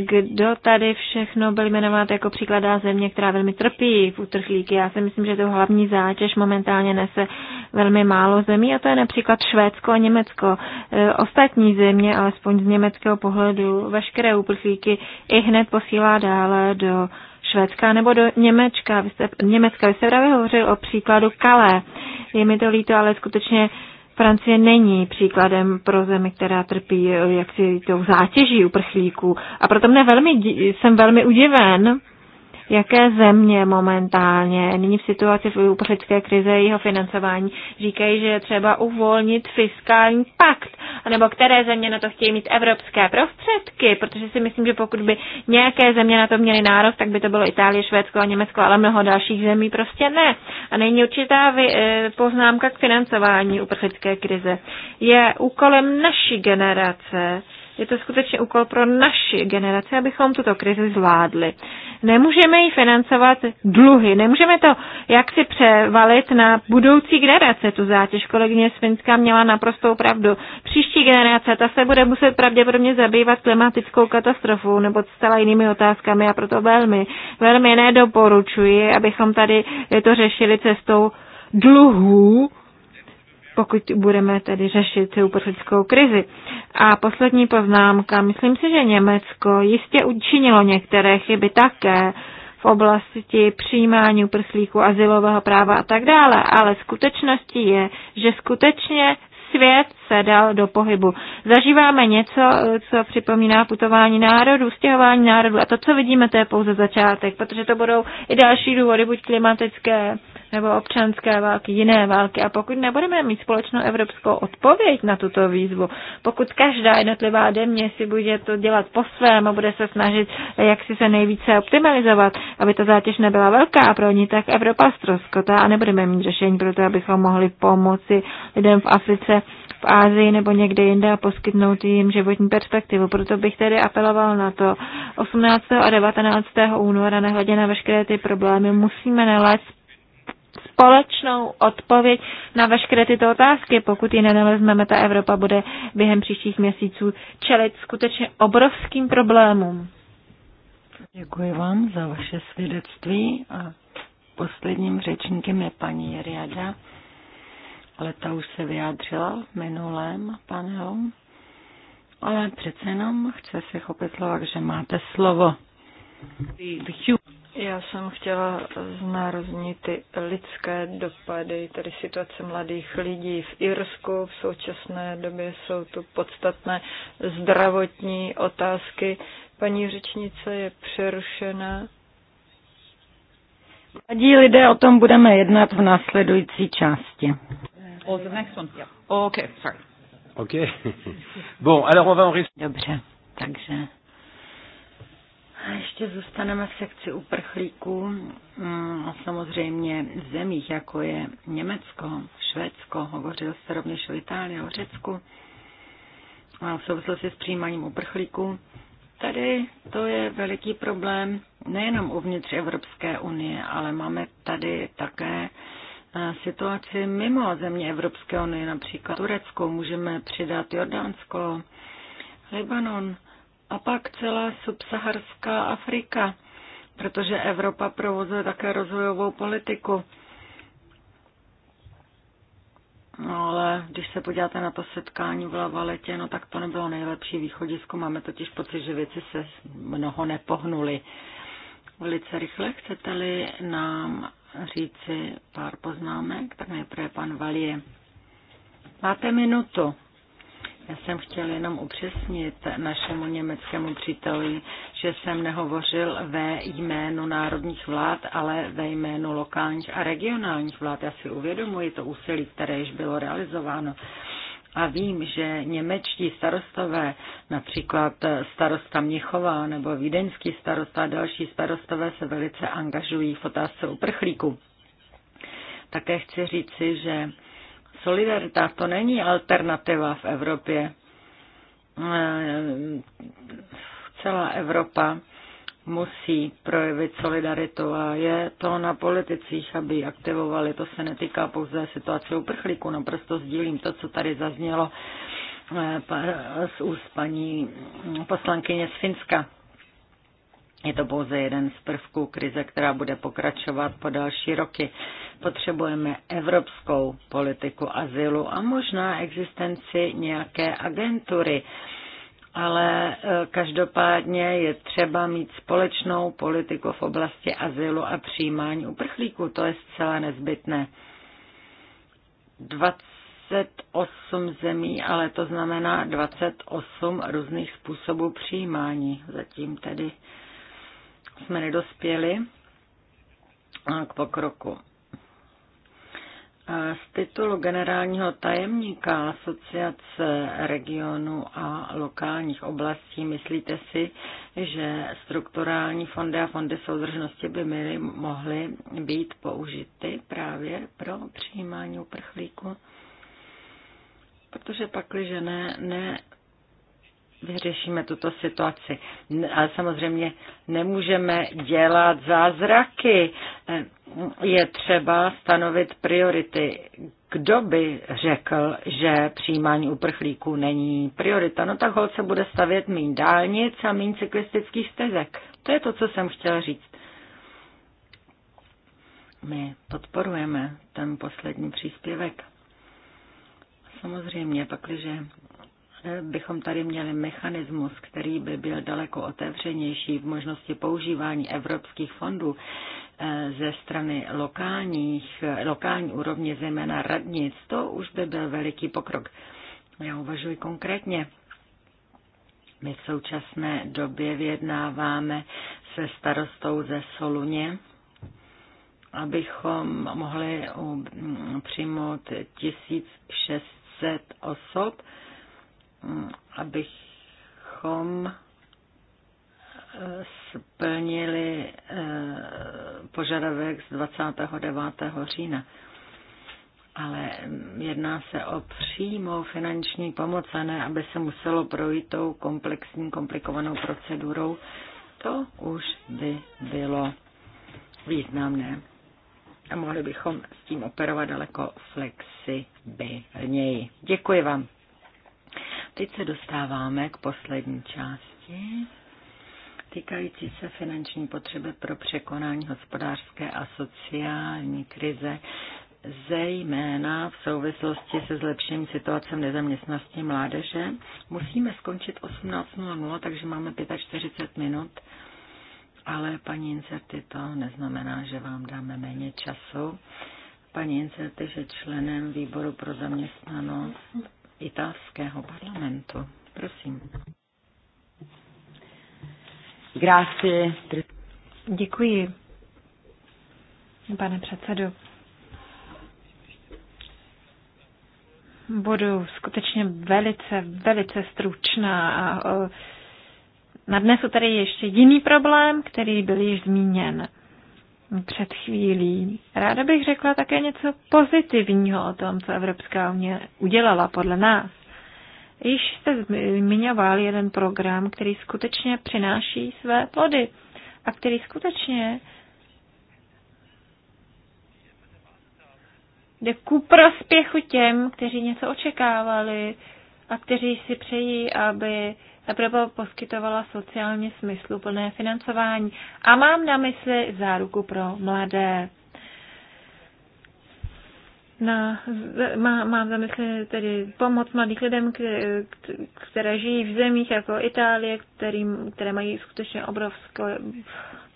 kdo tady všechno byl jmenovat jako příkladá země, která velmi trpí v utrchlíky. Já si myslím, že to hlavní zátěž momentálně nese velmi málo zemí a to je například Švédsko a Německo. E, ostatní země, alespoň z německého pohledu, veškeré uprchlíky i hned posílá dále do Švédska nebo do Němečka. Vy jste, Německa. Vy jste právě hovořil o příkladu Kalé. Je mi to líto, ale skutečně Francie není příkladem pro zemi, která trpí eh, jaksi tou zátěží uprchlíků. A proto mne velmi, jsem velmi udiven, jaké země momentálně nyní v situaci v uprchlické krize jeho financování říkají, že je třeba uvolnit fiskální pakt, nebo které země na to chtějí mít evropské prostředky, protože si myslím, že pokud by nějaké země na to měly nárok, tak by to bylo Itálie, Švédsko a Německo, ale mnoho dalších zemí prostě ne. A není určitá eh, poznámka k financování uprchlické krize. Je úkolem naší generace, je to skutečně úkol pro naši generaci, abychom tuto krizi zvládli. Nemůžeme ji financovat dluhy, nemůžeme to jak si převalit na budoucí generace. Tu zátěž kolegyně Svinská měla naprostou pravdu. Příští generace, ta se bude muset pravděpodobně zabývat klimatickou katastrofou nebo zcela jinými otázkami a proto velmi, velmi nedoporučuji, abychom tady to řešili cestou dluhů, pokud budeme tedy řešit uprchlickou krizi. A poslední poznámka. Myslím si, že Německo jistě učinilo některé chyby také v oblasti přijímání uprchlíků, asilového práva a tak dále, ale skutečností je, že skutečně svět se dal do pohybu. Zažíváme něco, co připomíná putování národů, stěhování národů a to, co vidíme, to je pouze začátek, protože to budou i další důvody, buď klimatické, nebo občanské války, jiné války. A pokud nebudeme mít společnou evropskou odpověď na tuto výzvu, pokud každá jednotlivá země si bude to dělat po svém a bude se snažit, jak si se nejvíce optimalizovat, aby ta zátěž nebyla velká a pro ní, tak Evropa ztroskotá a nebudeme mít řešení pro to, abychom mohli pomoci lidem v Africe, v Ázii nebo někde jinde a poskytnout jim životní perspektivu. Proto bych tedy apeloval na to. 18. a 19. února, nehledě na veškeré ty problémy, musíme nalézt společnou odpověď na veškeré tyto otázky. Pokud ji nenalezneme, ta Evropa bude během příštích měsíců čelit skutečně obrovským problémům. Děkuji vám za vaše svědectví a posledním řečníkem je paní Jeriada, ale ta už se vyjádřila v minulém panelu. Ale přece jenom chce se chopit slova, že máte slovo. Já jsem chtěla znároznit ty lidské dopady, tedy situace mladých lidí v Irsku. V současné době jsou tu podstatné zdravotní otázky. Paní řečnice je přerušena. Mladí lidé, o tom budeme jednat v následující části. Oh, oh, bon, alors on va en Dobře, takže a ještě zůstaneme v sekci uprchlíků mm, a samozřejmě v zemích, jako je Německo, Švédsko, hovořil se rovněž o Itálii, o Řecku, a v souvislosti s přijímáním uprchlíků. Tady to je veliký problém nejenom uvnitř Evropské unie, ale máme tady také e, situaci mimo země Evropské unie, například Turecko, můžeme přidat Jordánsko, Libanon a pak celá subsaharská Afrika, protože Evropa provozuje také rozvojovou politiku. No ale když se podíváte na to setkání v Lavaletě, no tak to nebylo nejlepší východisko. Máme totiž pocit, že věci se mnoho nepohnuly. Velice rychle chcete-li nám říci pár poznámek, tak nejprve pan Valie. Máte minutu. Já jsem chtěl jenom upřesnit našemu německému příteli, že jsem nehovořil ve jménu národních vlád, ale ve jménu lokálních a regionálních vlád. Já si uvědomuji to úsilí, které již bylo realizováno. A vím, že němečtí starostové, například starosta Měchová nebo vídeňský starosta a další starostové se velice angažují v otázce uprchlíků. Také chci říci, že Solidarita to není alternativa v Evropě. Celá Evropa musí projevit solidaritu a je to na politicích, aby ji aktivovali. To se netýká pouze situace uprchlíků, naprosto sdílím to, co tady zaznělo eh, z úst paní poslankyně z Finska. Je to pouze jeden z prvků krize, která bude pokračovat po další roky. Potřebujeme evropskou politiku azylu a možná existenci nějaké agentury. Ale e, každopádně je třeba mít společnou politiku v oblasti azylu a přijímání uprchlíků. To je zcela nezbytné. 28 zemí, ale to znamená 28 různých způsobů přijímání. Zatím tedy jsme nedospěli e, k pokroku. Z titulu generálního tajemníka Asociace regionu a lokálních oblastí myslíte si, že strukturální fondy a fondy soudržnosti by měly, mohly být použity právě pro přijímání uprchlíků? Protože pakliže ne, ne, vyřešíme tuto situaci. Ale samozřejmě nemůžeme dělat zázraky. E, je třeba stanovit priority. Kdo by řekl, že přijímání uprchlíků není priorita? No tak holce bude stavět méně dálnic a méně cyklistických stezek. To je to, co jsem chtěla říct. My podporujeme ten poslední příspěvek. Samozřejmě, pakliže bychom tady měli mechanismus, který by byl daleko otevřenější v možnosti používání evropských fondů eh, ze strany lokálních, lokální úrovně, zejména radnic, to už by byl veliký pokrok. Já uvažuji konkrétně. My v současné době vyjednáváme se starostou ze Soluně, abychom mohli přijmout 1600 osob, abychom eh, splnili eh, požadavek z 29. října. Ale mm, jedná se o přímou finanční pomoc a ne, aby se muselo projít tou komplexní, komplikovanou procedurou. To už by bylo významné. A mohli bychom s tím operovat daleko flexibilněji. Děkuji vám. Teď se dostáváme k poslední části týkající se finanční potřeby pro překonání hospodářské a sociální krize, zejména v souvislosti se zlepšením situace nezaměstnanosti mládeže. Musíme skončit 18.00, takže máme 45 minut, ale paní Incerty to neznamená, že vám dáme méně času. Paní Incerty je členem výboru pro zaměstnanost italského parlamentu. Prosím. Grazie. Děkuji, pane předsedo. Budu skutečně velice, velice stručná a nadnesu tady ještě jiný problém, který byl již zmíněn před chvílí. Ráda bych řekla také něco pozitivního o tom, co Evropská unie udělala podle nás. Již jste zmiňoval jeden program, který skutečně přináší své plody a který skutečně jde ku prospěchu těm, kteří něco očekávali a kteří si přejí, aby Evropa poskytovala sociálně smysluplné financování. A mám na mysli záruku pro mladé. Na, má, mám na mysli tedy pomoc mladých lidem, které žijí v zemích jako Itálie, kterým, které mají skutečně obrovskou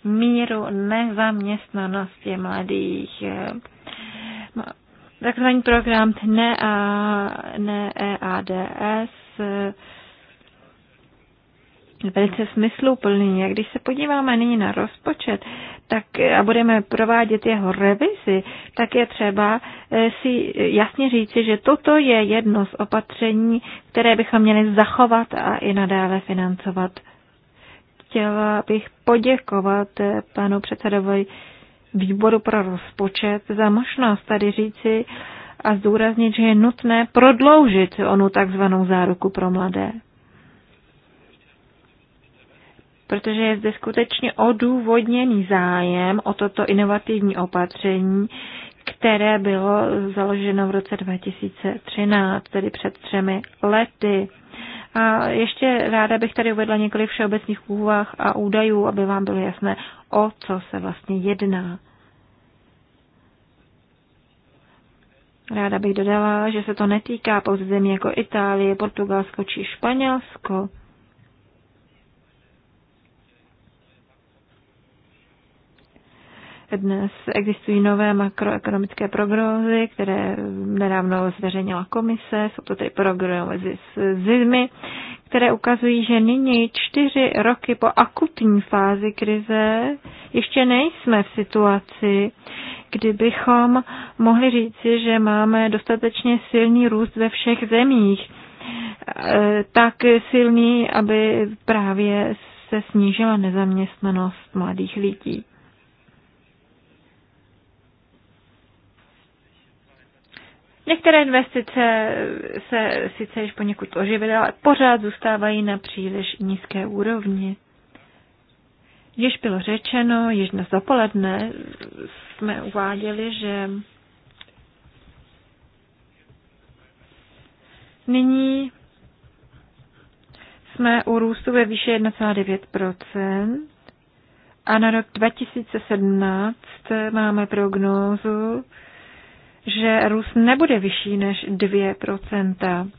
míru nezaměstnanosti mladých. Takzvaný program NEADS, e ne velice smysluplný. A když se podíváme nyní na rozpočet tak, eh, a budeme provádět jeho revizi, tak je třeba eh, si jasně říci, že toto je jedno z opatření, které bychom měli zachovat a i nadále financovat. Chtěla bych poděkovat eh, panu předsedovi výboru pro rozpočet za možnost tady říci a zdůraznit, že je nutné prodloužit onu takzvanou záruku pro mladé protože je zde skutečně odůvodněný zájem o toto inovativní opatření, které bylo založeno v roce 2013, tedy před třemi lety. A ještě ráda bych tady uvedla několik všeobecných úvah a údajů, aby vám bylo jasné, o co se vlastně jedná. Ráda bych dodala, že se to netýká pouze zemí jako Itálie, Portugalsko či Španělsko. Dnes existují nové makroekonomické prognózy, které nedávno zveřejnila komise, jsou to tedy prognózy s zimy, které ukazují, že nyní čtyři roky po akutní fázi krize ještě nejsme v situaci, kdybychom mohli říci, že máme dostatečně silný růst ve všech zemích. E, tak silný, aby právě se snížila nezaměstnanost mladých lidí. Některé investice se sice již poněkud oživily, ale pořád zůstávají na příliš nízké úrovni. Již bylo řečeno, již dnes dopoledne jsme uváděli, že nyní jsme u růstu ve výše 1,9 a na rok 2017 máme prognózu že růst nebude vyšší než 2%.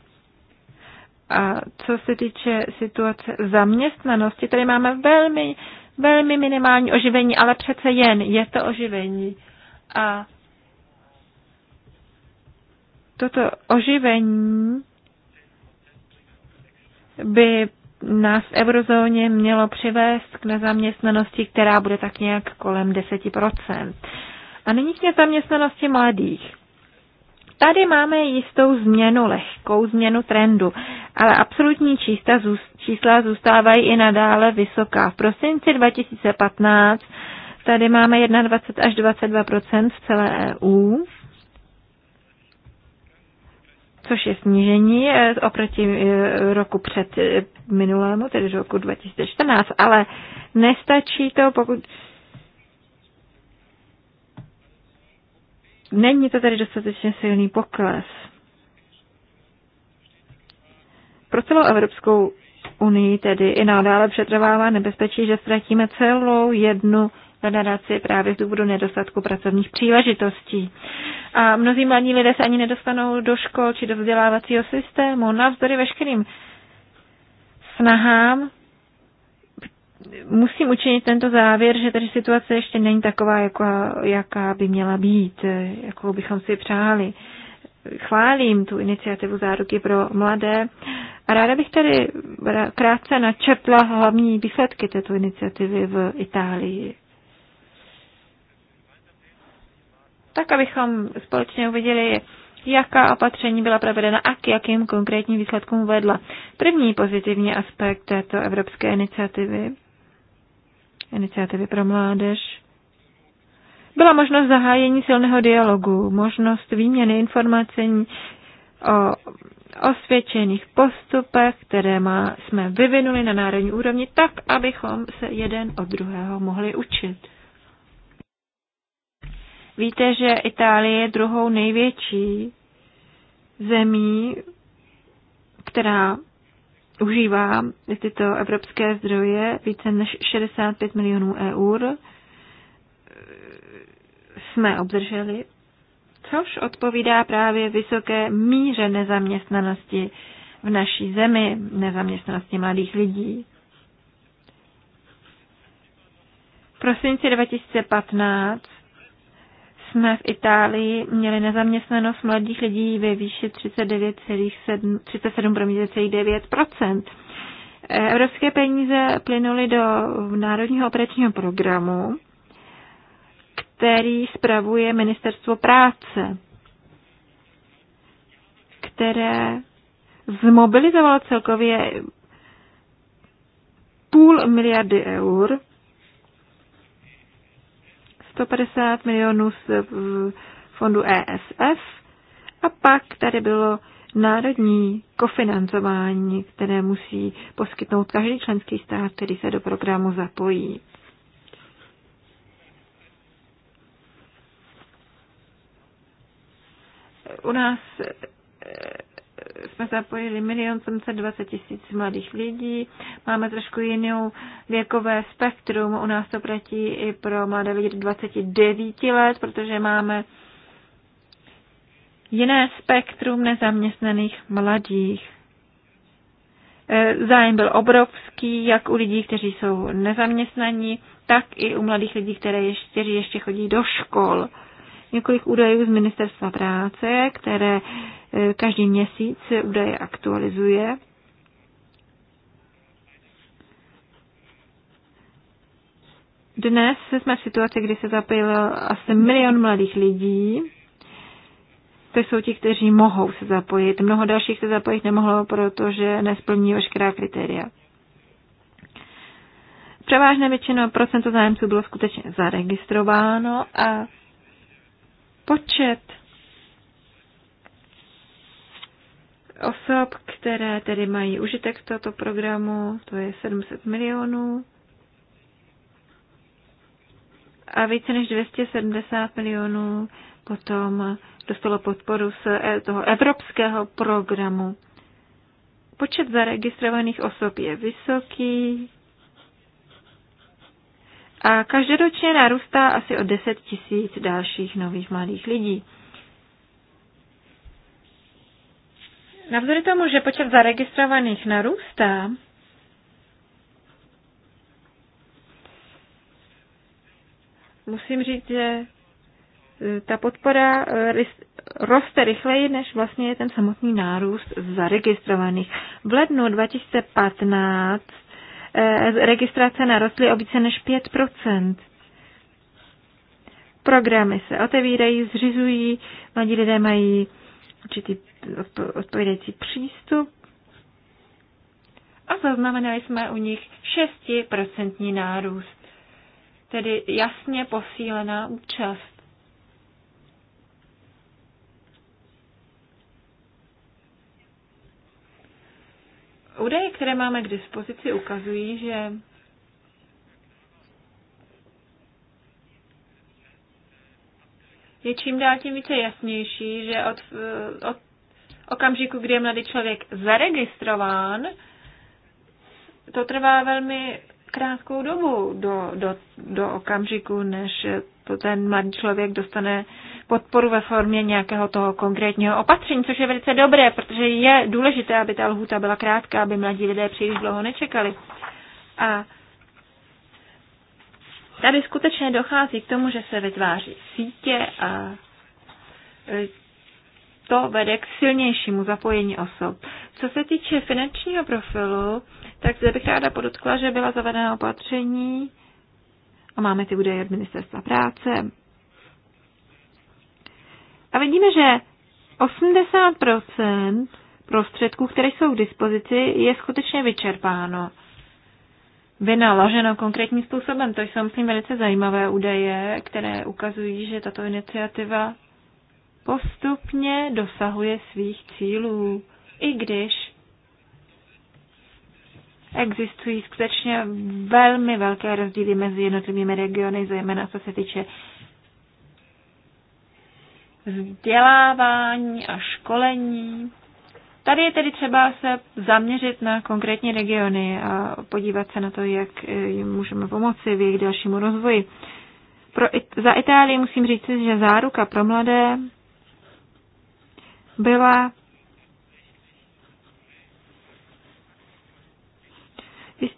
A co se týče situace zaměstnanosti, tady máme velmi, velmi minimální oživení, ale přece jen je to oživení. A toto oživení by nás v eurozóně mělo přivést k nezaměstnanosti, která bude tak nějak kolem 10%. A nyní k nezaměstnanosti mladých. Tady máme jistou změnu, lehkou změnu trendu, ale absolutní čísla, čísla zůstávají i nadále vysoká. V prosinci 2015 tady máme 21 až 22 v celé EU, což je snížení e, oproti e, roku před e, minulému, tedy roku 2014, ale nestačí to, pokud Není to tedy dostatečně silný pokles. Pro celou Evropskou unii tedy i nadále přetrvává nebezpečí, že ztratíme celou jednu generaci právě z důvodu nedostatku pracovních příležitostí. A mnozí mladí lidé se ani nedostanou do škol či do vzdělávacího systému navzdory veškerým snahám musím učinit tento závěr, že tady situace ještě není taková, jaká, jaká by měla být, jakou bychom si přáli. Chválím tu iniciativu záruky pro mladé a ráda bych tady krátce načetla hlavní výsledky této iniciativy v Itálii. Tak, abychom společně uviděli, jaká opatření byla provedena a k jakým konkrétním výsledkům vedla. První pozitivní aspekt této evropské iniciativy iniciativy pro mládež. Byla možnost zahájení silného dialogu, možnost výměny informací o osvědčených postupech, které má, jsme vyvinuli na národní úrovni, tak, abychom se jeden od druhého mohli učit. Víte, že Itálie je druhou největší zemí, která užívá tyto evropské zdroje více než 65 milionů eur jsme obdrželi, což odpovídá právě vysoké míře nezaměstnanosti v naší zemi, nezaměstnanosti mladých lidí. V prosinci 2015 jsme v Itálii měli nezaměstnanost mladých lidí ve výši 37,9 Evropské peníze plynuly do Národního operačního programu, který spravuje Ministerstvo práce, které zmobilizovalo celkově půl miliardy eur 150 milionů z eh, fondu ESF a pak tady bylo národní kofinancování, které musí poskytnout každý členský stát, který se do programu zapojí. U nás eh, jsme zapojili milion 720 tisíc mladých lidí. Máme trošku jinou věkové spektrum. U nás to platí i pro mladé lidi 29 let, protože máme jiné spektrum nezaměstnaných mladých. E, zájem byl obrovský, jak u lidí, kteří jsou nezaměstnaní, tak i u mladých lidí, kteří ještě chodí do škol několik údajů z Ministerstva práce, které e, každý měsíc údaje aktualizuje. Dnes jsme v situaci, kdy se zapojil asi milion mladých lidí. To jsou ti, kteří mohou se zapojit. Mnoho dalších se zapojit nemohlo, protože nesplní veškerá kritéria. Převážné většina procento zájemců bylo skutečně zaregistrováno a počet osob, které tedy mají užitek z tohoto programu, to je 700 milionů a více než 270 milionů potom dostalo podporu z e- toho evropského programu. Počet zaregistrovaných osob je vysoký, a každoročně narůstá asi o 10 tisíc dalších nových mladých lidí. Navzdory tomu, že počet zaregistrovaných narůstá, musím říct, že e, ta podpora e, roste rychleji, než vlastně je ten samotný nárůst zaregistrovaných. V lednu 2015 Eh, registrace narostly o více než 5 Programy se otevírají, zřizují, mladí lidé mají určitý odpovědající přístup a zaznamenali jsme u nich 6% nárůst, tedy jasně posílená účast. Údaje, které máme k dispozici, ukazují, že je čím dál tím více jasnější, že od, od okamžiku, kdy je mladý člověk zaregistrován, to trvá velmi krátkou dobu do, do, do okamžiku, než to ten mladý člověk dostane uh, podporu ve formě nějakého toho konkrétního opatření, což je velice dobré, protože je důležité, aby ta lhůta byla krátká, aby mladí lidé příliš dlouho nečekali. A tady skutečně dochází k tomu, že se vytváří sítě a e, to vede k silnějšímu zapojení osob. Co se týče finančního profilu, tak zde bych ráda podotkla, že byla zavedena opatření a máme ty údaje od ministerstva práce, a vidíme, že 80% prostředků, které jsou k dispozici, je skutečně vyčerpáno. Vynaloženo konkrétním způsobem. To jsou, myslím, velice zajímavé údaje, které ukazují, že tato iniciativa postupně dosahuje svých cílů, i když existují skutečně velmi velké rozdíly mezi jednotlivými regiony, zejména co se týče vzdělávání a školení. Tady je tedy třeba se zaměřit na konkrétní regiony a podívat se na to, jak eh, jim můžeme pomoci v jejich dalšímu rozvoji. Pro, za Itálii musím říct, že záruka pro mladé byla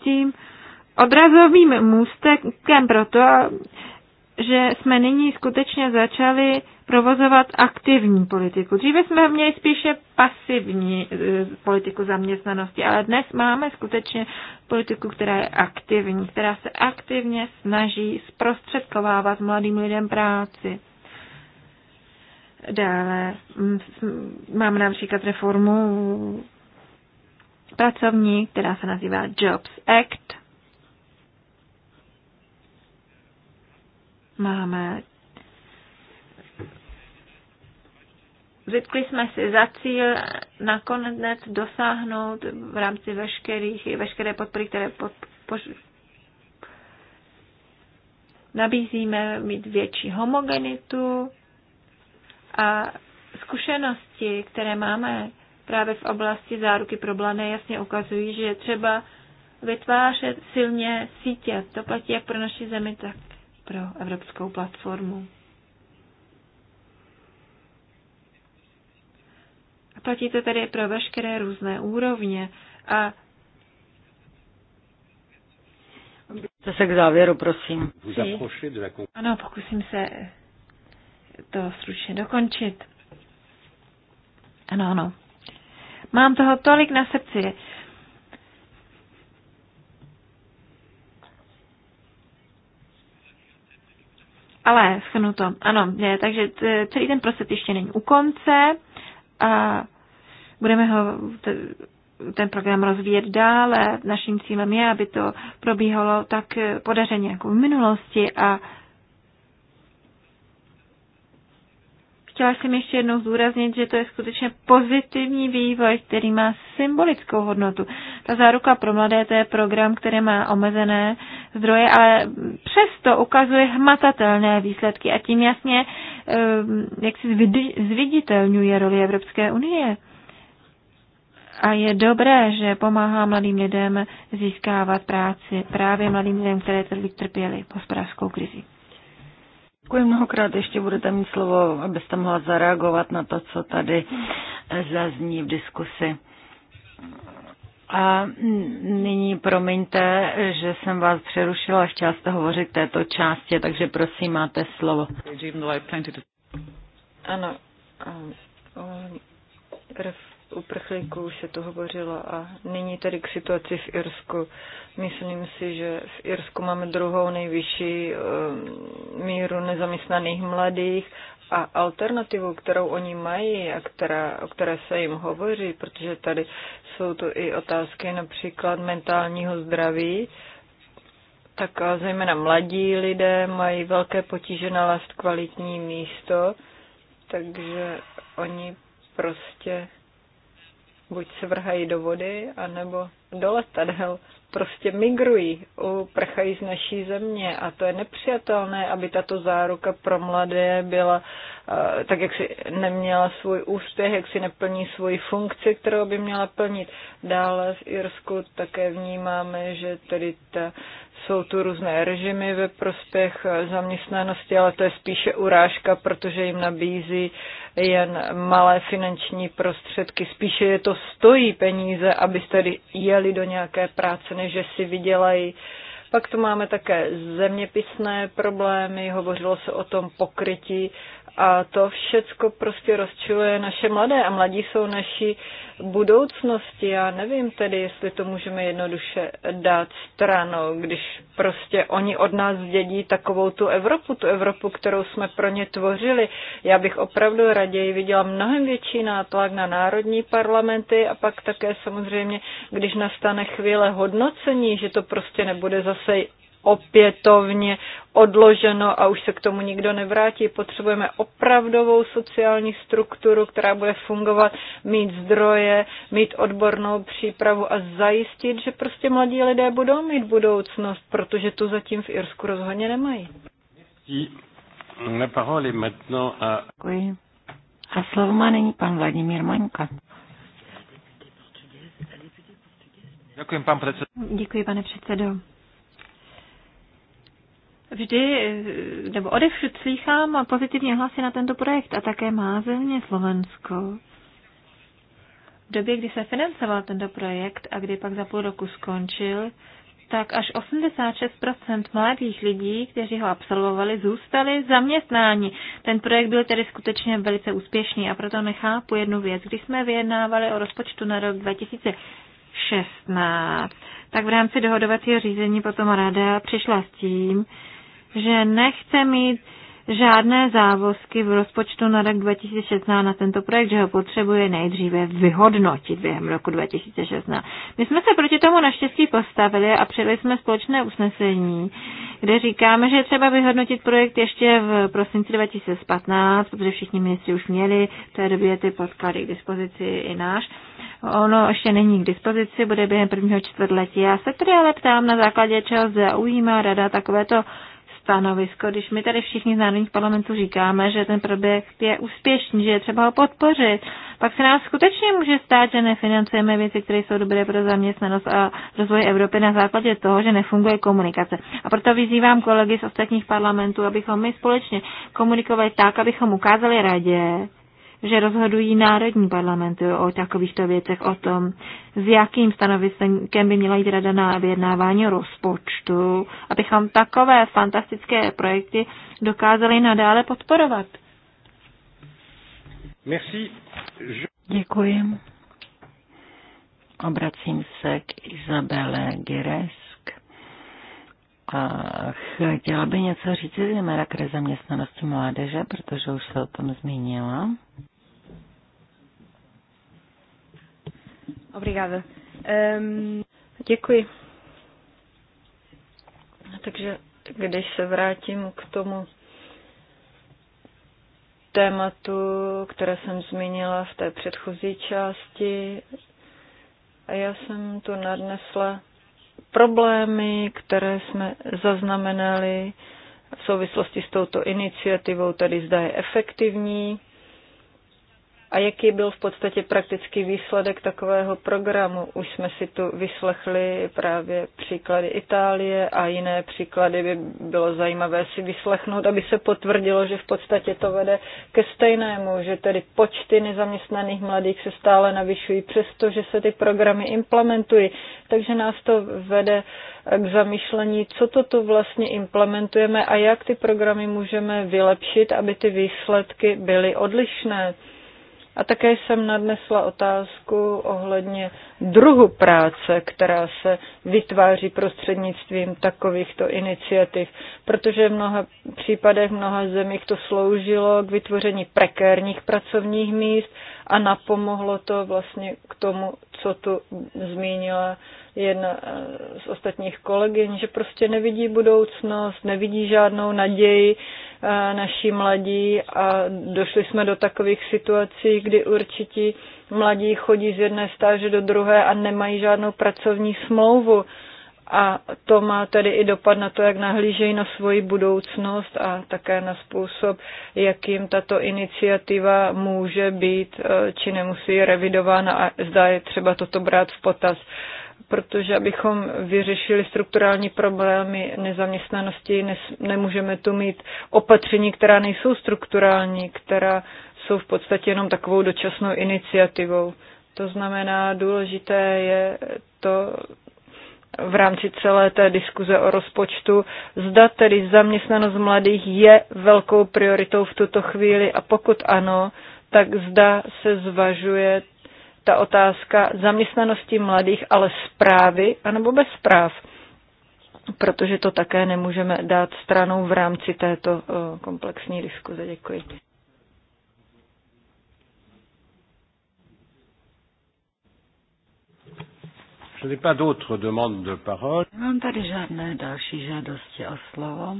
tím odrazovým můstekem proto, že jsme nyní skutečně začali provozovat aktivní politiku. Dříve jsme měli spíše pasivní e, politiku zaměstnanosti, ale dnes máme skutečně politiku, která je aktivní, která se aktivně snaží zprostředkovávat mladým lidem práci. Dále máme například reformu pracovní, která se nazývá Jobs Act. Máme Vytkli jsme si za cíl nakonec dosáhnout v rámci veškerých, veškeré podpory, které pod, pož, nabízíme, mít větší homogenitu a zkušenosti, které máme právě v oblasti záruky pro blané, jasně ukazují, že je třeba vytvářet silně sítě. To platí jak pro naši zemi, tak pro evropskou platformu. Platí to tedy pro veškeré různé úrovně. A To se k závěru, prosím. Ano, pokusím se to stručně dokončit. Ano, ano. Mám toho tolik na srdci. Ale schnu to. Ano, ne, takže celý ten proces ještě není u konce. A budeme ho, ten program rozvíjet dále. Naším cílem je, aby to probíhalo tak podařeně jako v minulosti a chtěla jsem ještě jednou zdůraznit, že to je skutečně pozitivní vývoj, který má symbolickou hodnotu. Ta záruka pro mladé to je program, který má omezené zdroje, ale přesto ukazuje hmatatelné výsledky a tím jasně eh, jak si zviditelňuje roli Evropské unie. A je dobré, že pomáhá mladým lidem získávat práci, právě mladým lidem, které trpěli hospodářskou krizi. Děkuji mnohokrát, ještě budete mít slovo, abyste mohla zareagovat na to, co tady zazní v diskusi. A nyní promiňte, že jsem vás přerušila, chtěla jste hovořit k této části, takže prosím, máte slovo. Ano, um, um, uprchlíků, se to hovořilo. A nyní tedy k situaci v Irsku. Myslím si, že v Irsku máme druhou nejvyšší eh, míru nezaměstnaných mladých a alternativu, kterou oni mají a která, o které se jim hovoří, protože tady jsou tu i otázky například mentálního zdraví, tak eh, zejména mladí lidé mají velké potíže nalézt kvalitní místo, takže oni prostě buď se vrhají do vody, anebo do letadel. Prostě migrují, uprchají z naší země a to je nepřijatelné, aby tato záruka pro mladé byla eh, tak, jak si neměla svůj úspěch, jak si neplní svoji funkci, kterou by měla plnit. Dále v Irsku také vnímáme, že tedy ta jsou tu různé režimy ve prospěch zaměstnanosti, ale to je spíše urážka, protože jim nabízí jen malé finanční prostředky. Spíše je to stojí peníze, abyste jeli do nějaké práce, než že si vydělají. Pak tu máme také zeměpisné problémy, hovořilo se o tom pokrytí a to všecko prostě rozčiluje naše mladé a mladí jsou naší budoucnosti. Já nevím tedy, jestli to můžeme jednoduše dát stranou, když prostě oni od nás dědí takovou tu Evropu, tu Evropu, kterou jsme pro ně tvořili. Já bych opravdu raději viděla mnohem větší nátlak na národní parlamenty a pak také samozřejmě, když nastane chvíle hodnocení, že to prostě nebude zase opětovně odloženo a už se k tomu nikdo nevrátí. Potřebujeme opravdovou sociální strukturu, která bude fungovat, mít zdroje, mít odbornou přípravu a zajistit, že prostě mladí lidé budou mít budoucnost, protože tu zatím v Irsku rozhodně nemají. Děkuji. A slovo má není pan Vladimír Maňka. Děkuji, pan předsedo. Děkuji, pane předsedo vždy, eh, nebo odevšud slýchám pozitivní hlasy na tento projekt a také má země Slovensko. V době, kdy se financoval tento projekt a kdy pak za půl roku skončil, tak až 86% mladých lidí, kteří ho absolvovali, zůstali zaměstnáni. Ten projekt byl tedy skutečně velice úspěšný a proto nechápu jednu věc. Když jsme vyjednávali o rozpočtu na rok 2016, tak v rámci dohodovacího řízení potom rada přišla s tím, že nechce mít žádné závazky v rozpočtu na rok 2016 na tento projekt, že ho potřebuje nejdříve vyhodnotit během roku 2016. My jsme se proti tomu naštěstí postavili a přijeli jsme společné usnesení, kde říkáme, že je třeba vyhodnotit projekt ještě v prosinci 2015, protože všichni ministři už měli v té době ty podklady k dispozici i náš. Ono ještě není k dispozici, bude během prvního čtvrtletí. Já se tedy ale ptám, na základě čeho zaujímá rada takovéto stanovisko, když my tady všichni z národních parlamentů říkáme, že ten projekt je úspěšný, že je třeba ho podpořit, pak se nám skutečně může stát, že nefinancujeme věci, které jsou dobré pro zaměstnanost a rozvoj Evropy na základě toho, že nefunguje komunikace. A proto vyzývám kolegy z ostatních parlamentů, abychom my společně komunikovali tak, abychom ukázali radě, že rozhodují národní parlamenty o takovýchto věcech, o tom, s jakým stanoviskem by měla jít rada na vyjednávání rozpočtu, abychom takové fantastické projekty dokázali nadále podporovat. Merci. Děkuji. Obracím se k Izabele Gires a chtěla by něco říct zejména k zaměstnanosti mládeže, protože už se o tom zmínila. Obrigada. Um, děkuji. Takže když se vrátím k tomu tématu, které jsem zmínila v té předchozí části, a já jsem tu nadnesla problémy, které jsme zaznamenali v souvislosti s touto iniciativou, tedy zda je efektivní, a jaký byl v podstatě praktický výsledek takového programu? Už jsme si tu vyslechli právě příklady Itálie a jiné příklady by bylo zajímavé si vyslechnout, aby se potvrdilo, že v podstatě to vede ke stejnému, že tedy počty nezaměstnaných mladých se stále navyšují, přestože se ty programy implementují. Takže nás to vede k zamýšlení, co to tu vlastně implementujeme a jak ty programy můžeme vylepšit, aby ty výsledky byly odlišné. A také jsem nadnesla otázku ohledně druhu práce, která se vytváří prostřednictvím takovýchto iniciativ, protože v mnoha případech, v mnoha zemích to sloužilo k vytvoření prekérních pracovních míst a napomohlo to vlastně k tomu, co tu zmínila jedna eh, z ostatních kolegyň, že prostě nevidí budoucnost, nevidí žádnou naději eh, naší mladí a došli jsme do takových situací, kdy určití mladí chodí z jedné stáže do druhé a nemají žádnou pracovní smlouvu. A to má tedy i dopad na to, jak nahlížejí na svoji budoucnost a také na způsob, jakým tato iniciativa může být eh, či nemusí revidována a zdá je třeba toto brát v potaz protože abychom vyřešili strukturální problémy nezaměstnanosti, nemůžeme tu mít opatření, která nejsou strukturální, která jsou v podstatě jenom takovou dočasnou iniciativou. To znamená, důležité je to v rámci celé té diskuze o rozpočtu, zda tedy zaměstnanost mladých je velkou prioritou v tuto chvíli a pokud ano, tak zda se zvažuje ta otázka zaměstnanosti mladých, ale zprávy anebo bez zpráv, protože to také nemůžeme dát stranou v rámci této eh, komplexní diskuze. Děkuji. Nemám tady žádné další žádosti o slovo.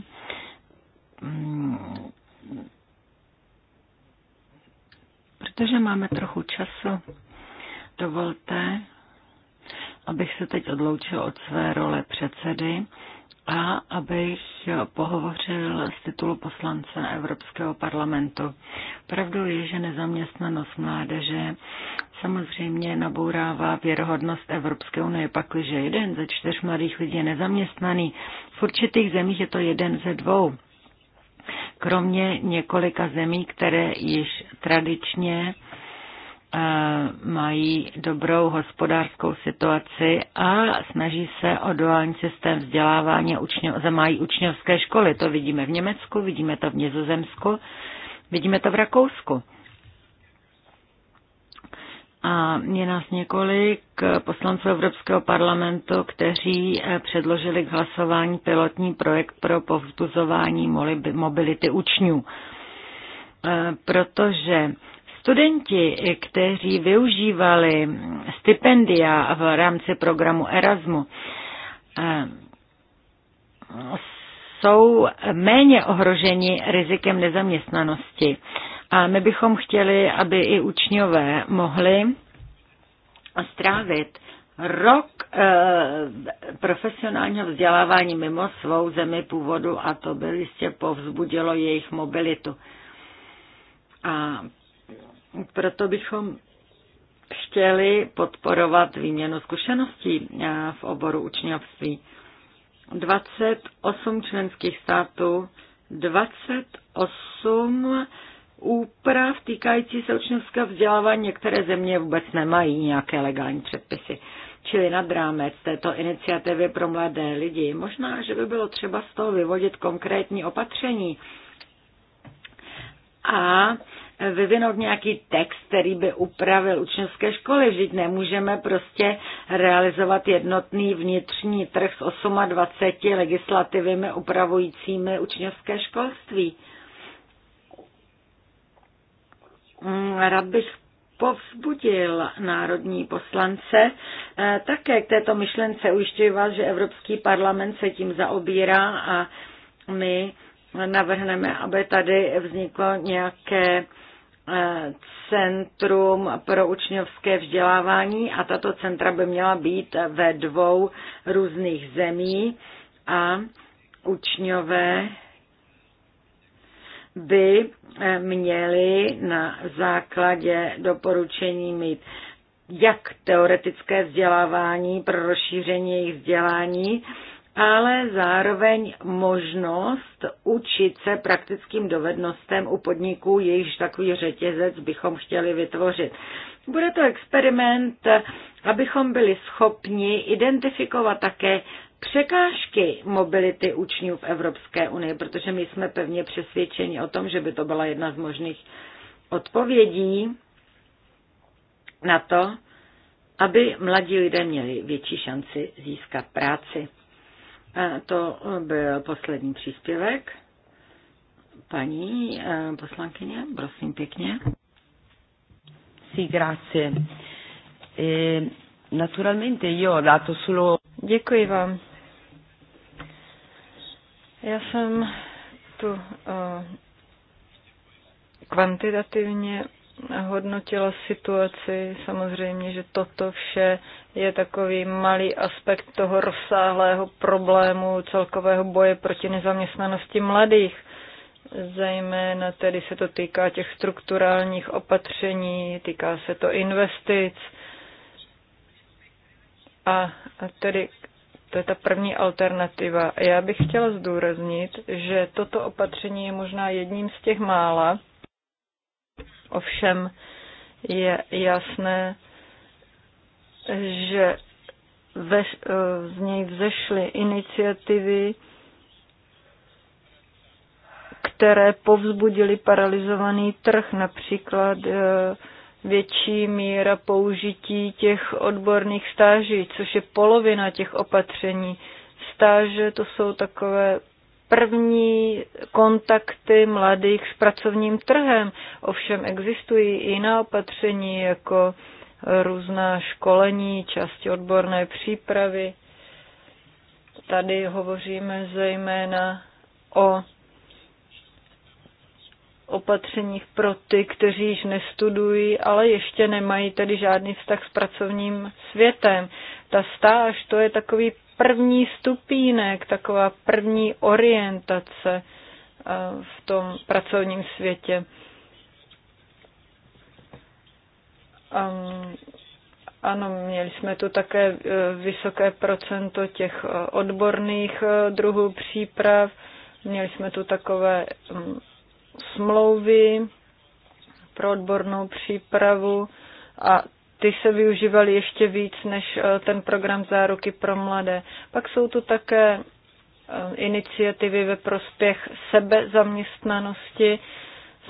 Hmm. Protože máme trochu času, Dovolte, abych se teď odloučil od své role předsedy a abych pohovořil z titulu poslance Evropského parlamentu. Pravdou je, že nezaměstnanost mládeže samozřejmě nabourává věrohodnost Evropské unie, pakliže jeden ze čtyř mladých lidí je nezaměstnaný. V určitých zemích je to jeden ze dvou. Kromě několika zemí, které již tradičně mají dobrou hospodářskou situaci a snaží se o duální systém vzdělávání, učňo, mají učňovské školy. To vidíme v Německu, vidíme to v Nizozemsku, vidíme to v Rakousku. A je nás několik poslanců Evropského parlamentu, kteří eh, předložili k hlasování pilotní projekt pro povzbuzování mobility učňů. Eh, protože Studenti, kteří využívali stipendia v rámci programu Erasmu, eh, jsou méně ohroženi rizikem nezaměstnanosti. A my bychom chtěli, aby i učňové mohli strávit rok eh, profesionálního vzdělávání mimo svou zemi původu a to by jistě povzbudilo jejich mobilitu. A proto bychom chtěli podporovat výměnu zkušeností eh, v oboru učňovství. 28 členských států, 28 úprav týkající se učňovského vzdělávání některé země vůbec nemají nějaké legální předpisy. Čili nad rámec této iniciativy pro mladé lidi. Možná, že by bylo třeba z toho vyvodit konkrétní opatření a vyvinout nějaký text, který by upravil učňovské školy. Vždyť nemůžeme prostě realizovat jednotný vnitřní trh s 28 legislativami upravujícími učňovské školství. Mm, rád bych povzbudil národní poslance. Eh, také k této myšlence ujišťuji vás, že Evropský parlament se tím zaobírá a my navrhneme, aby tady vzniklo nějaké eh, centrum pro učňovské vzdělávání a tato centra by měla být ve dvou různých zemí a učňové by eh, měli na základě doporučení mít jak teoretické vzdělávání pro rozšíření jejich vzdělání, ale zároveň možnost učit se praktickým dovednostem u podniků, jejichž takový řetězec bychom chtěli vytvořit. Bude to experiment, abychom byli schopni identifikovat také překážky mobility učňů v Evropské unii, protože my jsme pevně přesvědčeni o tom, že by to byla jedna z možných odpovědí na to, aby mladí lidé měli větší šanci získat práci. To byl poslední příspěvek. Paní eh, poslankyně, prosím pěkně. Sí, grazie. E, naturalmente io ho dato solo... Děkuji vám. Já jsem tu uh, kvantitativně hodnotila situaci. Samozřejmě, že toto vše je takový malý aspekt toho rozsáhlého problému celkového boje proti nezaměstnanosti mladých. Zejména tedy se to týká těch strukturálních opatření, týká se to investic. A, tedy to je ta první alternativa. Já bych chtěla zdůraznit, že toto opatření je možná jedním z těch mála, Ovšem je jasné, že ve, eh, z něj vzešly iniciativy, které povzbudily paralizovaný trh, například eh, větší míra použití těch odborných stáží, což je polovina těch opatření. Stáže to jsou takové první kontakty mladých s pracovním trhem. Ovšem existují i jiná opatření, jako různá školení, části odborné přípravy. Tady hovoříme zejména o opatřeních pro ty, kteří již nestudují, ale ještě nemají tedy žádný vztah s pracovním světem. Ta stáž, to je takový první stupínek, taková první orientace eh, v tom pracovním světě. Um, ano, měli jsme tu také eh, vysoké procento těch eh, odborných druhů příprav, měli jsme tu takové ehm, smlouvy pro odbornou přípravu a ty se využívaly ještě víc než eh, ten program záruky pro mladé. Pak jsou tu také eh, iniciativy ve prospěch sebezaměstnanosti.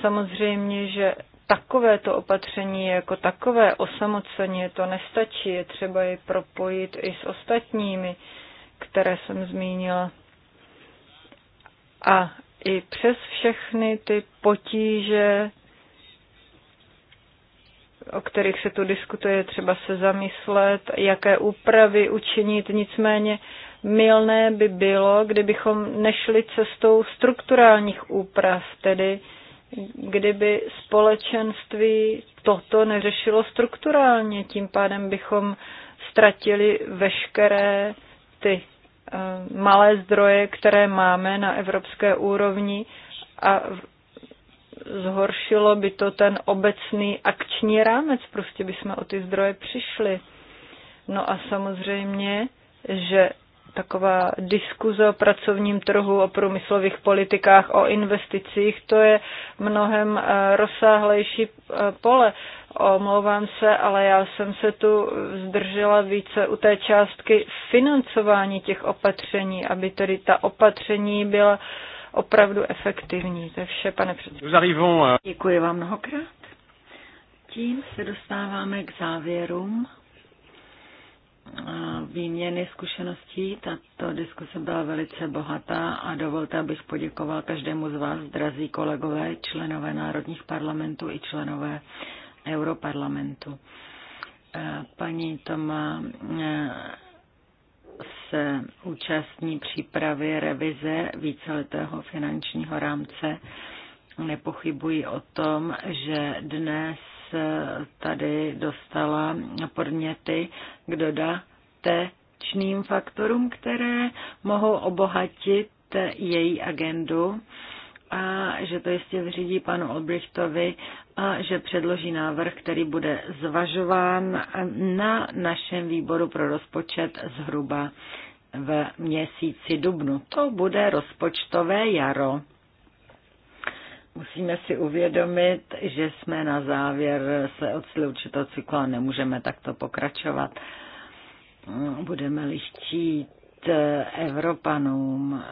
Samozřejmě, že takovéto opatření jako takové osamoceně to nestačí, je třeba je propojit i s ostatními, které jsem zmínila. A i přes všechny ty potíže o kterých se tu diskutuje, třeba se zamyslet, jaké úpravy učinit. Nicméně milné by bylo, kdybychom nešli cestou strukturálních úprav, tedy kdyby společenství toto neřešilo strukturálně, tím pádem bychom ztratili veškeré ty eh, malé zdroje, které máme na evropské úrovni a zhoršilo by to ten obecný akční rámec, prostě by jsme o ty zdroje přišli. No a samozřejmě, že taková diskuze o pracovním trhu, o průmyslových politikách, o investicích, to je mnohem eh, rozsáhlejší eh, pole. Omlouvám se, ale já jsem se tu zdržela více u té částky financování těch opatření, aby tedy ta opatření byla uh, opravdu efektivní. To je vše, pane předsedající. Euh, Děkuji vám mnohokrát. Tím se dostáváme k závěrům eh, výměny zkušeností. Tato diskuse byla velice bohatá a dovolte, abych poděkoval každému z vás, drazí kolegové, členové národních parlamentů i členové Europarlamentu. Eh, paní Toma eh, se účastní přípravy revize víceletého finančního rámce. Nepochybuji o tom, že dnes tady dostala podněty k dodatečným faktorům, které mohou obohatit její agendu a že to jistě vyřídí panu Olbrichtovi a že předloží návrh, který bude zvažován na našem výboru pro rozpočet zhruba v měsíci dubnu. To bude rozpočtové jaro. Musíme si uvědomit, že jsme na závěr se ocitli určitou cyklu a nemůžeme takto pokračovat. Budeme-li chtít Eh, Evropanům.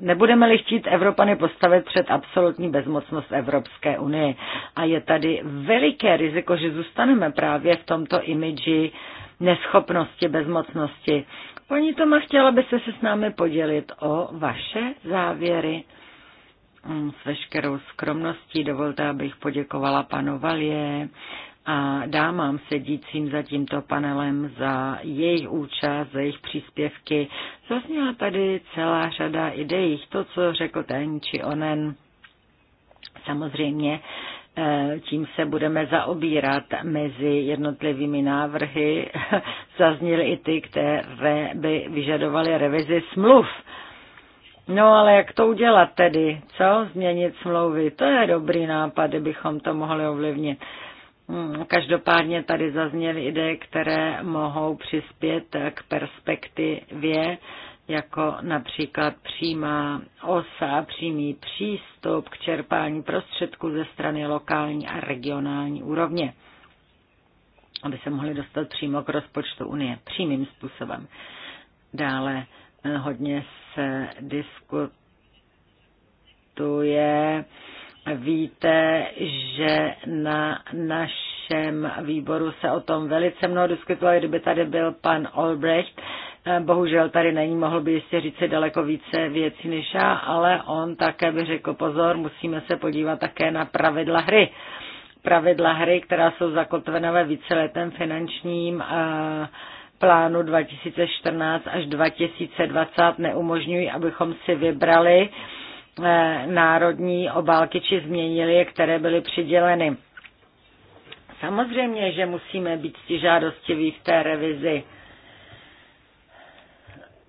Nebudeme-li chtít Evropany postavit před absolutní bezmocnost Evropské unie. A je tady veliké riziko, že zůstaneme právě v tomto imidži neschopnosti, bezmocnosti. Paní Toma, chtěla byste se s námi podělit o vaše závěry. Mm, s veškerou skromností dovolte, abych poděkovala panu Valie a dámám sedícím za tímto panelem za jejich účast, za jejich příspěvky. Zazněla tady celá řada ideí. To, co řekl ten či onen, samozřejmě eh, tím se budeme zaobírat mezi jednotlivými návrhy. Zazněly i ty, které by vyžadovaly revizi smluv. No ale jak to udělat tedy? Co? Změnit smlouvy? To je dobrý nápad, kdybychom to mohli ovlivnit. Uh, Hmm, každopádně tady zazněly ideje, které mohou přispět k perspektivě, jako například přímá osa, přímý přístup k čerpání prostředků ze strany lokální a regionální úrovně, aby se mohli dostat přímo k rozpočtu Unie přímým způsobem. Dále eh, hodně se diskutuje Víte, že na našem výboru se o tom velice mnoho diskutovalo, kdyby tady byl pan Olbrecht. Eh, Bohužel tady není, mohl by jistě říct si daleko více věcí než já, ale on také by řekl pozor, musíme se podívat také na pravidla hry. Pravidla hry, která jsou zakotvena ve víceletém finančním eh, plánu 2014 až 2020, neumožňují, abychom si vybrali Eh, národní obálky či změnili je, které byly přiděleny. Samozřejmě, že musíme být žádostiví v té revizi,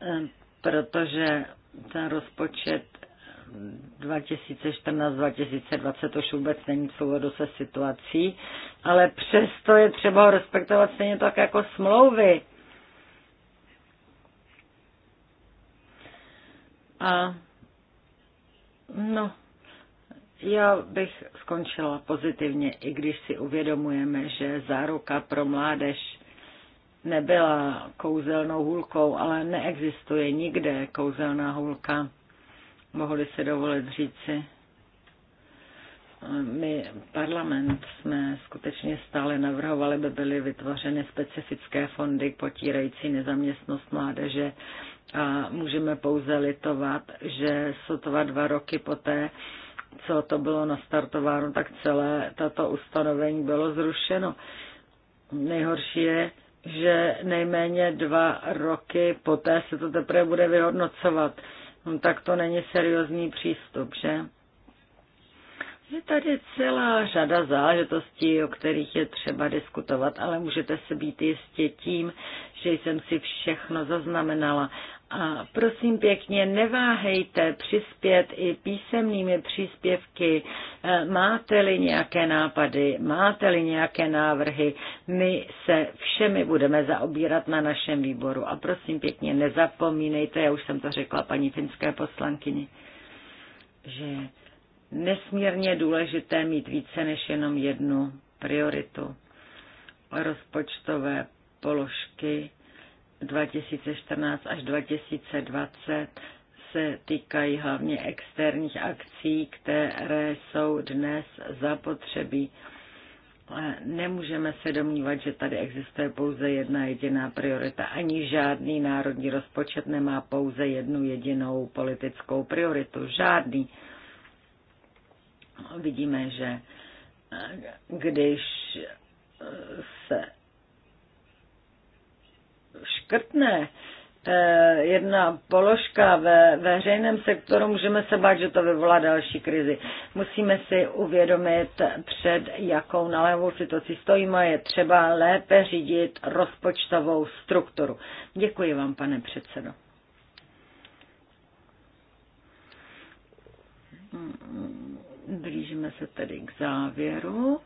eh, protože ten rozpočet 2014-2020 už vůbec není v souhodu se situací, ale přesto je třeba ho respektovat stejně tak jako smlouvy. A No, já bych skončila pozitivně, i když si uvědomujeme, že záruka pro mládež nebyla kouzelnou hůlkou, ale neexistuje nikde kouzelná hůlka, mohli si dovolit říci. My, parlament, jsme skutečně stále navrhovali, by byly vytvořeny specifické fondy potírající nezaměstnost mládeže a můžeme pouze litovat, že sotva dva roky poté, co to bylo nastartováno, tak celé tato ustanovení bylo zrušeno. Nejhorší je, že nejméně dva roky poté se to teprve bude vyhodnocovat. No, tak to není seriózní přístup, že? Je tady celá řada záležitostí, o kterých je třeba diskutovat, ale můžete se být jistě tím, že jsem si všechno zaznamenala a prosím pěkně, neváhejte přispět i písemnými příspěvky. E, máte-li nějaké nápady, máte-li nějaké návrhy, my se všemi budeme zaobírat na našem výboru. A prosím pěkně, nezapomínejte, já už jsem to řekla paní finské poslankyni, že nesmírně důležité mít více než jenom jednu prioritu. Rozpočtové položky 2014 až 2020 se týkají hlavně externích akcí, které jsou dnes zapotřebí. Nemůžeme se domnívat, že tady existuje pouze jedna jediná priorita. Ani žádný národní rozpočet nemá pouze jednu jedinou politickou prioritu. Žádný. Vidíme, že když se škrtne eh, jedna položka ve veřejném sektoru, můžeme se bát, že to vyvolá další krizi. Musíme si uvědomit, před jakou nalévou situací stojíme, je třeba lépe řídit rozpočtovou strukturu. Děkuji vám, pane předsedo. Blížíme se tedy k závěru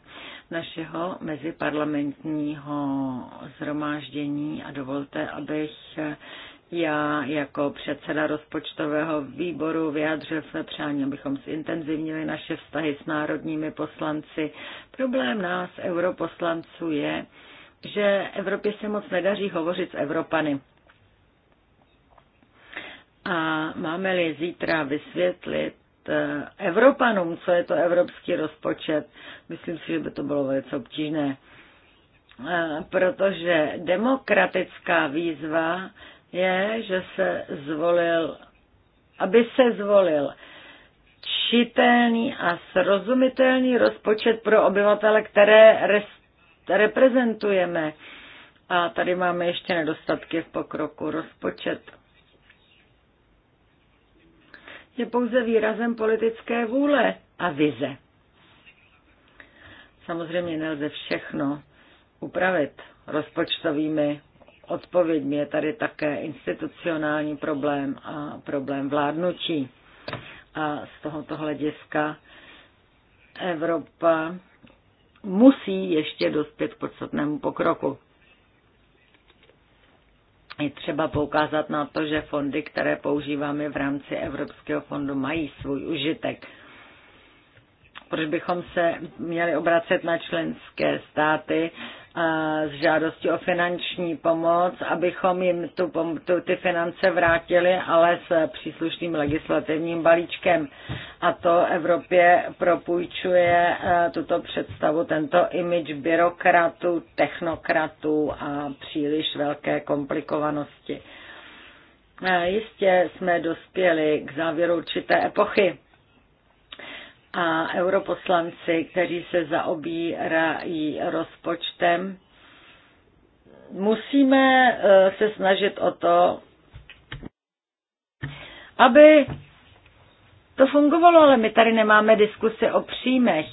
našeho meziparlamentního zhromáždění a dovolte, abych já jako předseda rozpočtového výboru vyjádřil své přání, abychom zintenzivnili naše vztahy s národními poslanci. Problém nás, europoslanců, je, že Evropě se moc nedaří hovořit s Evropany. A máme-li zítra vysvětlit Eh, Evropanům, co je to evropský rozpočet. Myslím si, že by to bylo velice obtížné, eh, protože demokratická výzva je, že se zvolil, aby se zvolil čitelný a srozumitelný rozpočet pro obyvatele, které reprezentujeme. A tady máme ještě nedostatky v pokroku. Rozpočet je pouze výrazem politické vůle a vize. Samozřejmě nelze všechno upravit rozpočtovými odpověďmi. Je tady také institucionální problém a problém vládnutí. A z tohoto hlediska Evropa musí ještě dospět k podstatnému pokroku je třeba poukázat na to, že fondy, které používáme v rámci Evropského fondu, mají svůj užitek. Proč bychom se měli obracet na členské státy, s žádostí o finanční pomoc, abychom jim tu, tu, ty finance vrátili, ale s příslušným legislativním balíčkem. A to Evropě propůjčuje e, tuto představu, tento image byrokratů, technokratů a příliš velké komplikovanosti. E, jistě jsme dospěli k závěru určité epochy a europoslanci, kteří se zaobírají rozpočtem, musíme eh, se snažit o to, aby to fungovalo, ale my tady nemáme diskuse o příjmech.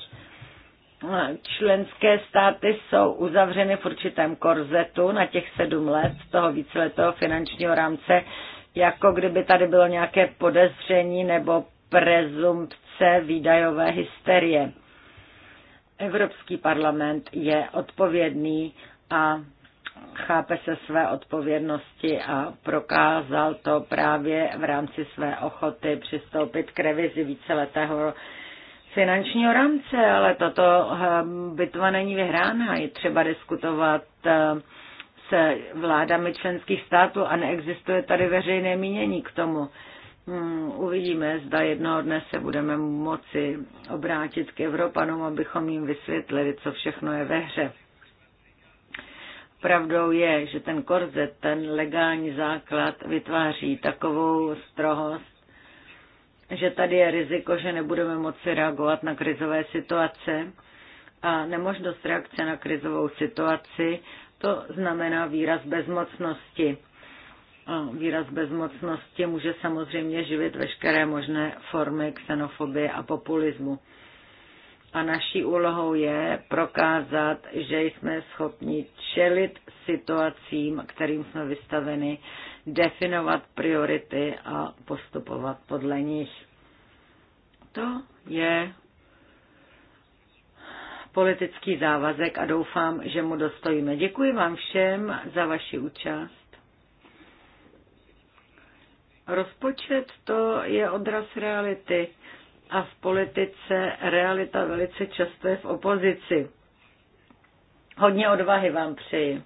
Členské státy jsou uzavřeny v určitém korzetu na těch sedm let toho víceletého finančního rámce, jako kdyby tady bylo nějaké podezření nebo prezumpce výdajové hysterie. Evropský parlament je odpovědný a chápe se své odpovědnosti a prokázal to právě v rámci své ochoty přistoupit k revizi víceletého finančního rámce, ale tato hm, bitva není vyhrána. Je třeba diskutovat hm, se vládami členských států a neexistuje tady veřejné mínění k tomu. Hmm, uvidíme, zda jednoho dne se budeme moci obrátit k Evropanům, abychom jim vysvětlili, co všechno je ve hře. Pravdou je, že ten korzet, ten legální základ vytváří takovou strohost, že tady je riziko, že nebudeme moci reagovat na krizové situace a nemožnost reakce na krizovou situaci, to znamená výraz bezmocnosti výraz bezmocnosti může samozřejmě živit veškeré možné formy xenofobie a populismu. A naší úlohou je prokázat, že jsme schopni čelit situacím, kterým jsme vystaveni, definovat priority a postupovat podle nich. To je politický závazek a doufám, že mu dostojíme. Děkuji vám všem za vaši účast Rozpočet to je odraz reality a v politice realita velice často je v opozici. Hodně odvahy vám přeji.